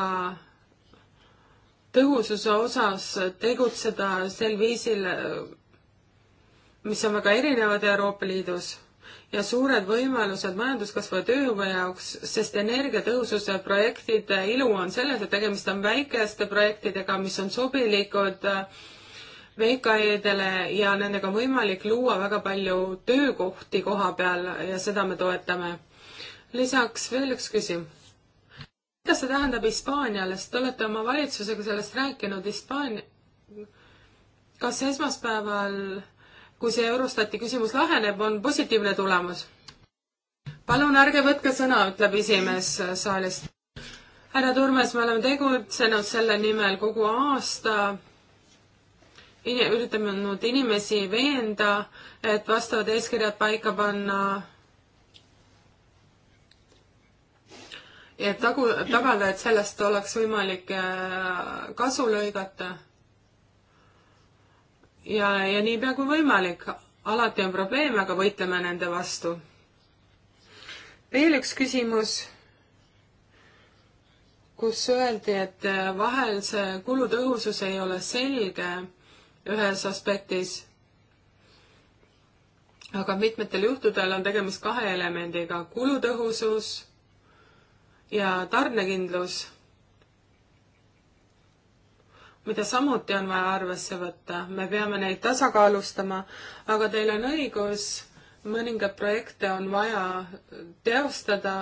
S1: tõhususe osas tegutseda sel viisil mis on väga erinevad Euroopa Liidus ja suured võimalused majanduskasvu ja tööhõive jaoks, sest energiatõhususe projektide ilu on selles, et tegemist on väikeste projektidega, mis on sobilikud äh, VKE-dele ja nendega on võimalik luua väga palju töökohti koha peal ja seda me toetame. lisaks veel üks küsimus mida see tähendab Hispaaniale, sest te olete oma valitsusega sellest rääkinud, Hispaania, kas esmaspäeval äh, kui see Eurostati küsimus laheneb, on positiivne tulemus. palun ärge võtke sõna, ütleb esimees saalist. härra Turmes, me oleme tegutsenud selle nimel kogu aasta In,, üritame nüüd inimesi veenda, et vastavad eeskirjad paika panna. et tagu, tagada, et sellest oleks võimalik äh, kasu lõigata ja, ja niipea kui võimalik. alati on probleeme, aga võitleme nende vastu. veel üks küsimus, kus öeldi, et vahel see kulutõhusus ei ole selge ühes aspektis aga mitmetel juhtudel on tegemist kahe elemendiga, kulutõhusus ja tarnekindlus mida samuti on vaja arvesse võtta, me peame neid tasakaalustama, aga teil on õigus, mõningaid projekte on vaja teostada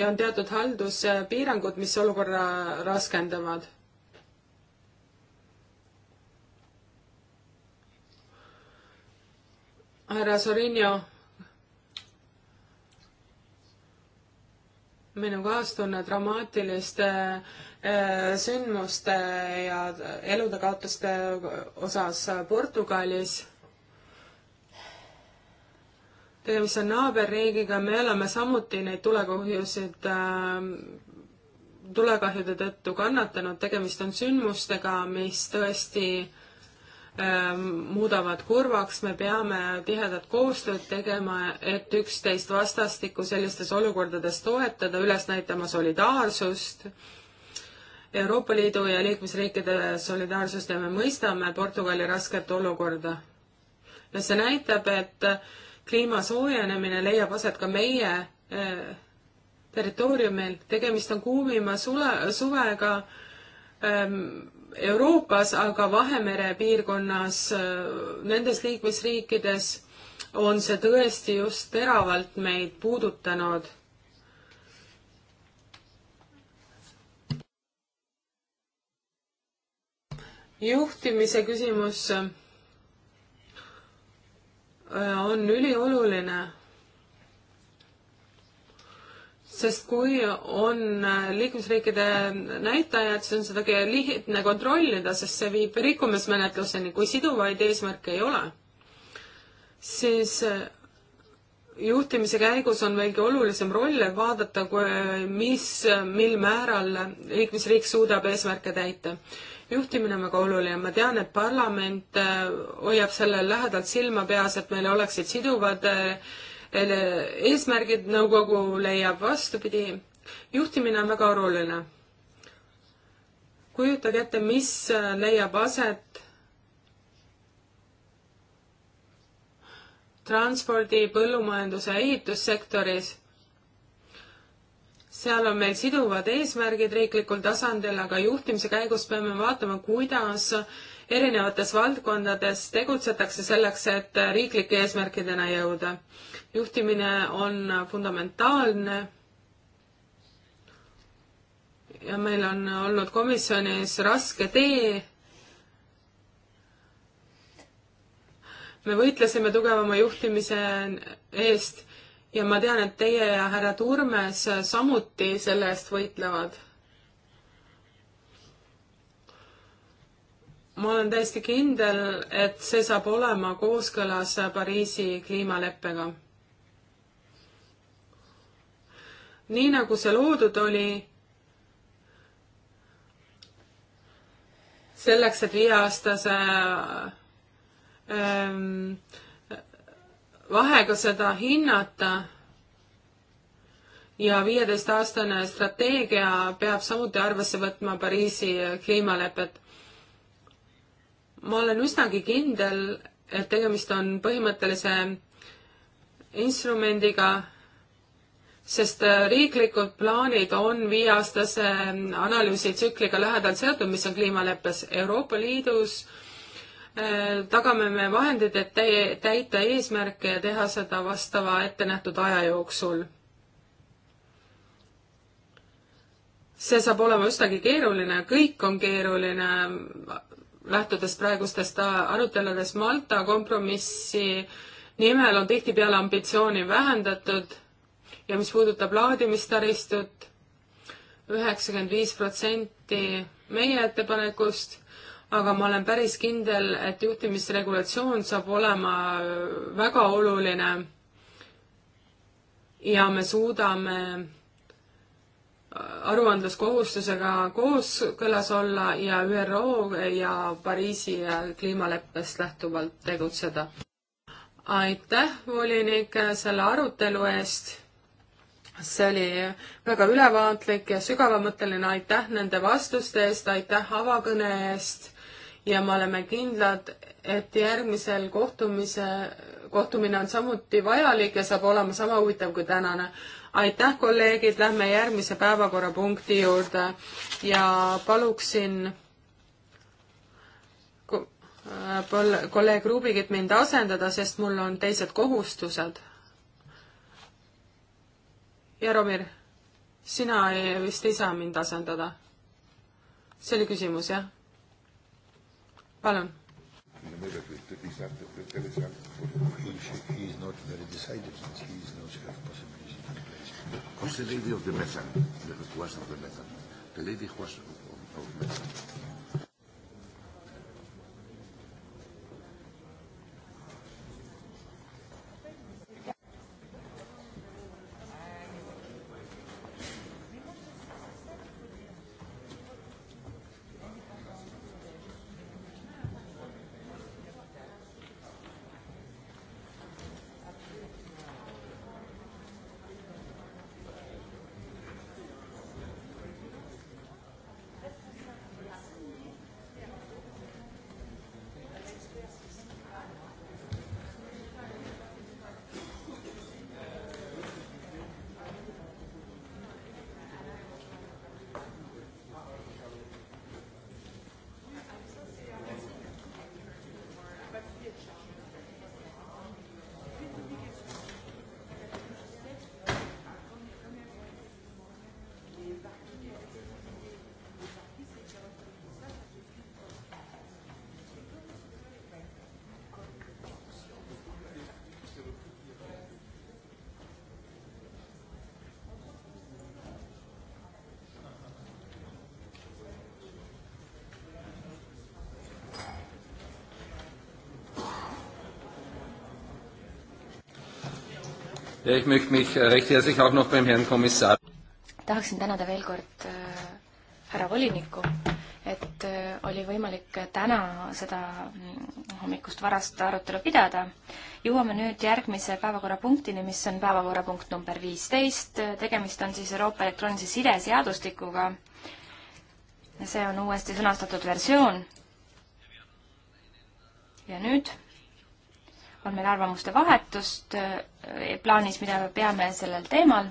S1: ja on teatud halduspiirangud, mis olukorra raskendavad. härra Sorinio minu kaastunne dramaatiliste Äh, sündmuste ja elude kaotuste osas Portugalis. tegemist on naaberriigiga, me oleme samuti neid tulekahjusid, ähm, tulekahjude tõttu kannatanud, tegemist on sündmustega, mis tõesti ähm, muudavad kurvaks, me peame tihedat koostööd tegema, et üksteist vastastikku sellistes olukordades toetada, üles näitama solidaarsust Euroopa Liidu ja liikmesriikide solidaarsust ja me mõistame Portugali rasket olukorda. no see näitab, et kliima soojenemine leiab aset ka meie eh, territooriumil, tegemist on kuumima sule, suvega ehm, Euroopas, aga Vahemere piirkonnas eh,, nendes liikmesriikides on see tõesti just teravalt meid puudutanud juhtimise küsimus äh, on ülioluline. sest kui on äh, liikmesriikide näitajad, siis on seda lihtne kontrollida, sest see viib rikkumismenetluseni, kui siduvaid eesmärke ei ole, siis äh, juhtimise käigus on veelgi olulisem roll vaadata, mis, mil määral liikmesriik suudab eesmärke täita juhtimine on väga oluline, ma tean, et parlament äh, hoiab sellel lähedalt silma peas, et meil oleksid siduvad äh, eesmärgid, nõukogu leiab vastupidi. juhtimine on väga oluline. kujutage ette, mis äh, leiab aset transpordi, põllumajanduse, ehitussektoris seal on meil siduvad eesmärgid riiklikul tasandil, aga juhtimise käigus peame vaatama, kuidas erinevates valdkondades tegutsetakse selleks, et riiklike eesmärkidena jõuda. juhtimine on fundamentaalne. ja meil on olnud komisjonis raske tee me võitlesime tugevama juhtimise eest ja ma tean, et teie ja härra Turmes samuti selle eest võitlevad. ma olen täiesti kindel, et see saab olema kooskõlas Pariisi kliimaleppega. nii nagu see loodud oli, selleks, et viieaastase ähm, vahega seda hinnata ja viieteistaastane strateegia peab samuti arvesse võtma Pariisi kliimalepet. ma olen üsnagi kindel, et tegemist on põhimõttelise instrumendiga, sest äh, riiklikud plaanid on viieaastase äh, analüüsitsükliga lähedalt seotud, mis on kliimaleppes Euroopa Liidus äh, Äh, tagame me vahendid, et täita eesmärke ja teha seda vastava ettenähtud aja jooksul. see saab olema üsnagi keeruline, kõik on keeruline, lähtudes praegustest aruteludest Malta kompromissi nimel on tihtipeale ambitsiooni vähendatud ja mis puudutab laadimistaristut, üheksakümmend viis protsenti meie ettepanekust aga ma olen päris kindel, et juhtimisregulatsioon saab olema väga oluline. ja me suudame äh, aruandluskohustusega kooskõlas olla ja ÜRO ja Pariisi äh, kliimaleppest lähtuvalt tegutseda. aitäh, volinik, selle arutelu eest see oli väga ülevaatlik ja sügavamõtteline, aitäh nende vastuste eest, aitäh avakõne eest ja me oleme kindlad, et järgmisel kohtumise, kohtumine on samuti vajalik ja saab olema sama huvitav kui tänane. aitäh, kolleegid, lähme järgmise päevakorrapunkti juurde ja paluksin äh, kolleeg Rubigit mind asendada, sest mul on teised kohustused. Jaromir, sina ei, vist ei saa mind asendada? see oli küsimus, jah? palun.
S2: Who's the lady of the method? The request of the method. The lady was of, of method.
S3: tahaksin tänada veel kord äh, härra volinikku, et äh, oli võimalik äh, täna seda mm, hommikust varast arutelu pidada. jõuame nüüd järgmise päevakorrapunktini, mis on päevakorrapunkt number viisteist. tegemist on siis Euroopa elektroonilise side seadustikuga. see on uuesti sõnastatud versioon. ja nüüd on meil arvamuste vahetust äh, plaanis, mida me peame sellel teemal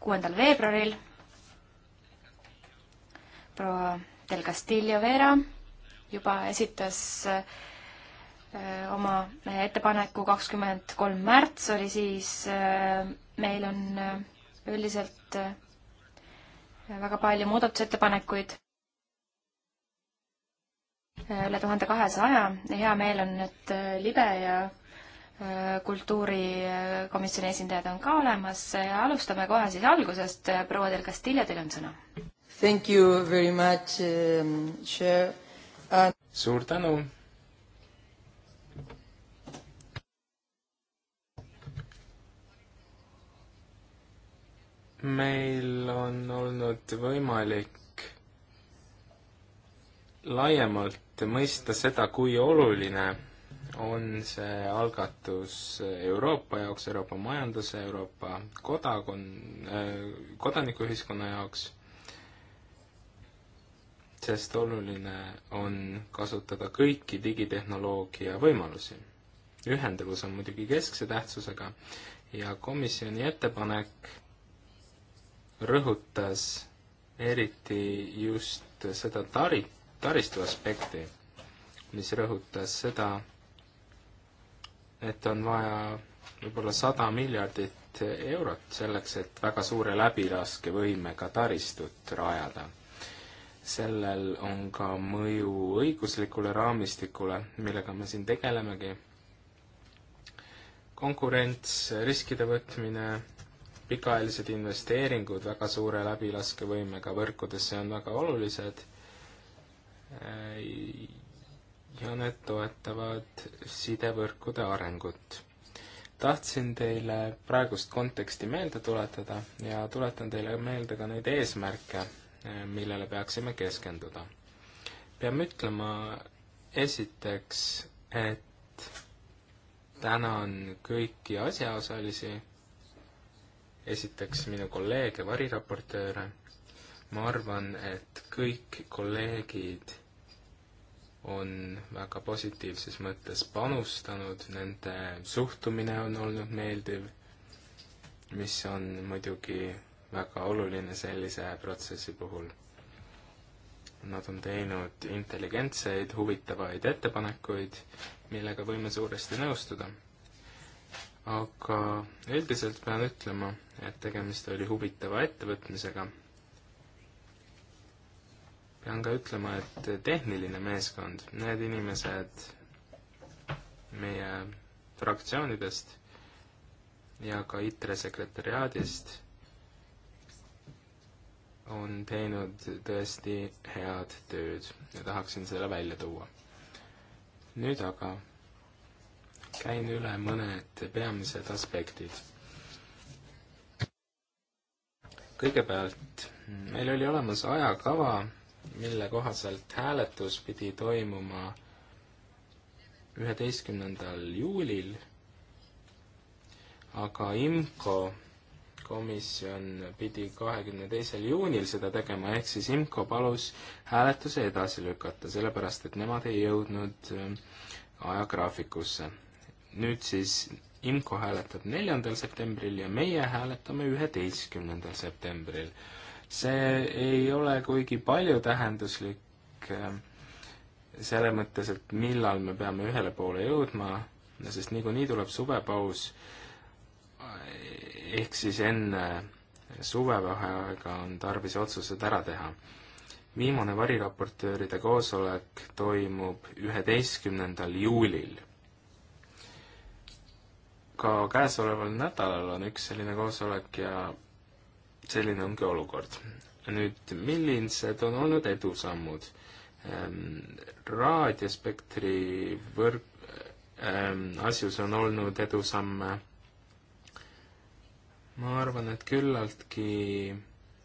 S3: kuuendal veebruaril. proua Del Castillo Vera juba esitas äh, oma ettepaneku kakskümmend kolm märts oli siis, äh, meil on üldiselt väga palju muudatusettepanekuid üle tuhande kahesaja. hea meel on, et äh, libe ja äh, kultuurikomisjoni äh, esindajad on ka olemas ja alustame kohe siis algusest. proua Del Castillo, teil on sõna.
S1: Thank you very much
S2: um,, Chair uh.... suur tänu. meil on olnud võimalik laiemalt et mõista seda, kui oluline on see algatus Euroopa jaoks, Euroopa majanduse, Euroopa kodakon-, äh, kodanikuühiskonna jaoks, sest oluline on kasutada kõiki digitehnoloogia võimalusi. ühendavus on muidugi keskse tähtsusega ja komisjoni ettepanek rõhutas eriti just seda tari-, taristu aspekti, mis rõhutas seda, et on vaja võib-olla sada miljardit eurot selleks, et väga suure läbilaskevõimega taristut rajada. sellel on ka mõju õiguslikule raamistikule, millega me siin tegelemegi. konkurents, riskide võtmine, pikaajalised investeeringud väga suure läbilaskevõimega võrkudesse on väga olulised Äh, ja need toetavad sidevõrkude arengut. tahtsin teile praegust konteksti meelde tuletada ja tuletan teile meelde ka neid eesmärke, äh, millele peaksime keskenduda. peame ütlema esiteks, et tänan kõiki asjaosalisi, esiteks minu kolleege, variraportööre, ma arvan, et kõik kolleegid on väga positiivses mõttes panustanud, nende suhtumine on olnud meeldiv, mis on muidugi väga oluline sellise protsessi puhul. Nad on teinud intelligentseid, huvitavaid ettepanekuid, millega võime suuresti nõustuda. aga üldiselt pean ütlema, et tegemist oli huvitava ettevõtmisega pean ka ütlema, et tehniline meeskond, need inimesed meie fraktsioonidest ja ka ITRE sekretäriaadist on teinud tõesti head tööd ja tahaksin selle välja tuua. nüüd aga käin üle mõned peamised aspektid. kõigepealt meil oli olemas ajakava mille kohaselt hääletus pidi toimuma üheteistkümnendal juulil, aga IMCO komisjon pidi kahekümne teisel juunil seda tegema, ehk siis IMCO palus hääletuse edasi lükata, sellepärast et nemad ei jõudnud äh, ajagraafikusse. nüüd siis IMCO hääletab neljandal septembril ja meie hääletame üheteistkümnendal septembril see ei ole kuigi paljutähenduslik äh, selles mõttes, et millal me peame ühele poole jõudma, sest niikuinii tuleb suvepaus, äh, ehk siis enne suvevaheaega on tarvis otsused ära teha. viimane variraportööride koosolek toimub üheteistkümnendal juulil. ka käesoleval nädalal on üks selline koosolek ja selline ongi olukord. nüüd, millised on olnud edusammud ähm,? raadiospektri võrk ähm,, asjus on olnud edusamme. ma arvan, et küllaltki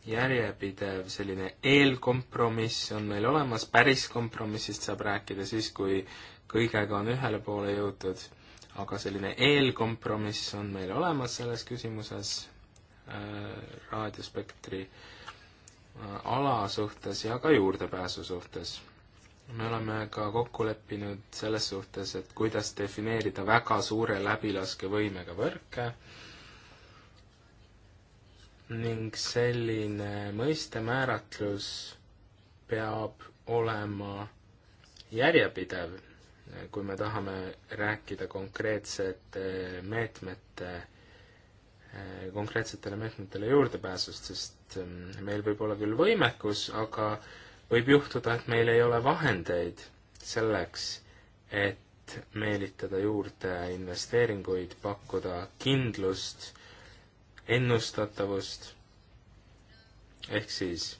S2: järjepidev selline eelkompromiss on meil olemas, päris kompromissist saab rääkida siis, kui kõigega on ühele poole jõutud, aga selline eelkompromiss on meil olemas selles küsimuses, Äh, raadiospektri äh, ala suhtes ja ka juurdepääsu suhtes. me oleme ka kokku leppinud selles suhtes, et kuidas defineerida väga suure läbilaskevõimega võrke ning selline mõistemääratlus peab olema järjepidev, kui me tahame rääkida konkreetsete meetmete Äh, konkreetsetele meetmetele juurdepääsust, sest ähm, meil võib olla küll võimekus, aga võib juhtuda, et meil ei ole vahendeid selleks, et meelitada juurde investeeringuid, pakkuda kindlust, ennustatavust, ehk siis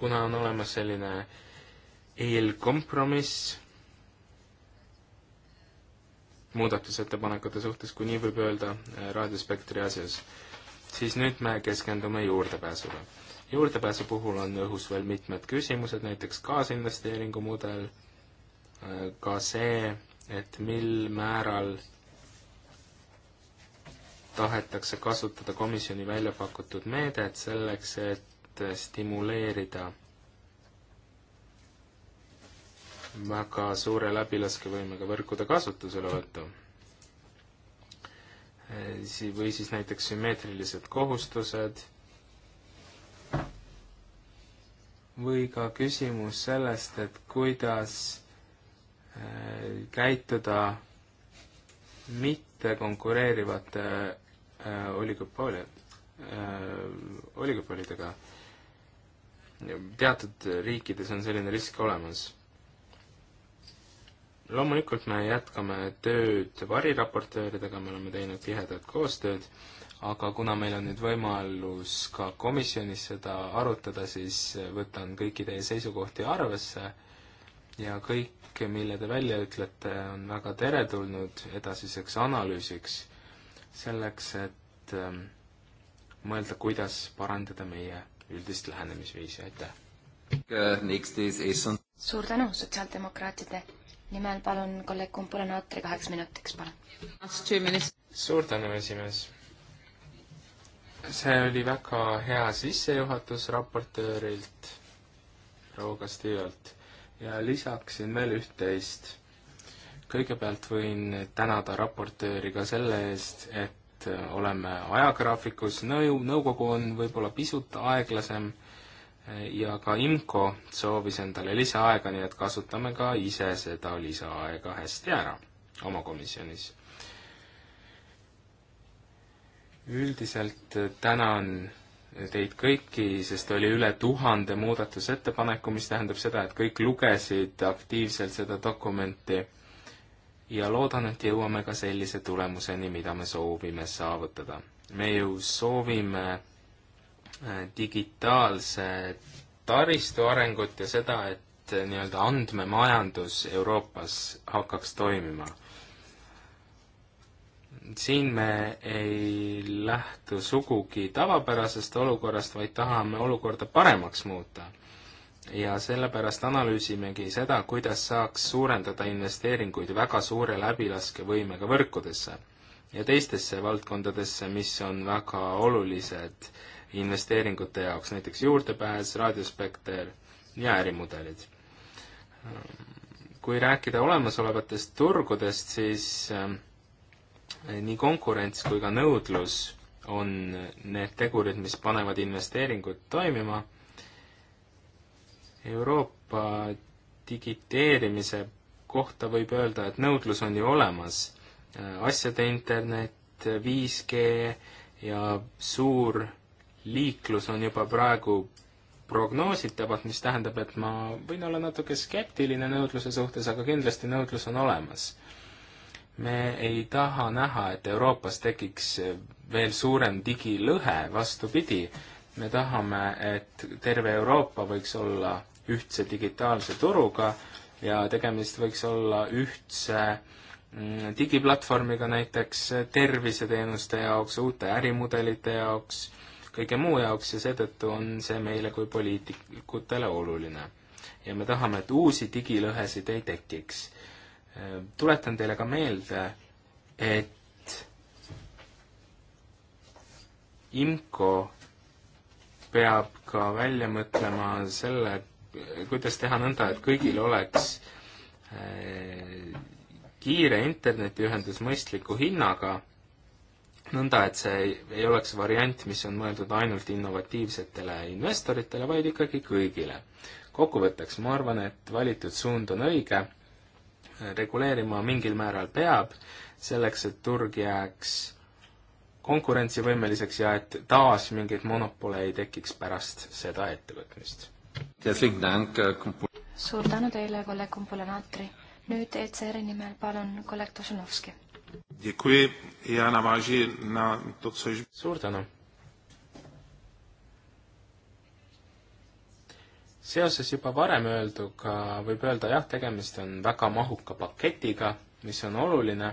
S2: kuna on olemas selline eelkompromiss, muudatusettepanekute suhtes, kui nii võib öelda, äh, raadiospektri asjus. siis nüüd me keskendume juurdepääsule. juurdepääsu puhul on õhus veel mitmed küsimused, näiteks kaasinvesteeringu mudel, äh, ka see, et mil määral tahetakse kasutada komisjoni välja pakutud meedet selleks, et stimuleerida väga suure läbilaskevõimega võrkude kasutuselevõttu. või siis näiteks sümmeetrilised kohustused või ka küsimus sellest, et kuidas äh, käituda mitte konkureerivate äh, oligopooli, äh, oligopolidega. teatud riikides on selline risk olemas loomulikult me jätkame tööd variraportööridega, me oleme teinud tihedat koostööd, aga kuna meil on nüüd võimalus ka komisjonis seda arutada, siis võtan kõiki teie seisukohti arvesse ja kõik, mille te välja ütlete, on väga teretulnud edasiseks analüüsiks, selleks et ähm, mõelda, kuidas parandada meie üldist lähenemisviisi, aitäh! Äh,
S3: suur tänu sotsiaaldemokraatide nimel palun kolleeg Kumpula-Natri kaheks minutiks, palun.
S2: suur tänu, esimees. see oli väga hea sissejuhatus raportöörilt, proua Kastiialt, ja lisaksin veel üht-teist. kõigepealt võin tänada raportööri ka selle eest, et oleme ajagraafikus, nõu-, nõukogu on võib-olla pisut aeglasem ja ka IMCO soovis endale lisaaega, nii et kasutame ka ise seda lisaaega hästi ära oma komisjonis. üldiselt tänan teid kõiki, sest oli üle tuhande muudatusettepaneku, mis tähendab seda, et kõik lugesid aktiivselt seda dokumenti ja loodan, et jõuame ka sellise tulemuseni, mida me soovime saavutada. me ju soovime Äh, digitaalse taristu arengut ja seda, et äh, nii-öelda andmemajandus Euroopas hakkaks toimima. siin me ei lähtu sugugi tavapärasest olukorrast, vaid tahame olukorda paremaks muuta. ja sellepärast analüüsimegi seda, kuidas saaks suurendada investeeringuid väga suure läbilaskevõimega võrkudesse ja teistesse valdkondadesse, mis on väga olulised äh, investeeringute jaoks, näiteks juurdepääs, raadiospekter ja ärimudelid. kui rääkida olemasolevatest turgudest, siis eh, nii konkurents kui ka nõudlus on need tegurid, mis panevad investeeringud toimima. Euroopa digiteerimise kohta võib öelda, et nõudlus on ju olemas. asjade internet, 5G ja suur liiklus on juba praegu prognoositavad, mis tähendab, et ma võin olla natuke skeptiline nõudluse suhtes, aga kindlasti nõudlus on olemas. me ei taha näha, et Euroopas tekiks veel suurem digilõhe, vastupidi, me tahame, et terve Euroopa võiks olla ühtse digitaalse turuga ja tegemist võiks olla ühtse mm, digiplatvormiga näiteks terviseteenuste jaoks, uute ärimudelite jaoks kõige muu jaoks ja seetõttu on see meile kui poliitikutele oluline. ja me tahame, et uusi digilõhesid ei tekiks. Äh, tuletan teile ka meelde, et IMCO peab ka välja mõtlema selle, kuidas teha nõnda, et kõigil oleks äh, kiire internetiühendus mõistliku hinnaga nõnda, et see ei, ei oleks variant, mis on mõeldud ainult innovatiivsetele investoritele, vaid ikkagi kõigile. kokkuvõtteks ma arvan, et valitud suund on õige, reguleerima mingil määral peab, selleks et turg jääks konkurentsivõimeliseks ja et taas mingeid monopole ei tekiks pärast seda ettevõtmist.
S3: suur tänu teile, kolleeg Kumpula-Natri. nüüd ECR-i nimel palun kolleeg Tošenovski
S2: suur tänu. seoses juba varem öelduga võib öelda jah, tegemist on väga mahuka paketiga, mis on oluline,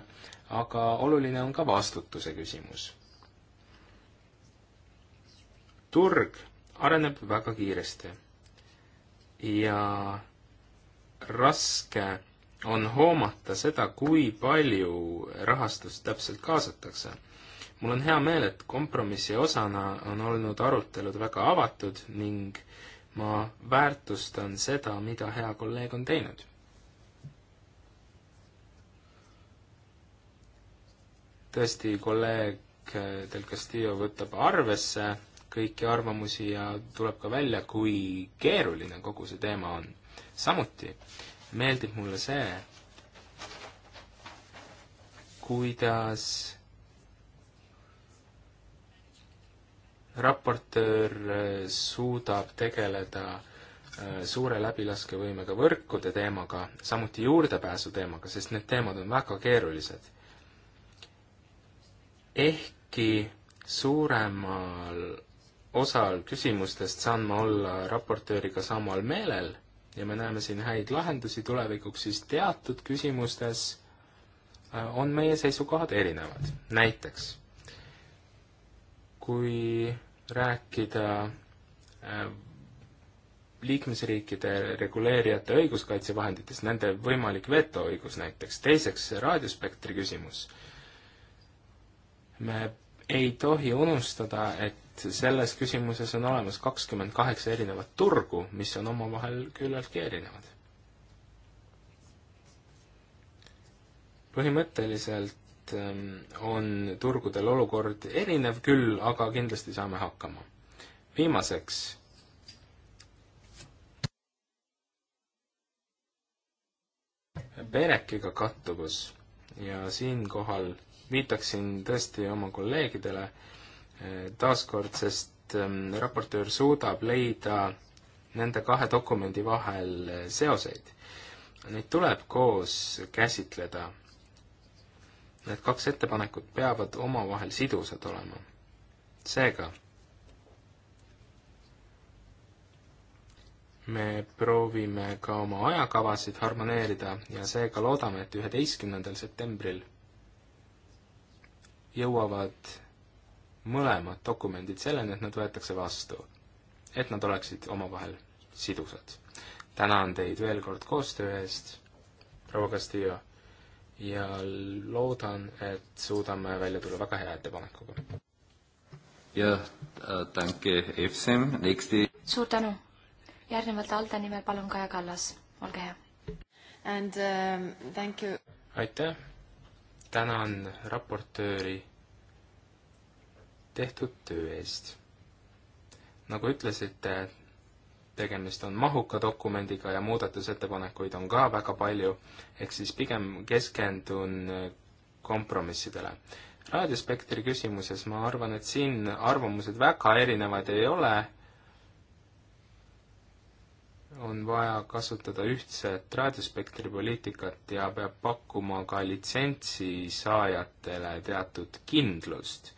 S2: aga oluline on ka vastutuse küsimus. turg areneb väga kiiresti ja raske on hoomata seda, kui palju rahastust täpselt kaasatakse. mul on hea meel, et kompromissi osana on olnud arutelud väga avatud ning ma väärtustan seda, mida hea kolleeg on teinud. tõesti, kolleeg Del Castillo võtab arvesse kõiki arvamusi ja tuleb ka välja, kui keeruline kogu see teema on. samuti meeldib mulle see, kuidas raportöör äh, suudab tegeleda äh, suure läbilaskevõimega võrkude teemaga, samuti juurdepääsu teemaga, sest need teemad on väga keerulised. ehkki suuremal osal küsimustest saan ma olla raportööriga samal meelel ja me näeme siin häid lahendusi tulevikuks, siis teatud küsimustes äh, on meie seisukohad erinevad. näiteks, kui rääkida äh, liikmesriikide reguleerijate õiguskaitsevahenditest, nende võimalik vetoõigus näiteks, teiseks raadiospektri küsimus, me ei tohi unustada, et selles küsimuses on olemas kakskümmend kaheksa erinevat turgu, mis on omavahel küllaltki erinevad. põhimõtteliselt ähm, on turgudel olukord erinev küll, aga kindlasti saame hakkama. viimaseks Berekiga kattuvus ja siinkohal viitaksin tõesti oma kolleegidele eh, taaskord, sest ehm, raportöör suudab leida nende kahe dokumendi vahel eh, seoseid. Neid tuleb koos käsitleda. Need kaks ettepanekut peavad omavahel sidusad olema. seega me proovime ka oma ajakavasid harmoneerida ja seega loodame, et üheteistkümnendal septembril jõuavad mõlemad dokumendid selleni, et nad võetakse vastu. et nad oleksid omavahel sidusad. tänan teid veel kord koostöö eest, proua Castillo, ja loodan, et suudame välja tulla väga hea ettepanekuga. jah, äh, tänke, Efsem, nexti.
S3: suur tänu. järgnevalt Alde nimel palun Kaja Kallas, olge hea. And um, thank you.
S2: aitäh tänan raportööri tehtud töö eest. nagu ütlesite, tegemist on mahuka dokumendiga ja muudatusettepanekuid on ka väga palju, ehk siis pigem keskendun kompromissidele. raadiospektri küsimuses ma arvan, et siin arvamused väga erinevad ei ole on vaja kasutada ühtset raadiospektri poliitikat ja peab pakkuma ka litsentsi saajatele teatud kindlust.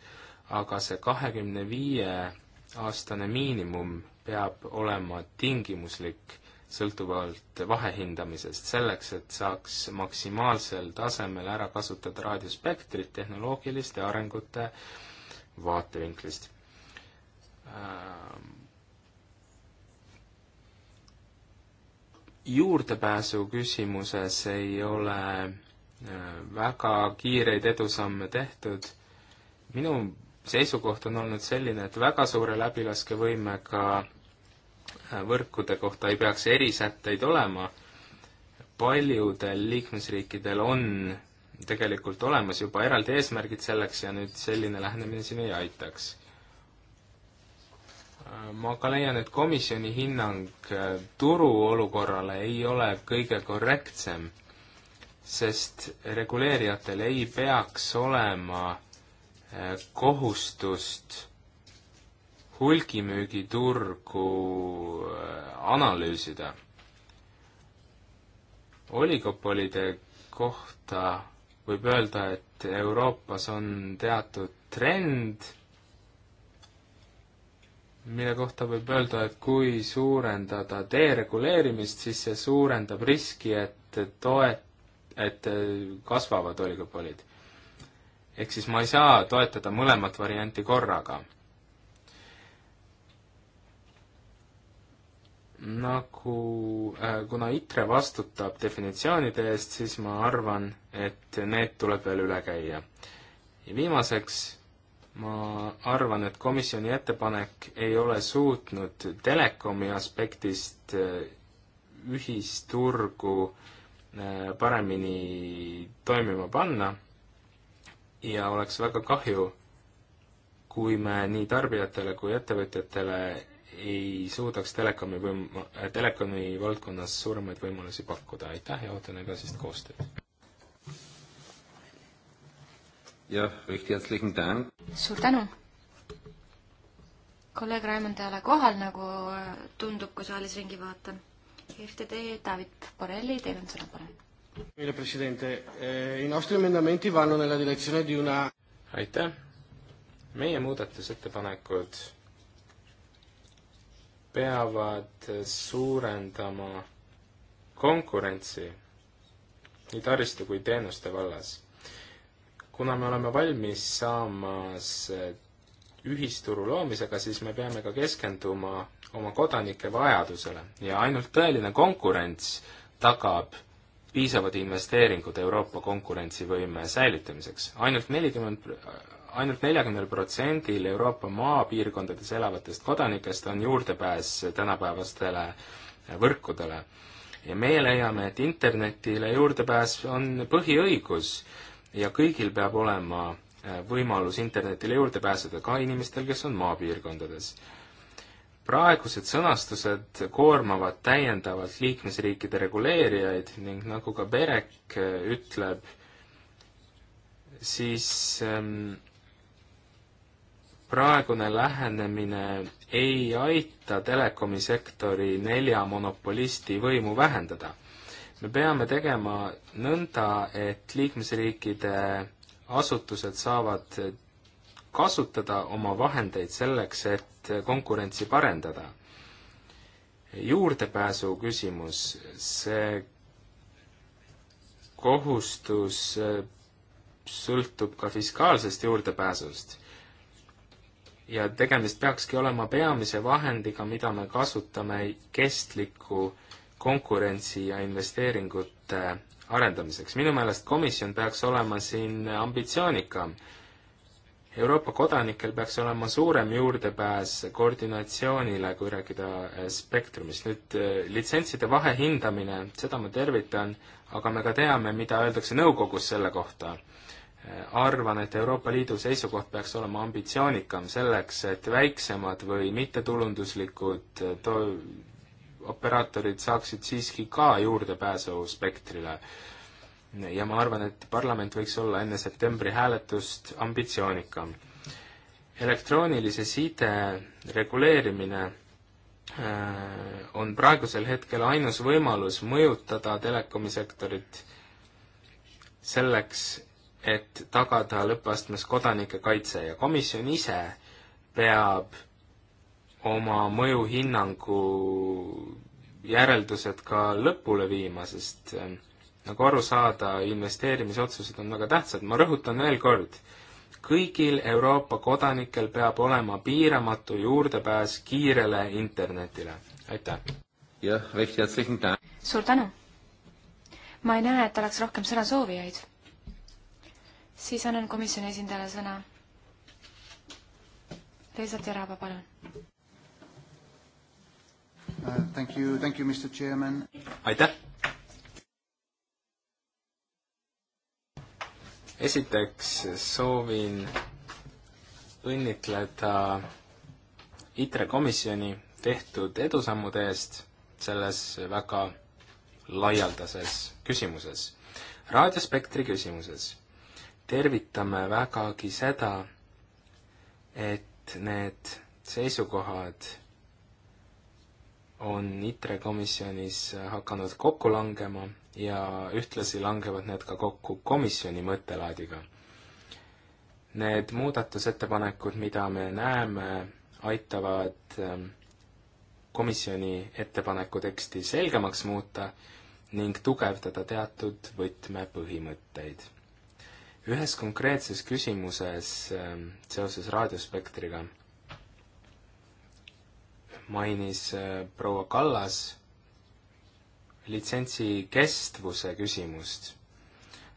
S2: aga see kahekümne viie aastane miinimum peab olema tingimuslik sõltuvalt vahehindamisest, selleks et saaks maksimaalsel tasemel ära kasutada raadiospektrit tehnoloogiliste arengute vaatevinklist ähm juurdepääsu küsimuses ei ole äh, väga kiireid edusamme tehtud. minu seisukoht on olnud selline, et väga suure läbilaskevõimega äh, võrkude kohta ei peaks erisätteid olema. paljudel liikmesriikidel on tegelikult olemas juba eraldi eesmärgid selleks ja nüüd selline lähenemine siin ei aitaks Äh, ma ka leian, et komisjoni hinnang äh, turu olukorrale ei ole kõige korrektsem, sest reguleerijatel ei peaks olema äh, kohustust hulgimüügiturgu analüüsida. oligopolide kohta võib öelda, et Euroopas on teatud trend mille kohta võib öelda, et kui suurendada dereguleerimist, siis see suurendab riski, et toet-, et kasvavad oligopolid. ehk siis ma ei saa toetada mõlemat varianti korraga. nagu, äh, kuna ITRE vastutab definitsioonide eest, siis ma arvan, et need tuleb veel üle käia. ja viimaseks ma arvan, et komisjoni ettepanek ei ole suutnud telekomi aspektist äh, ühisturgu äh, paremini toimima panna ja oleks väga kahju, kui me nii tarbijatele kui ettevõtjatele ei suudaks telekomi võim-, äh, telekomi valdkonnas suuremaid võimalusi pakkuda, aitäh ja ootan edasist koostööd! jah, recht herzlichen Dank.
S3: suur tänu. kolleeg Raimond ei ole kohal, nagu äh, tundub, kui saalis ringi vaatan. FTD David Borrelli, teil on sõna, palun.
S1: meile president, eh, i nostri emendamenti vanno nella direzione di una.
S2: aitäh. meie muudatusettepanekud peavad suurendama konkurentsi nii taristu kui teenuste vallas kuna me oleme valmis saamas ühisturu loomisega, siis me peame ka keskenduma oma kodanike vajadusele ja ainult tõeline konkurents tagab piisavad investeeringud Euroopa konkurentsivõime säilitamiseks ainult 40,. ainult nelikümmend, ainult neljakümnel protsendil Euroopa maapiirkondades elavatest kodanikest on juurdepääs tänapäevastele võrkudele. ja meie leiame, et internetile juurdepääs on põhiõigus ja kõigil peab olema äh, võimalus internetile juurde pääseda, ka inimestel, kes on maapiirkondades. praegused sõnastused koormavad täiendavalt liikmesriikide reguleerijaid ning nagu ka Berek äh, ütleb, siis ähm, praegune lähenemine ei aita telekomisektori nelja monopolisti võimu vähendada me peame tegema nõnda, et liikmesriikide asutused saavad kasutada oma vahendeid selleks, et konkurentsi parendada. juurdepääsu küsimus, see kohustus sõltub ka fiskaalsest juurdepääsust. ja tegemist peakski olema peamise vahendiga, mida me kasutame kestliku konkurentsi ja investeeringute arendamiseks. minu meelest komisjon peaks olema siin ambitsioonikam. Euroopa kodanikel peaks olema suurem juurdepääs koordinatsioonile, kui rääkida eh, spektrumist. nüüd eh, litsentside vahehindamine, seda ma tervitan, aga me ka teame, mida öeldakse nõukogus selle kohta. Eh, arvan, et Euroopa Liidu seisukoht peaks olema ambitsioonikam selleks, et väiksemad või mittetulunduslikud to-, operaatorid saaksid siiski ka juurdepääsu spektrile. ja ma arvan, et parlament võiks olla enne septembri hääletust ambitsioonikam. elektroonilise side reguleerimine äh, on praegusel hetkel ainus võimalus mõjutada telekomisektorit selleks, et tagada lõppastmes kodanike kaitse ja komisjon ise peab oma mõjuhinnangu järeldused ka lõpule viima, sest äh, nagu aru saada, investeerimisotsused on väga tähtsad, ma rõhutan veel kord, kõigil Euroopa kodanikel peab olema piiramatu juurdepääs kiirele internetile. aitäh! jah, recht herzlichen Dank!
S3: suur tänu! ma ei näe, et oleks rohkem sõnasoovijaid. siis annan komisjoni esindajale sõna. Liisa Terava, palun! Uh, thank you, thank you, Mr Chairman. aitäh.
S2: esiteks soovin õnnitleda ITRE komisjoni tehtud edusammude eest selles väga laialdases küsimuses. raadiospektri küsimuses tervitame vägagi seda, et need seisukohad on ITRE komisjonis hakanud kokku langema ja ühtlasi langevad need ka kokku komisjoni mõttelaadiga. Need muudatusettepanekud, mida me näeme, aitavad ähm, komisjoni ettepaneku teksti selgemaks muuta ning tugevdada teatud võtmepõhimõtteid. ühes konkreetses küsimuses ähm, seoses raadiospektriga mainis äh, proua Kallas litsentsi kestvuse küsimust.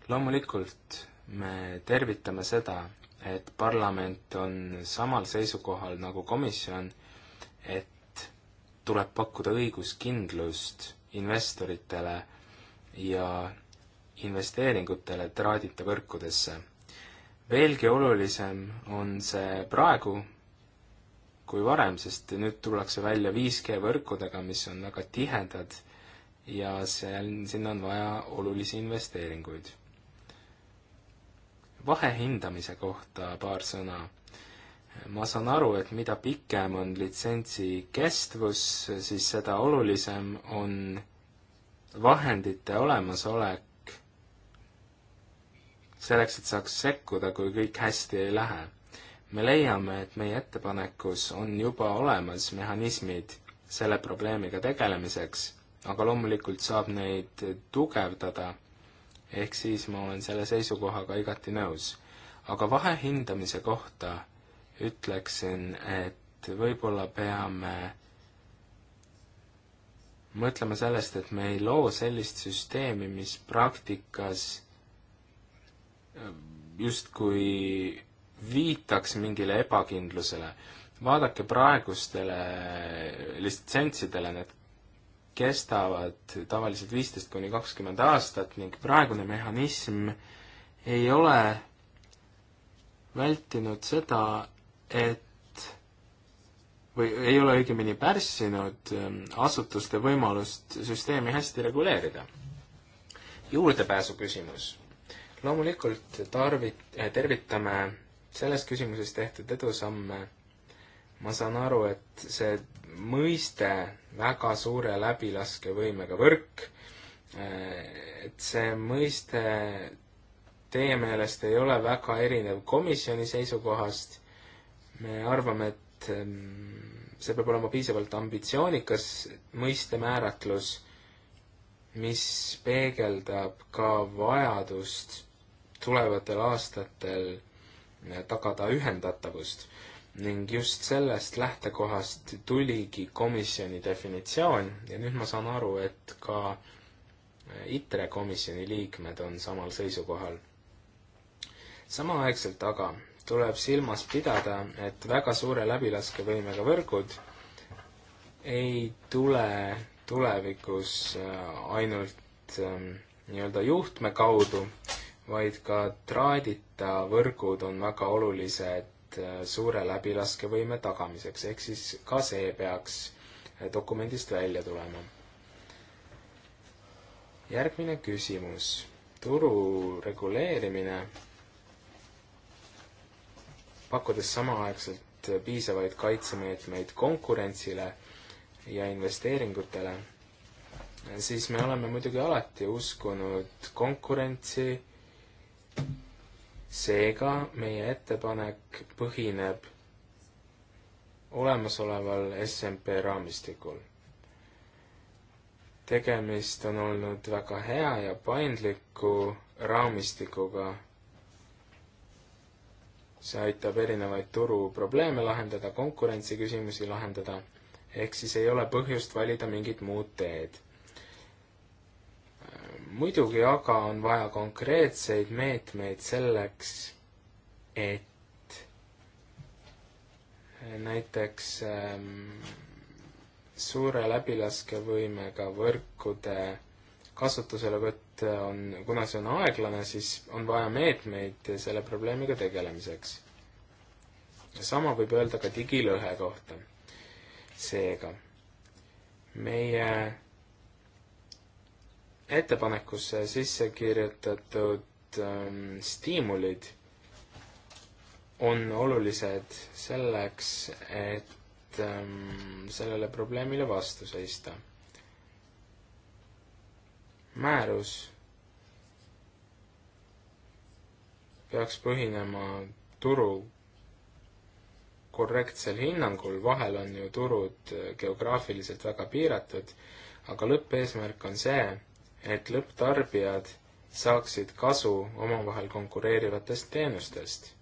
S2: loomulikult me tervitame seda, et parlament on samal seisukohal nagu komisjon, et tuleb pakkuda õiguskindlust investoritele ja investeeringutele traadita võrkudesse. veelgi olulisem on see praegu, kui varem, sest nüüd tullakse välja 5G võrkudega, mis on väga tihedad ja seal, sinna on vaja olulisi investeeringuid. vahehindamise kohta paar sõna. ma saan aru, et mida pikem on litsentsi kestvus, siis seda olulisem on vahendite olemasolek selleks, et saaks sekkuda, kui kõik hästi ei lähe me leiame, et meie ettepanekus on juba olemas mehhanismid selle probleemiga tegelemiseks, aga loomulikult saab neid tugevdada, ehk siis ma olen selle seisukohaga igati nõus. aga vahehindamise kohta ütleksin, et võib-olla peame mõtlema sellest, et me ei loo sellist süsteemi, mis praktikas eh, justkui viitaks mingile ebakindlusele. vaadake praegustele litsentsidele, need kestavad tavaliselt viisteist kuni kakskümmend aastat ning praegune mehhanism ei ole vältinud seda, et või ei ole õigemini pärssinud ähm, asutuste võimalust süsteemi hästi reguleerida. juurdepääsu küsimus. loomulikult tarvit-, äh, tervitame selles küsimuses tehtud edusamme. ma saan aru, et see mõiste väga suure läbilaskevõimega võrk, et see mõiste teie meelest ei ole väga erinev komisjoni seisukohast. me arvame, et ehm, see peab olema piisavalt ambitsioonikas mõistemääratlus, mis peegeldab ka vajadust tulevatel aastatel tagada ühendatavust ning just sellest lähtekohast tuligi komisjoni definitsioon ja nüüd ma saan aru, et ka ITRE komisjoni liikmed on samal seisukohal. samaaegselt aga tuleb silmas pidada, et väga suure läbilaskevõimega võrgud ei tule tulevikus äh, ainult ähm, nii-öelda juhtme kaudu, vaid ka traadita võrgud on väga olulised äh, suure läbilaskevõime tagamiseks, ehk siis ka see peaks äh, dokumendist välja tulema. järgmine küsimus. turu reguleerimine, pakkudes samaaegselt piisavaid kaitsemeetmeid konkurentsile ja investeeringutele, siis me oleme muidugi alati uskunud konkurentsi seega meie ettepanek põhineb olemasoleval SMP raamistikul. tegemist on olnud väga hea ja paindliku raamistikuga. see aitab erinevaid turuprobleeme lahendada, konkurentsiküsimusi lahendada, ehk siis ei ole põhjust valida mingit muud teed muidugi aga on vaja konkreetseid meetmeid selleks, et näiteks ähm, suure läbilaskevõimega võrkude kasutuselevõtt on, kuna see on aeglane, siis on vaja meetmeid selle probleemiga tegelemiseks. sama võib öelda ka digilõhe kohta. seega meie ettepanekusse sisse kirjutatud ähm, stiimulid on olulised selleks, et ähm, sellele probleemile vastu seista. määrus peaks põhinema turu korrektsel hinnangul, vahel on ju turud äh, geograafiliselt väga piiratud, aga lõppeesmärk on see, et lõpptarbijad saaksid kasu omavahel konkureerivatest teenustest.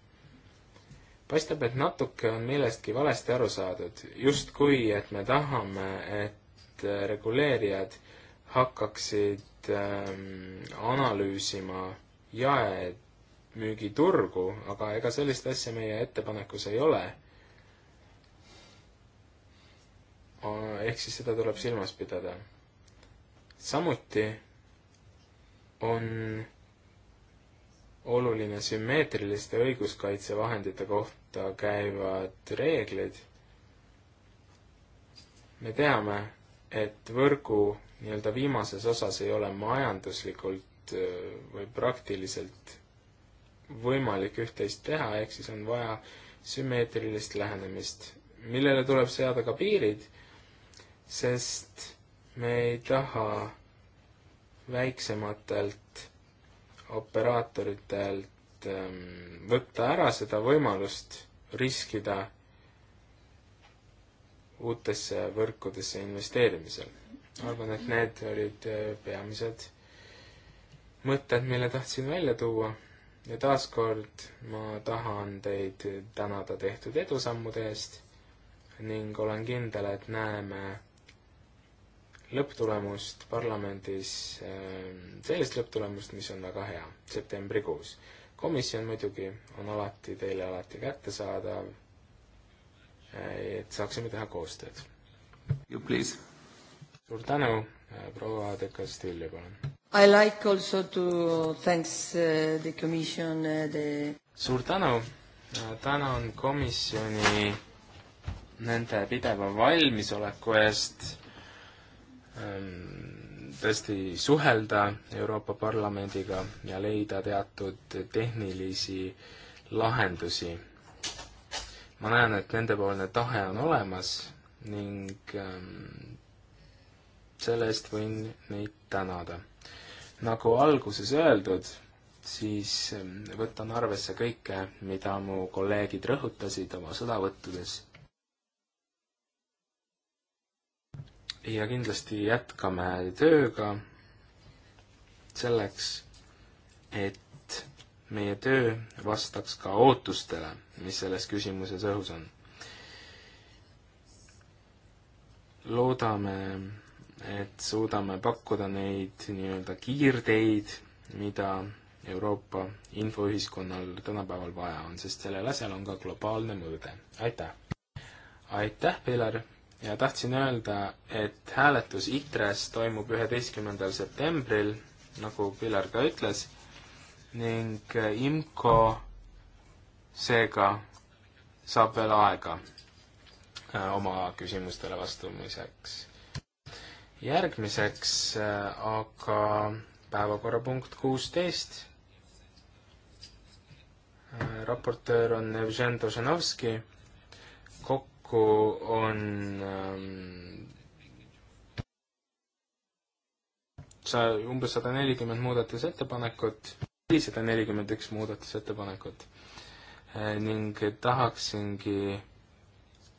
S2: paistab, et natuke on millestki valesti aru saadud, justkui et me tahame, et äh, reguleerijad hakkaksid ähm, analüüsima jaemüügiturgu, aga ega sellist asja meie ettepanekus ei ole. Äh, ehk siis seda tuleb silmas pidada. samuti on oluline sümmeetriliste õiguskaitsevahendite kohta käivad reeglid. me teame, et võrgu nii-öelda viimases osas ei ole majanduslikult äh, või praktiliselt võimalik üht-teist teha, ehk siis on vaja sümmeetrilist lähenemist, millele tuleb seada ka piirid, sest me ei taha väiksematelt operaatoritelt ähm, võtta ära seda võimalust riskida uutesse võrkudesse investeerimisel. arvan, et need olid äh, peamised mõtted, mille tahtsin välja tuua ja taaskord ma tahan teid tänada tehtud edusammude eest ning olen kindel, et näeme lõpptulemust parlamendis, ehm, sellist lõpptulemust, mis on väga hea, septembrikuus. komisjon muidugi on alati teile alati kättesaadav, eh, et saaksime teha koostööd. suur tänu, eh, proua De Castillo, palun.
S3: I like also to thanks eh, the commission the
S2: suur tänu, tänan komisjoni nende pideva valmisoleku eest Ähm, tõesti suhelda Euroopa Parlamendiga ja leida teatud tehnilisi lahendusi. ma näen, et nendepoolne tahe on olemas ning ähm, selle eest võin neid tänada. nagu alguses öeldud, siis ähm, võtan arvesse kõike, mida mu kolleegid rõhutasid oma sõnavõttudes ja kindlasti jätkame tööga selleks, et meie töö vastaks ka ootustele, mis selles küsimuses õhus on. loodame, et suudame pakkuda neid nii-öelda kiirteid, mida Euroopa infoühiskonnal tänapäeval vaja on, sest sellel asjal on ka globaalne mõõde. aitäh! aitäh, Pilar! ja tahtsin öelda, et hääletus ITRE-s toimub üheteistkümnendal septembril, nagu Pilar ka ütles, ning IMCO seega saab veel aega äh, oma küsimustele vastamiseks. järgmiseks äh, aga päevakorrapunkt kuusteist. Äh, raportöör on Jevgen Dožanovski paraku on ähm, sa umbes sada nelikümmend muudatusettepanekut, nelisada nelikümmend üks muudatusettepanekut äh, ning tahaksingi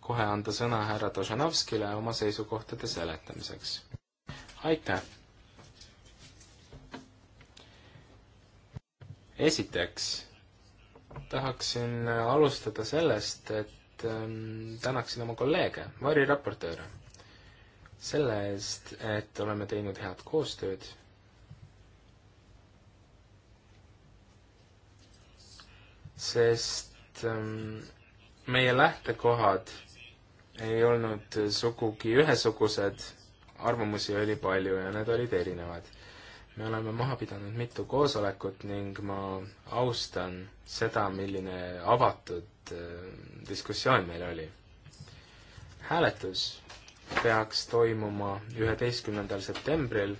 S2: kohe anda sõna härra Dožanovskile oma seisukohtade seletamiseks. aitäh! esiteks tahaksin alustada sellest, et kõigepealt ähm, tänaksin oma kolleege, variraportööre, selle eest, et oleme teinud head koostööd. sest ähm, meie lähtekohad ei olnud sugugi ühesugused, arvamusi oli palju ja need olid erinevad. me oleme maha pidanud mitu koosolekut ning ma austan seda, milline avatud Äh, diskussioon meil oli. hääletus peaks toimuma üheteistkümnendal septembril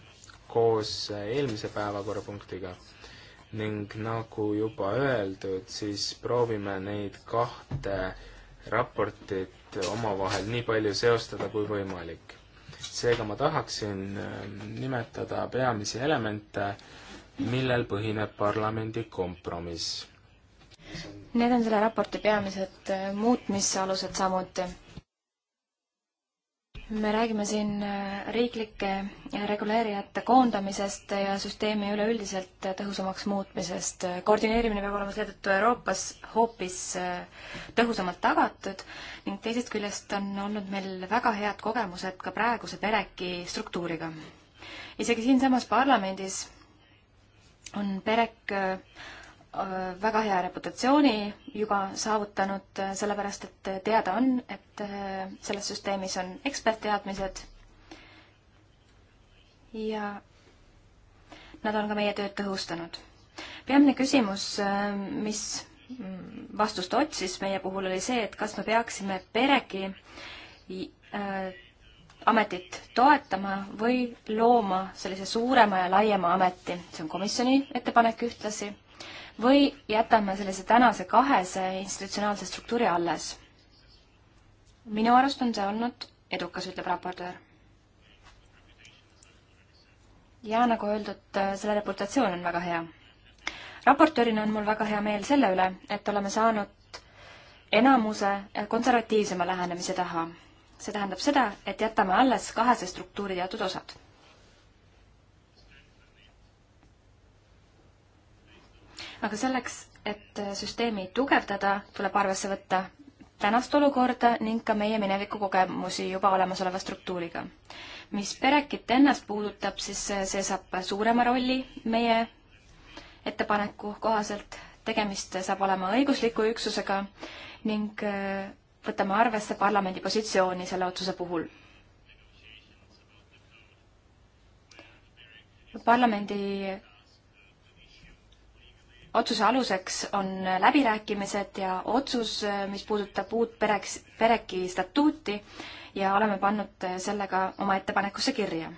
S2: koos äh, eelmise päevakorrapunktiga ning nagu juba öeldud, siis proovime neid kahte raportit omavahel nii palju seostada kui võimalik. seega ma tahaksin äh, nimetada peamisi elemente, millel põhineb parlamendi kompromiss
S3: Need on selle raporti peamised äh, muutmisalused samuti. me räägime siin äh, riiklike äh, reguleerijate koondamisest ja süsteemi üleüldiselt tõhusamaks muutmisest. koordineerimine peab olema seetõttu Euroopas hoopis tõhusamalt tagatud ning teisest küljest on olnud meil väga head kogemused ka praeguse pereki struktuuriga. isegi siinsamas parlamendis on perek väga hea reputatsiooni juba saavutanud, äh, sellepärast et äh, teada on, et äh, selles süsteemis on ekspertteadmised ja nad on ka meie tööd tõhustanud. peamine küsimus, mis mm, vastust otsis meie puhul, oli see, et kas me peaksime peregi ametit toetama või looma sellise suurema ja laiema ameti. see on komisjoni ettepanek ühtlasi või jätame sellise tänase kahese institutsionaalse struktuuri alles? minu arust on see olnud edukas, ütleb raportöör. ja nagu öeldud, selle reputatsioon on väga hea. raportöörina on mul väga hea meel selle üle, et oleme saanud enamuse konservatiivsema lähenemise taha. see tähendab seda, et jätame alles kahese struktuuri teatud osad aga selleks, et äh, süsteemi tugevdada, tuleb arvesse võtta tänast olukorda ning ka meie mineviku kogemusi juba olemasoleva struktuuriga. mis perekit ennast puudutab, siis äh, see saab suurema rolli meie ettepaneku kohaselt, tegemist saab olema õigusliku üksusega ning äh, võtame arvesse parlamendi positsiooni selle otsuse puhul. parlamendi otsuse aluseks on läbirääkimised ja otsus, mis puudutab uut pereks, pereki statuuti ja oleme pannud selle ka oma ettepanekusse kirja.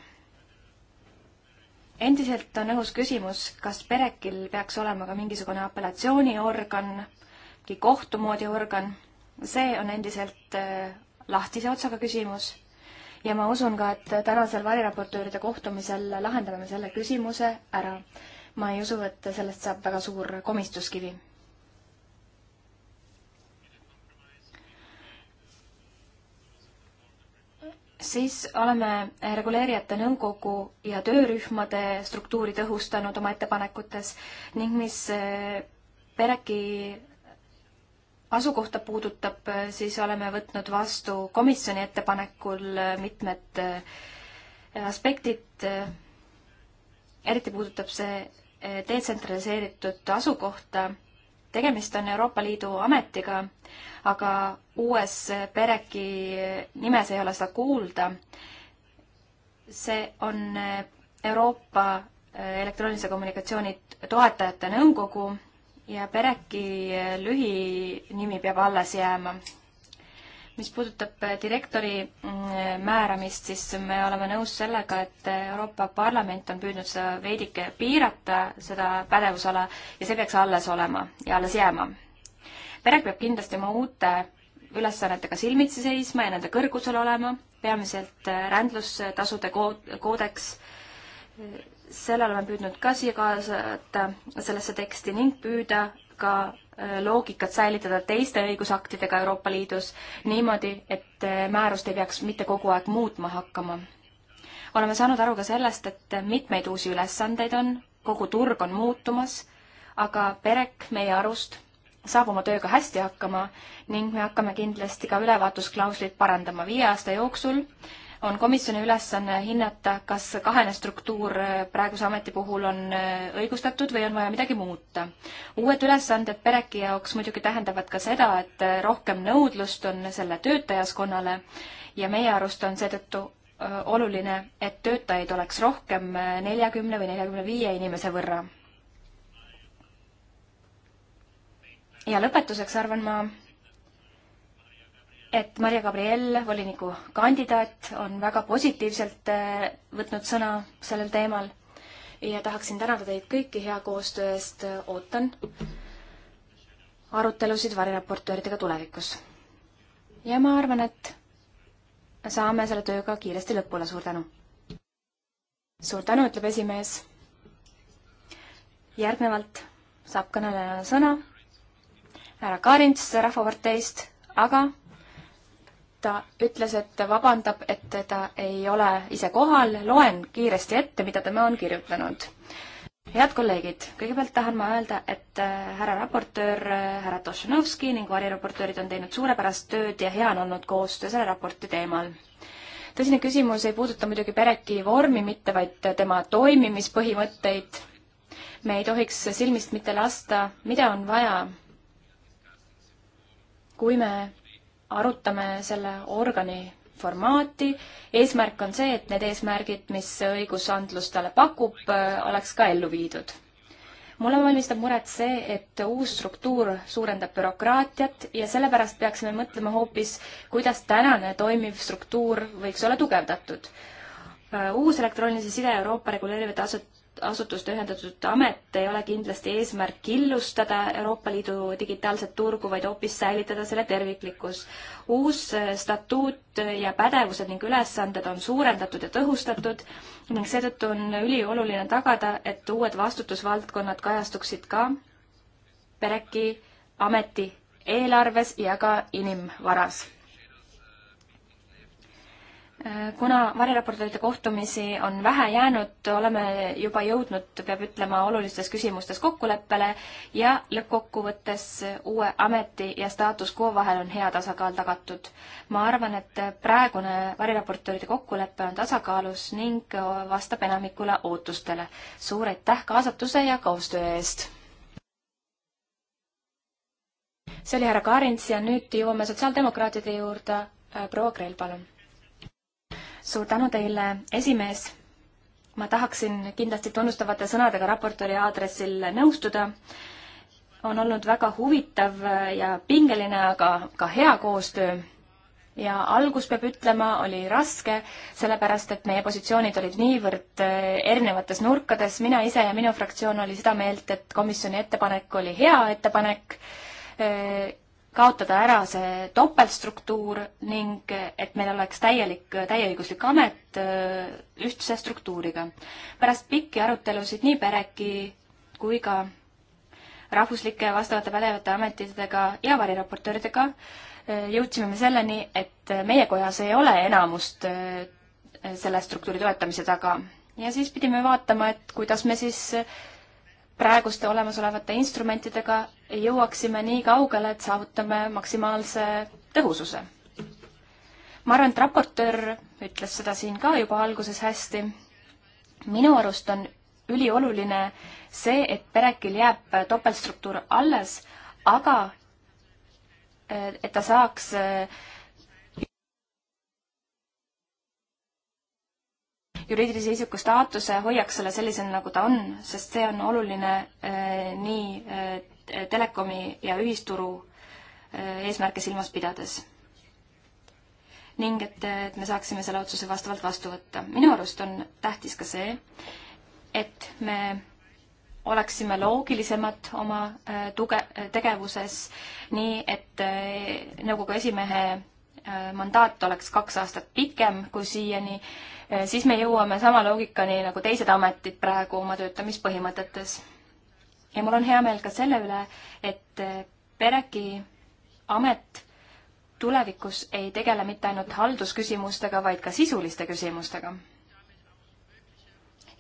S3: endiselt on õhus küsimus, kas perekil peaks olema ka mingisugune apellatsiooniorgan, mingi kohtu moodi organ, see on endiselt äh, lahtise otsaga küsimus ja ma usun ka, et tänasel variraportööride kohtumisel lahendame me selle küsimuse ära ma ei usu, et sellest saab väga suur komistuskivi. siis oleme reguleerijate nõukogu ja töörühmade struktuuri tõhustanud oma ettepanekutes ning mis eh, pereki asukohta puudutab, eh, siis oleme võtnud vastu komisjoni ettepanekul eh, mitmed aspektid. eriti puudutab see detsentraliseeritud asukohta. tegemist on Euroopa Liidu ametiga, aga uues pereki nimes ei ole seda kuulda. see on Euroopa elektroonilise kommunikatsiooni toetajate nõukogu ja pereki lühinimi peab alles jääma mis puudutab äh, direktori mm, määramist, siis me oleme nõus sellega, et äh, Euroopa Parlament on püüdnud seda veidike piirata, seda pädevusala, ja see peaks alles olema ja alles jääma. perek peab kindlasti oma uute ülesannetega silmitsi seisma ja nende kõrgusel olema, peamiselt äh, rändlustasude koodeks, selle oleme püüdnud ka siia kaasata sellesse teksti ning püüda ka loogikat säilitada teiste õigusaktidega Euroopa Liidus niimoodi, et eh, määrust ei peaks mitte kogu aeg muutma hakkama. oleme saanud aru ka sellest, et mitmeid uusi ülesandeid on, kogu turg on muutumas, aga PEREK meie arust saab oma tööga hästi hakkama ning me hakkame kindlasti ka ülevaatusklauslit parandama viie aasta jooksul on komisjoni ülesanne hinnata, kas kahene struktuur praeguse ameti puhul on äh, õigustatud või on vaja midagi muuta. uued ülesanded pereki jaoks muidugi tähendavad ka seda, et äh, rohkem nõudlust on selle töötajaskonnale ja meie arust on seetõttu äh, oluline, et töötajaid oleks rohkem neljakümne või neljakümne viie inimese võrra. ja lõpetuseks arvan ma, et Maria Gabriel, volinikukandidaat, on väga positiivselt äh, võtnud sõna sellel teemal ja tahaksin tänada teid kõiki hea koostöö eest, ootan arutelusid variraportööridega tulevikus. ja ma arvan, et saame selle tööga kiiresti lõpule, suur tänu! suur tänu, ütleb esimees. järgnevalt saab kõneleja sõna härra Karints Rahvaparteist, aga ta ütles, et vabandab, et ta ei ole ise kohal, loen kiiresti ette, mida tema on kirjutanud. head kolleegid, kõigepealt tahan ma öelda, et äh, härra raportöör äh, härra Tošenovski ning variraportöörid on teinud suurepärast tööd ja hea on olnud koostöö selle raporti teemal. tõsine küsimus ei puuduta muidugi Pereki vormi mitte, vaid tema toimimispõhimõtteid. me ei tohiks silmist mitte lasta, mida on vaja, kui me arutame selle organi formaati. eesmärk on see, et need eesmärgid, mis õigusandlus talle pakub, oleks ka ellu viidud. mulle valmistab muret see, et uus struktuur suurendab bürokraatiat ja sellepärast peaksime mõtlema hoopis, kuidas tänane toimiv struktuur võiks olla tugevdatud Äh, uus elektroonilise side Euroopa reguleerivate asut-, asutuste ühendatud amet ei ole kindlasti eesmärk killustada Euroopa Liidu digitaalset turgu, vaid hoopis säilitada selle terviklikkus. uus äh, statuut ja pädevused ning ülesanded on suurendatud ja tõhustatud ning seetõttu on ülioluline tagada, et uued vastutusvaldkonnad kajastuksid ka PERECi ameti eelarves ja ka inimvaras kuna variraportööride kohtumisi on vähe jäänud, oleme juba jõudnud, peab ütlema, olulistes küsimustes kokkuleppele ja lõppkokkuvõttes uue ameti ja staatus quo vahel on hea tasakaal tagatud. ma arvan, et praegune variraportööride kokkulepe on tasakaalus ning vastab enamikule ootustele. suur aitäh kaasatuse ja koostöö eest! see oli härra Kaarents ja nüüd jõuame sotsiaaldemokraatide juurde. proua Kreel, palun suur tänu teile, esimees. ma tahaksin kindlasti tunnustavate sõnadega raportööri aadressil nõustuda. on olnud väga huvitav ja pingeline, aga ka hea koostöö ja algus, peab ütlema, oli raske, sellepärast et meie positsioonid olid niivõrd eh, erinevates nurkades, mina ise ja minu fraktsioon oli seda meelt, et komisjoni ettepanek oli hea ettepanek eh, kaotada ära see topeltstruktuur ning et meil oleks täielik, täieõiguslik amet äh, ühtse struktuuriga. pärast pikki arutelusid nii pereki kui ka rahvuslike vastavate pädevate ametitega ja variraportööridega äh, jõudsime me selleni, et äh, meie kojas ei ole enamust selle struktuuri toetamise taga. ja siis pidime vaatama, et kuidas me siis praeguste olemasolevate instrumentidega jõuaksime nii kaugele, et saavutame maksimaalse tõhususe. ma arvan, et raportöör ütles seda siin ka juba alguses hästi. minu arust on ülioluline see, et perekil jääb topeltstruktuur alles, aga eh, et ta saaks eh, juriidilise isiku staatuse, hoiaks selle sellisena, nagu ta on, sest see on oluline eh, nii Eh, telekomi ja ühisturu eh, eesmärke silmas pidades. ning et, eh, et me saaksime selle otsuse vastavalt vastu võtta. minu arust on tähtis ka see, et me oleksime loogilisemad oma tuge, tegevuses, nii et nõukogu esimehe mandaat oleks kaks aastat pikem kui siiani, siis me jõuame sama loogikani nagu teised ametid praegu oma töötamispõhimõtetes ja mul on hea meel ka selle üle, et eh, Pereki amet tulevikus ei tegele mitte ainult haldusküsimustega, vaid ka sisuliste küsimustega.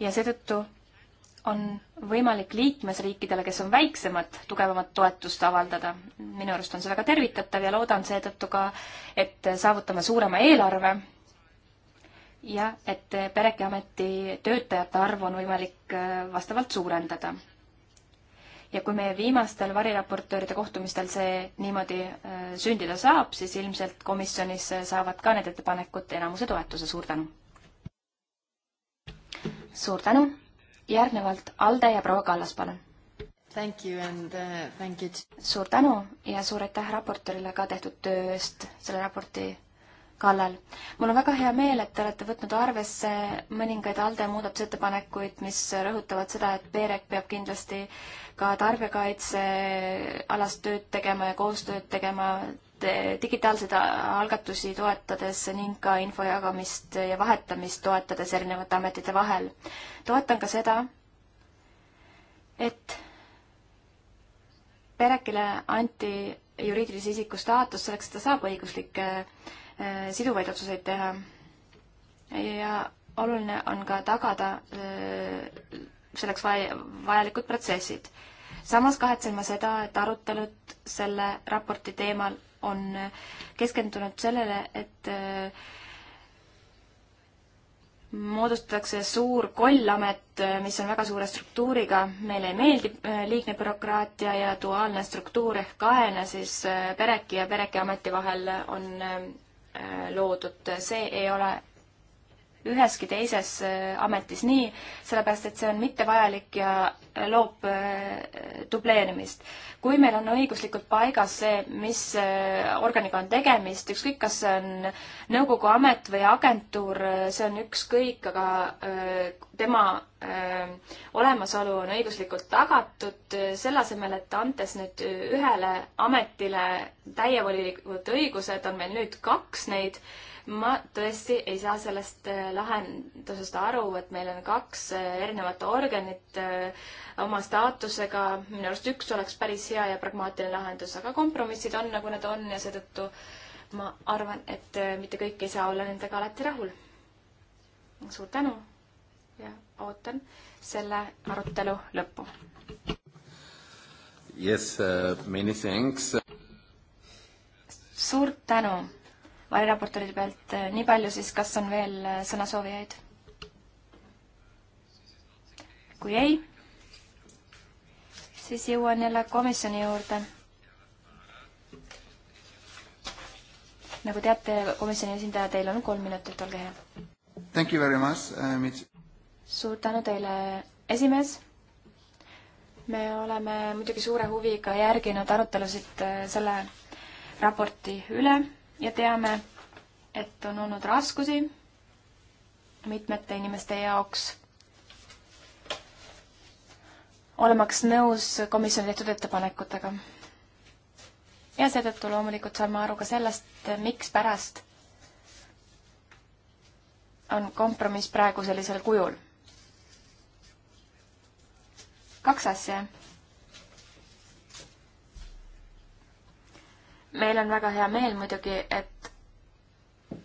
S3: ja seetõttu on võimalik liikmesriikidele, kes on väiksemad, tugevamat toetust avaldada. minu arust on see väga tervitatav ja loodan seetõttu ka, et saavutame suurema eelarve ja et Pereki ameti töötajate arvu on võimalik eh, vastavalt suurendada ja kui meie viimastel variraportööride kohtumistel see niimoodi äh, sündida saab, siis ilmselt komisjonis äh, saavad ka need ettepanekud enamuse toetuse, suur tänu! suur tänu, järgnevalt Alde ja proua Kallas, palun! Thank you and uh, thank you. suur tänu ja suur aitäh raportöörile ka tehtud töö eest selle raporti kallal. mul on väga hea meel, et te olete võtnud arvesse mõningaid ALDE muudatusettepanekuid, mis rõhutavad seda, et PEREK peab kindlasti ka tarbijakaitsealast tööd tegema ja koostööd tegema digitaalseid algatusi toetades ning ka info jagamist ja vahetamist toetades erinevate ametite vahel. toetan ka seda, et perekile anti juriidilise isiku staatus, selleks et ta saab õiguslikke äh, Äh, siduvaid otsuseid teha. ja oluline on ka tagada äh, selleks vaja, vajalikud protsessid. samas kahetsen ma seda, et arutelud selle raporti teemal on keskendunud sellele, et äh, moodustatakse suur kollamet, mis on väga suure struktuuriga, meile ei meeldi liigne bürokraatia ja duaalne struktuur ehk kahene siis pereki ja pereki ameti vahel on loodud, see ei ole üheski teises äh, ametis nii, sellepärast et see on mittevajalik ja äh, loob äh, dubleerimist. kui meil on õiguslikult paigas see, mis organiga on tegemist, ükskõik, kas see on nõukogu amet või agentuur, see on ükskõik, aga tema olemasolu on õiguslikult tagatud, selle asemel, et andes nüüd ühele ametile täievolikud õigused, on meil nüüd kaks neid ma tõesti ei saa sellest äh, lahendusest aru, et meil on kaks äh, erinevat organit äh, oma staatusega, minu arust üks oleks päris hea ja pragmaatiline lahendus, aga kompromissid on, nagu nad on ja seetõttu ma arvan, et mitte kõik ei saa olla nendega alati rahul. suur tänu ja ootan selle arutelu lõppu.
S2: Yes uh,, many thanks.
S3: suur tänu variraportoride pealt. Eh, nii palju siis, kas on veel eh, sõnasoovijaid? kui ei, siis jõuan jälle komisjoni juurde. nagu teate, komisjoni esindaja, teil on kolm minutit, olge hea. Thank you very much um,. suur tänu teile, esimees me oleme muidugi suure huviga järginud arutelusid eh, selle raporti üle ja teame, et on olnud raskusi mitmete inimeste jaoks, olemaks nõus komisjoni tehtud ettepanekutega. ja seetõttu loomulikult saame aru ka sellest, mikspärast on kompromiss praegu sellisel kujul. kaks asja meil on väga hea meel muidugi, et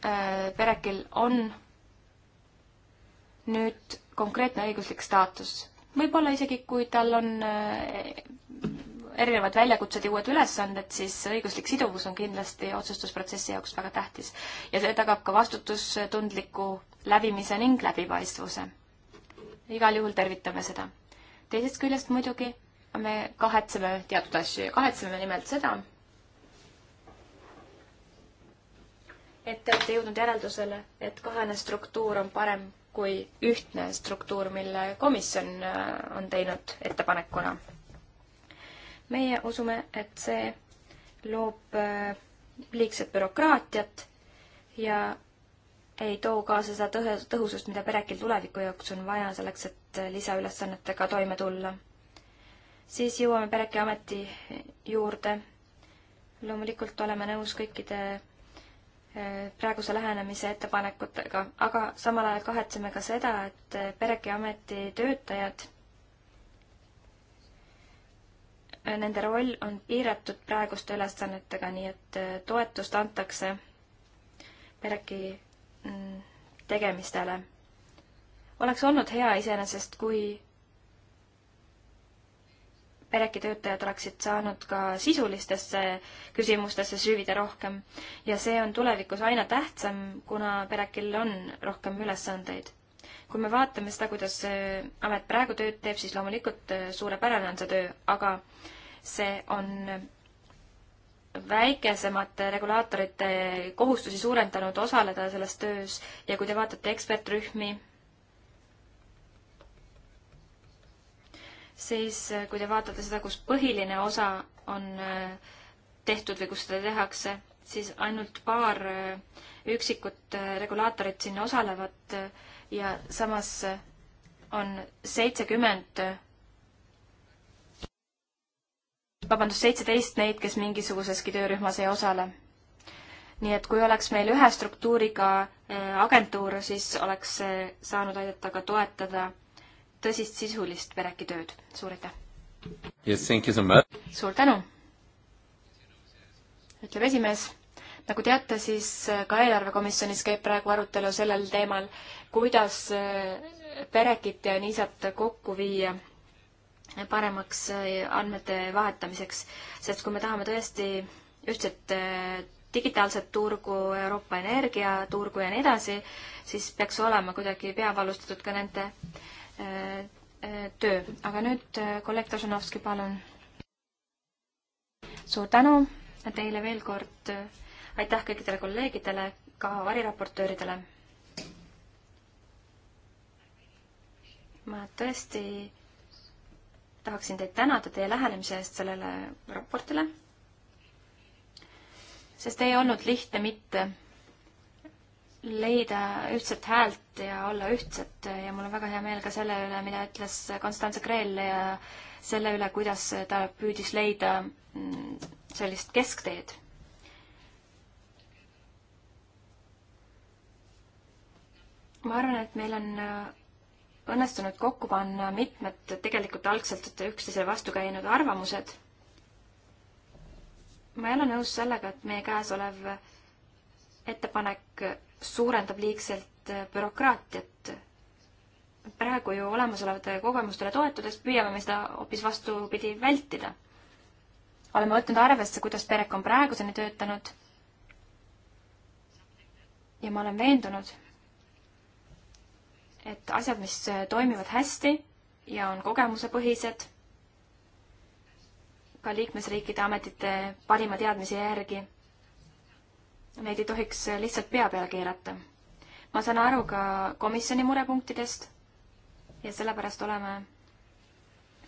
S3: äh, Perekil on nüüd konkreetne õiguslik staatus. võib-olla isegi, kui tal on äh, erinevad väljakutsed ja uued ülesanded, siis õiguslik siduvus on kindlasti otsustusprotsessi jaoks väga tähtis. ja see tagab ka vastutustundliku läbimise ning läbipaistvuse. igal juhul tervitame seda. teisest küljest muidugi me kahetseme teatud asju ja kahetseme nimelt seda, et te olete jõudnud järeldusele, et kahene struktuur on parem kui ühtne struktuur, mille komisjon äh, on teinud ettepanekuna. meie usume, et see loob äh, liigset bürokraatiat ja ei too kaasa seda tõhe-, tõhusust, mida perekil tuleviku jaoks on vaja selleks, et lisaülesannetega toime tulla. siis jõuame pereke ameti juurde. loomulikult oleme nõus kõikide praeguse lähenemise ettepanekutega, aga samal ajal kahetseme ka seda, et Pereki ameti töötajad, nende roll on piiratud praeguste ülesannetega, nii et toetust antakse Pereki mm, tegemistele. oleks olnud hea iseenesest, kui pereki töötajad oleksid saanud ka sisulistesse küsimustesse süüvida rohkem ja see on tulevikus aina tähtsam, kuna perekil on rohkem ülesandeid. kui me vaatame seda, kuidas amet praegu tööd teeb, siis loomulikult äh, suurepärane on see töö, aga see on väikesemate regulaatorite kohustusi suurendanud osaleda selles töös ja kui te vaatate ekspertrühmi, siis äh, kui te vaatate seda, kus põhiline osa on äh, tehtud või kus seda tehakse, siis ainult paar äh, üksikut regulaatorit sinna osalevad ja samas on seitsekümmend vabandust, seitseteist neid, kes mingisuguseski töörühmas ei osale. nii et kui oleks meil ühe struktuuriga agentuur, siis oleks saanud aidata ka toetada tõsist sisulist Pereki tööd. suur aitäh!
S2: Yes, thank you so much!
S3: suur tänu! ütleb esimees. nagu teate, siis äh, ka eelarvekomisjonis käib praegu arutelu sellel teemal, kuidas äh, Perekit ja Niisat kokku viia paremaks äh, andmete vahetamiseks, sest kui me tahame tõesti ühtset digitaalset turgu, Euroopa energiaturgu ja nii edasi, siis peaks olema kuidagi peavalustatud ka nende Äh, äh, töö. aga nüüd äh, kolleeg Tosunovski, palun. suur tänu teile veel kord. aitäh kõikidele kolleegidele, ka variraportööridele. ma tõesti tahaksin teid tänada teie lähenemise eest sellele raportile, sest ei olnud lihtne mitte leida ühtset häält ja olla ühtsed ja mul on väga hea meel ka selle üle, mida ütles Konstantin Kreel ja selle üle, kuidas ta püüdis leida mm, sellist keskteed. ma arvan, et meil on äh, õnnestunud kokku panna mitmed tegelikult algselt üksteisele vastu käinud arvamused. ma ei ole nõus sellega, et meie käesolev ettepanek suurendab liigselt äh, bürokraatiat. praegu ju olemasolevate kogemustele toetudes püüame me seda hoopis vastupidi vältida. oleme võtnud arvesse, kuidas perek on praeguseni töötanud. ja ma olen veendunud, et asjad, mis äh, toimivad hästi ja on kogemusepõhised, ka liikmesriikide ametite parima teadmise järgi neid ei tohiks lihtsalt pea peale keerata. ma saan aru ka komisjoni murepunktidest ja sellepärast oleme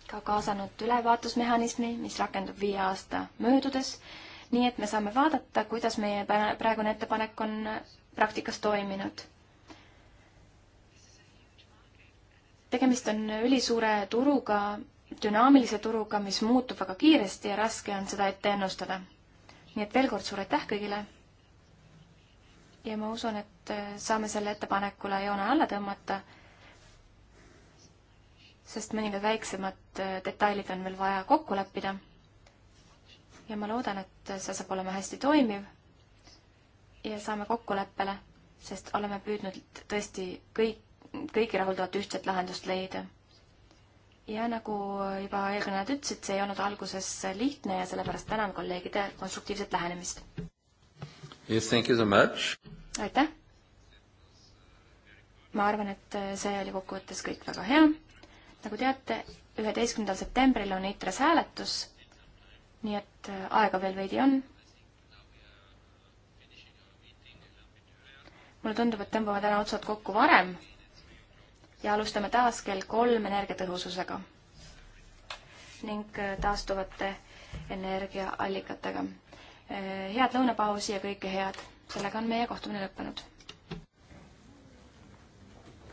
S3: ka kaasanud ülevaatusmehhanismi, mis rakendub viie aasta möödudes, nii et me saame vaadata, kuidas meie praegune ettepanek on praktikas toiminud. tegemist on ülisuure turuga, dünaamilise turuga, mis muutub väga kiiresti ja raske on seda ette ennustada. nii et veel kord suur aitäh kõigile ja ma usun, et äh, saame selle ettepanekule joone alla tõmmata, sest mõningad väiksemad äh, detailid on veel vaja kokku leppida. ja ma loodan, et see saab olema hästi toimiv ja saame kokkuleppele, sest oleme püüdnud tõesti kõik, kõigi rahuldavat ühtset lahendust leida. ja nagu juba eelkõnelejad ütlesid, see ei olnud alguses lihtne ja sellepärast tänan kolleegide konstruktiivset lähenemist.
S2: Yes, thank you so much.
S3: aitäh! ma arvan, et see oli kokkuvõttes kõik väga hea. nagu teate, üheteistkümnendal septembril on ITRES hääletus, nii et äh, aega veel veidi on. mulle tundub, et tõmbame täna otsad kokku varem ja alustame taas kell kolm energiatõhususega ning äh, taastuvate energiaallikatega Äh, head lõunapausi ja kõike head. sellega on meie kohtumine lõppenud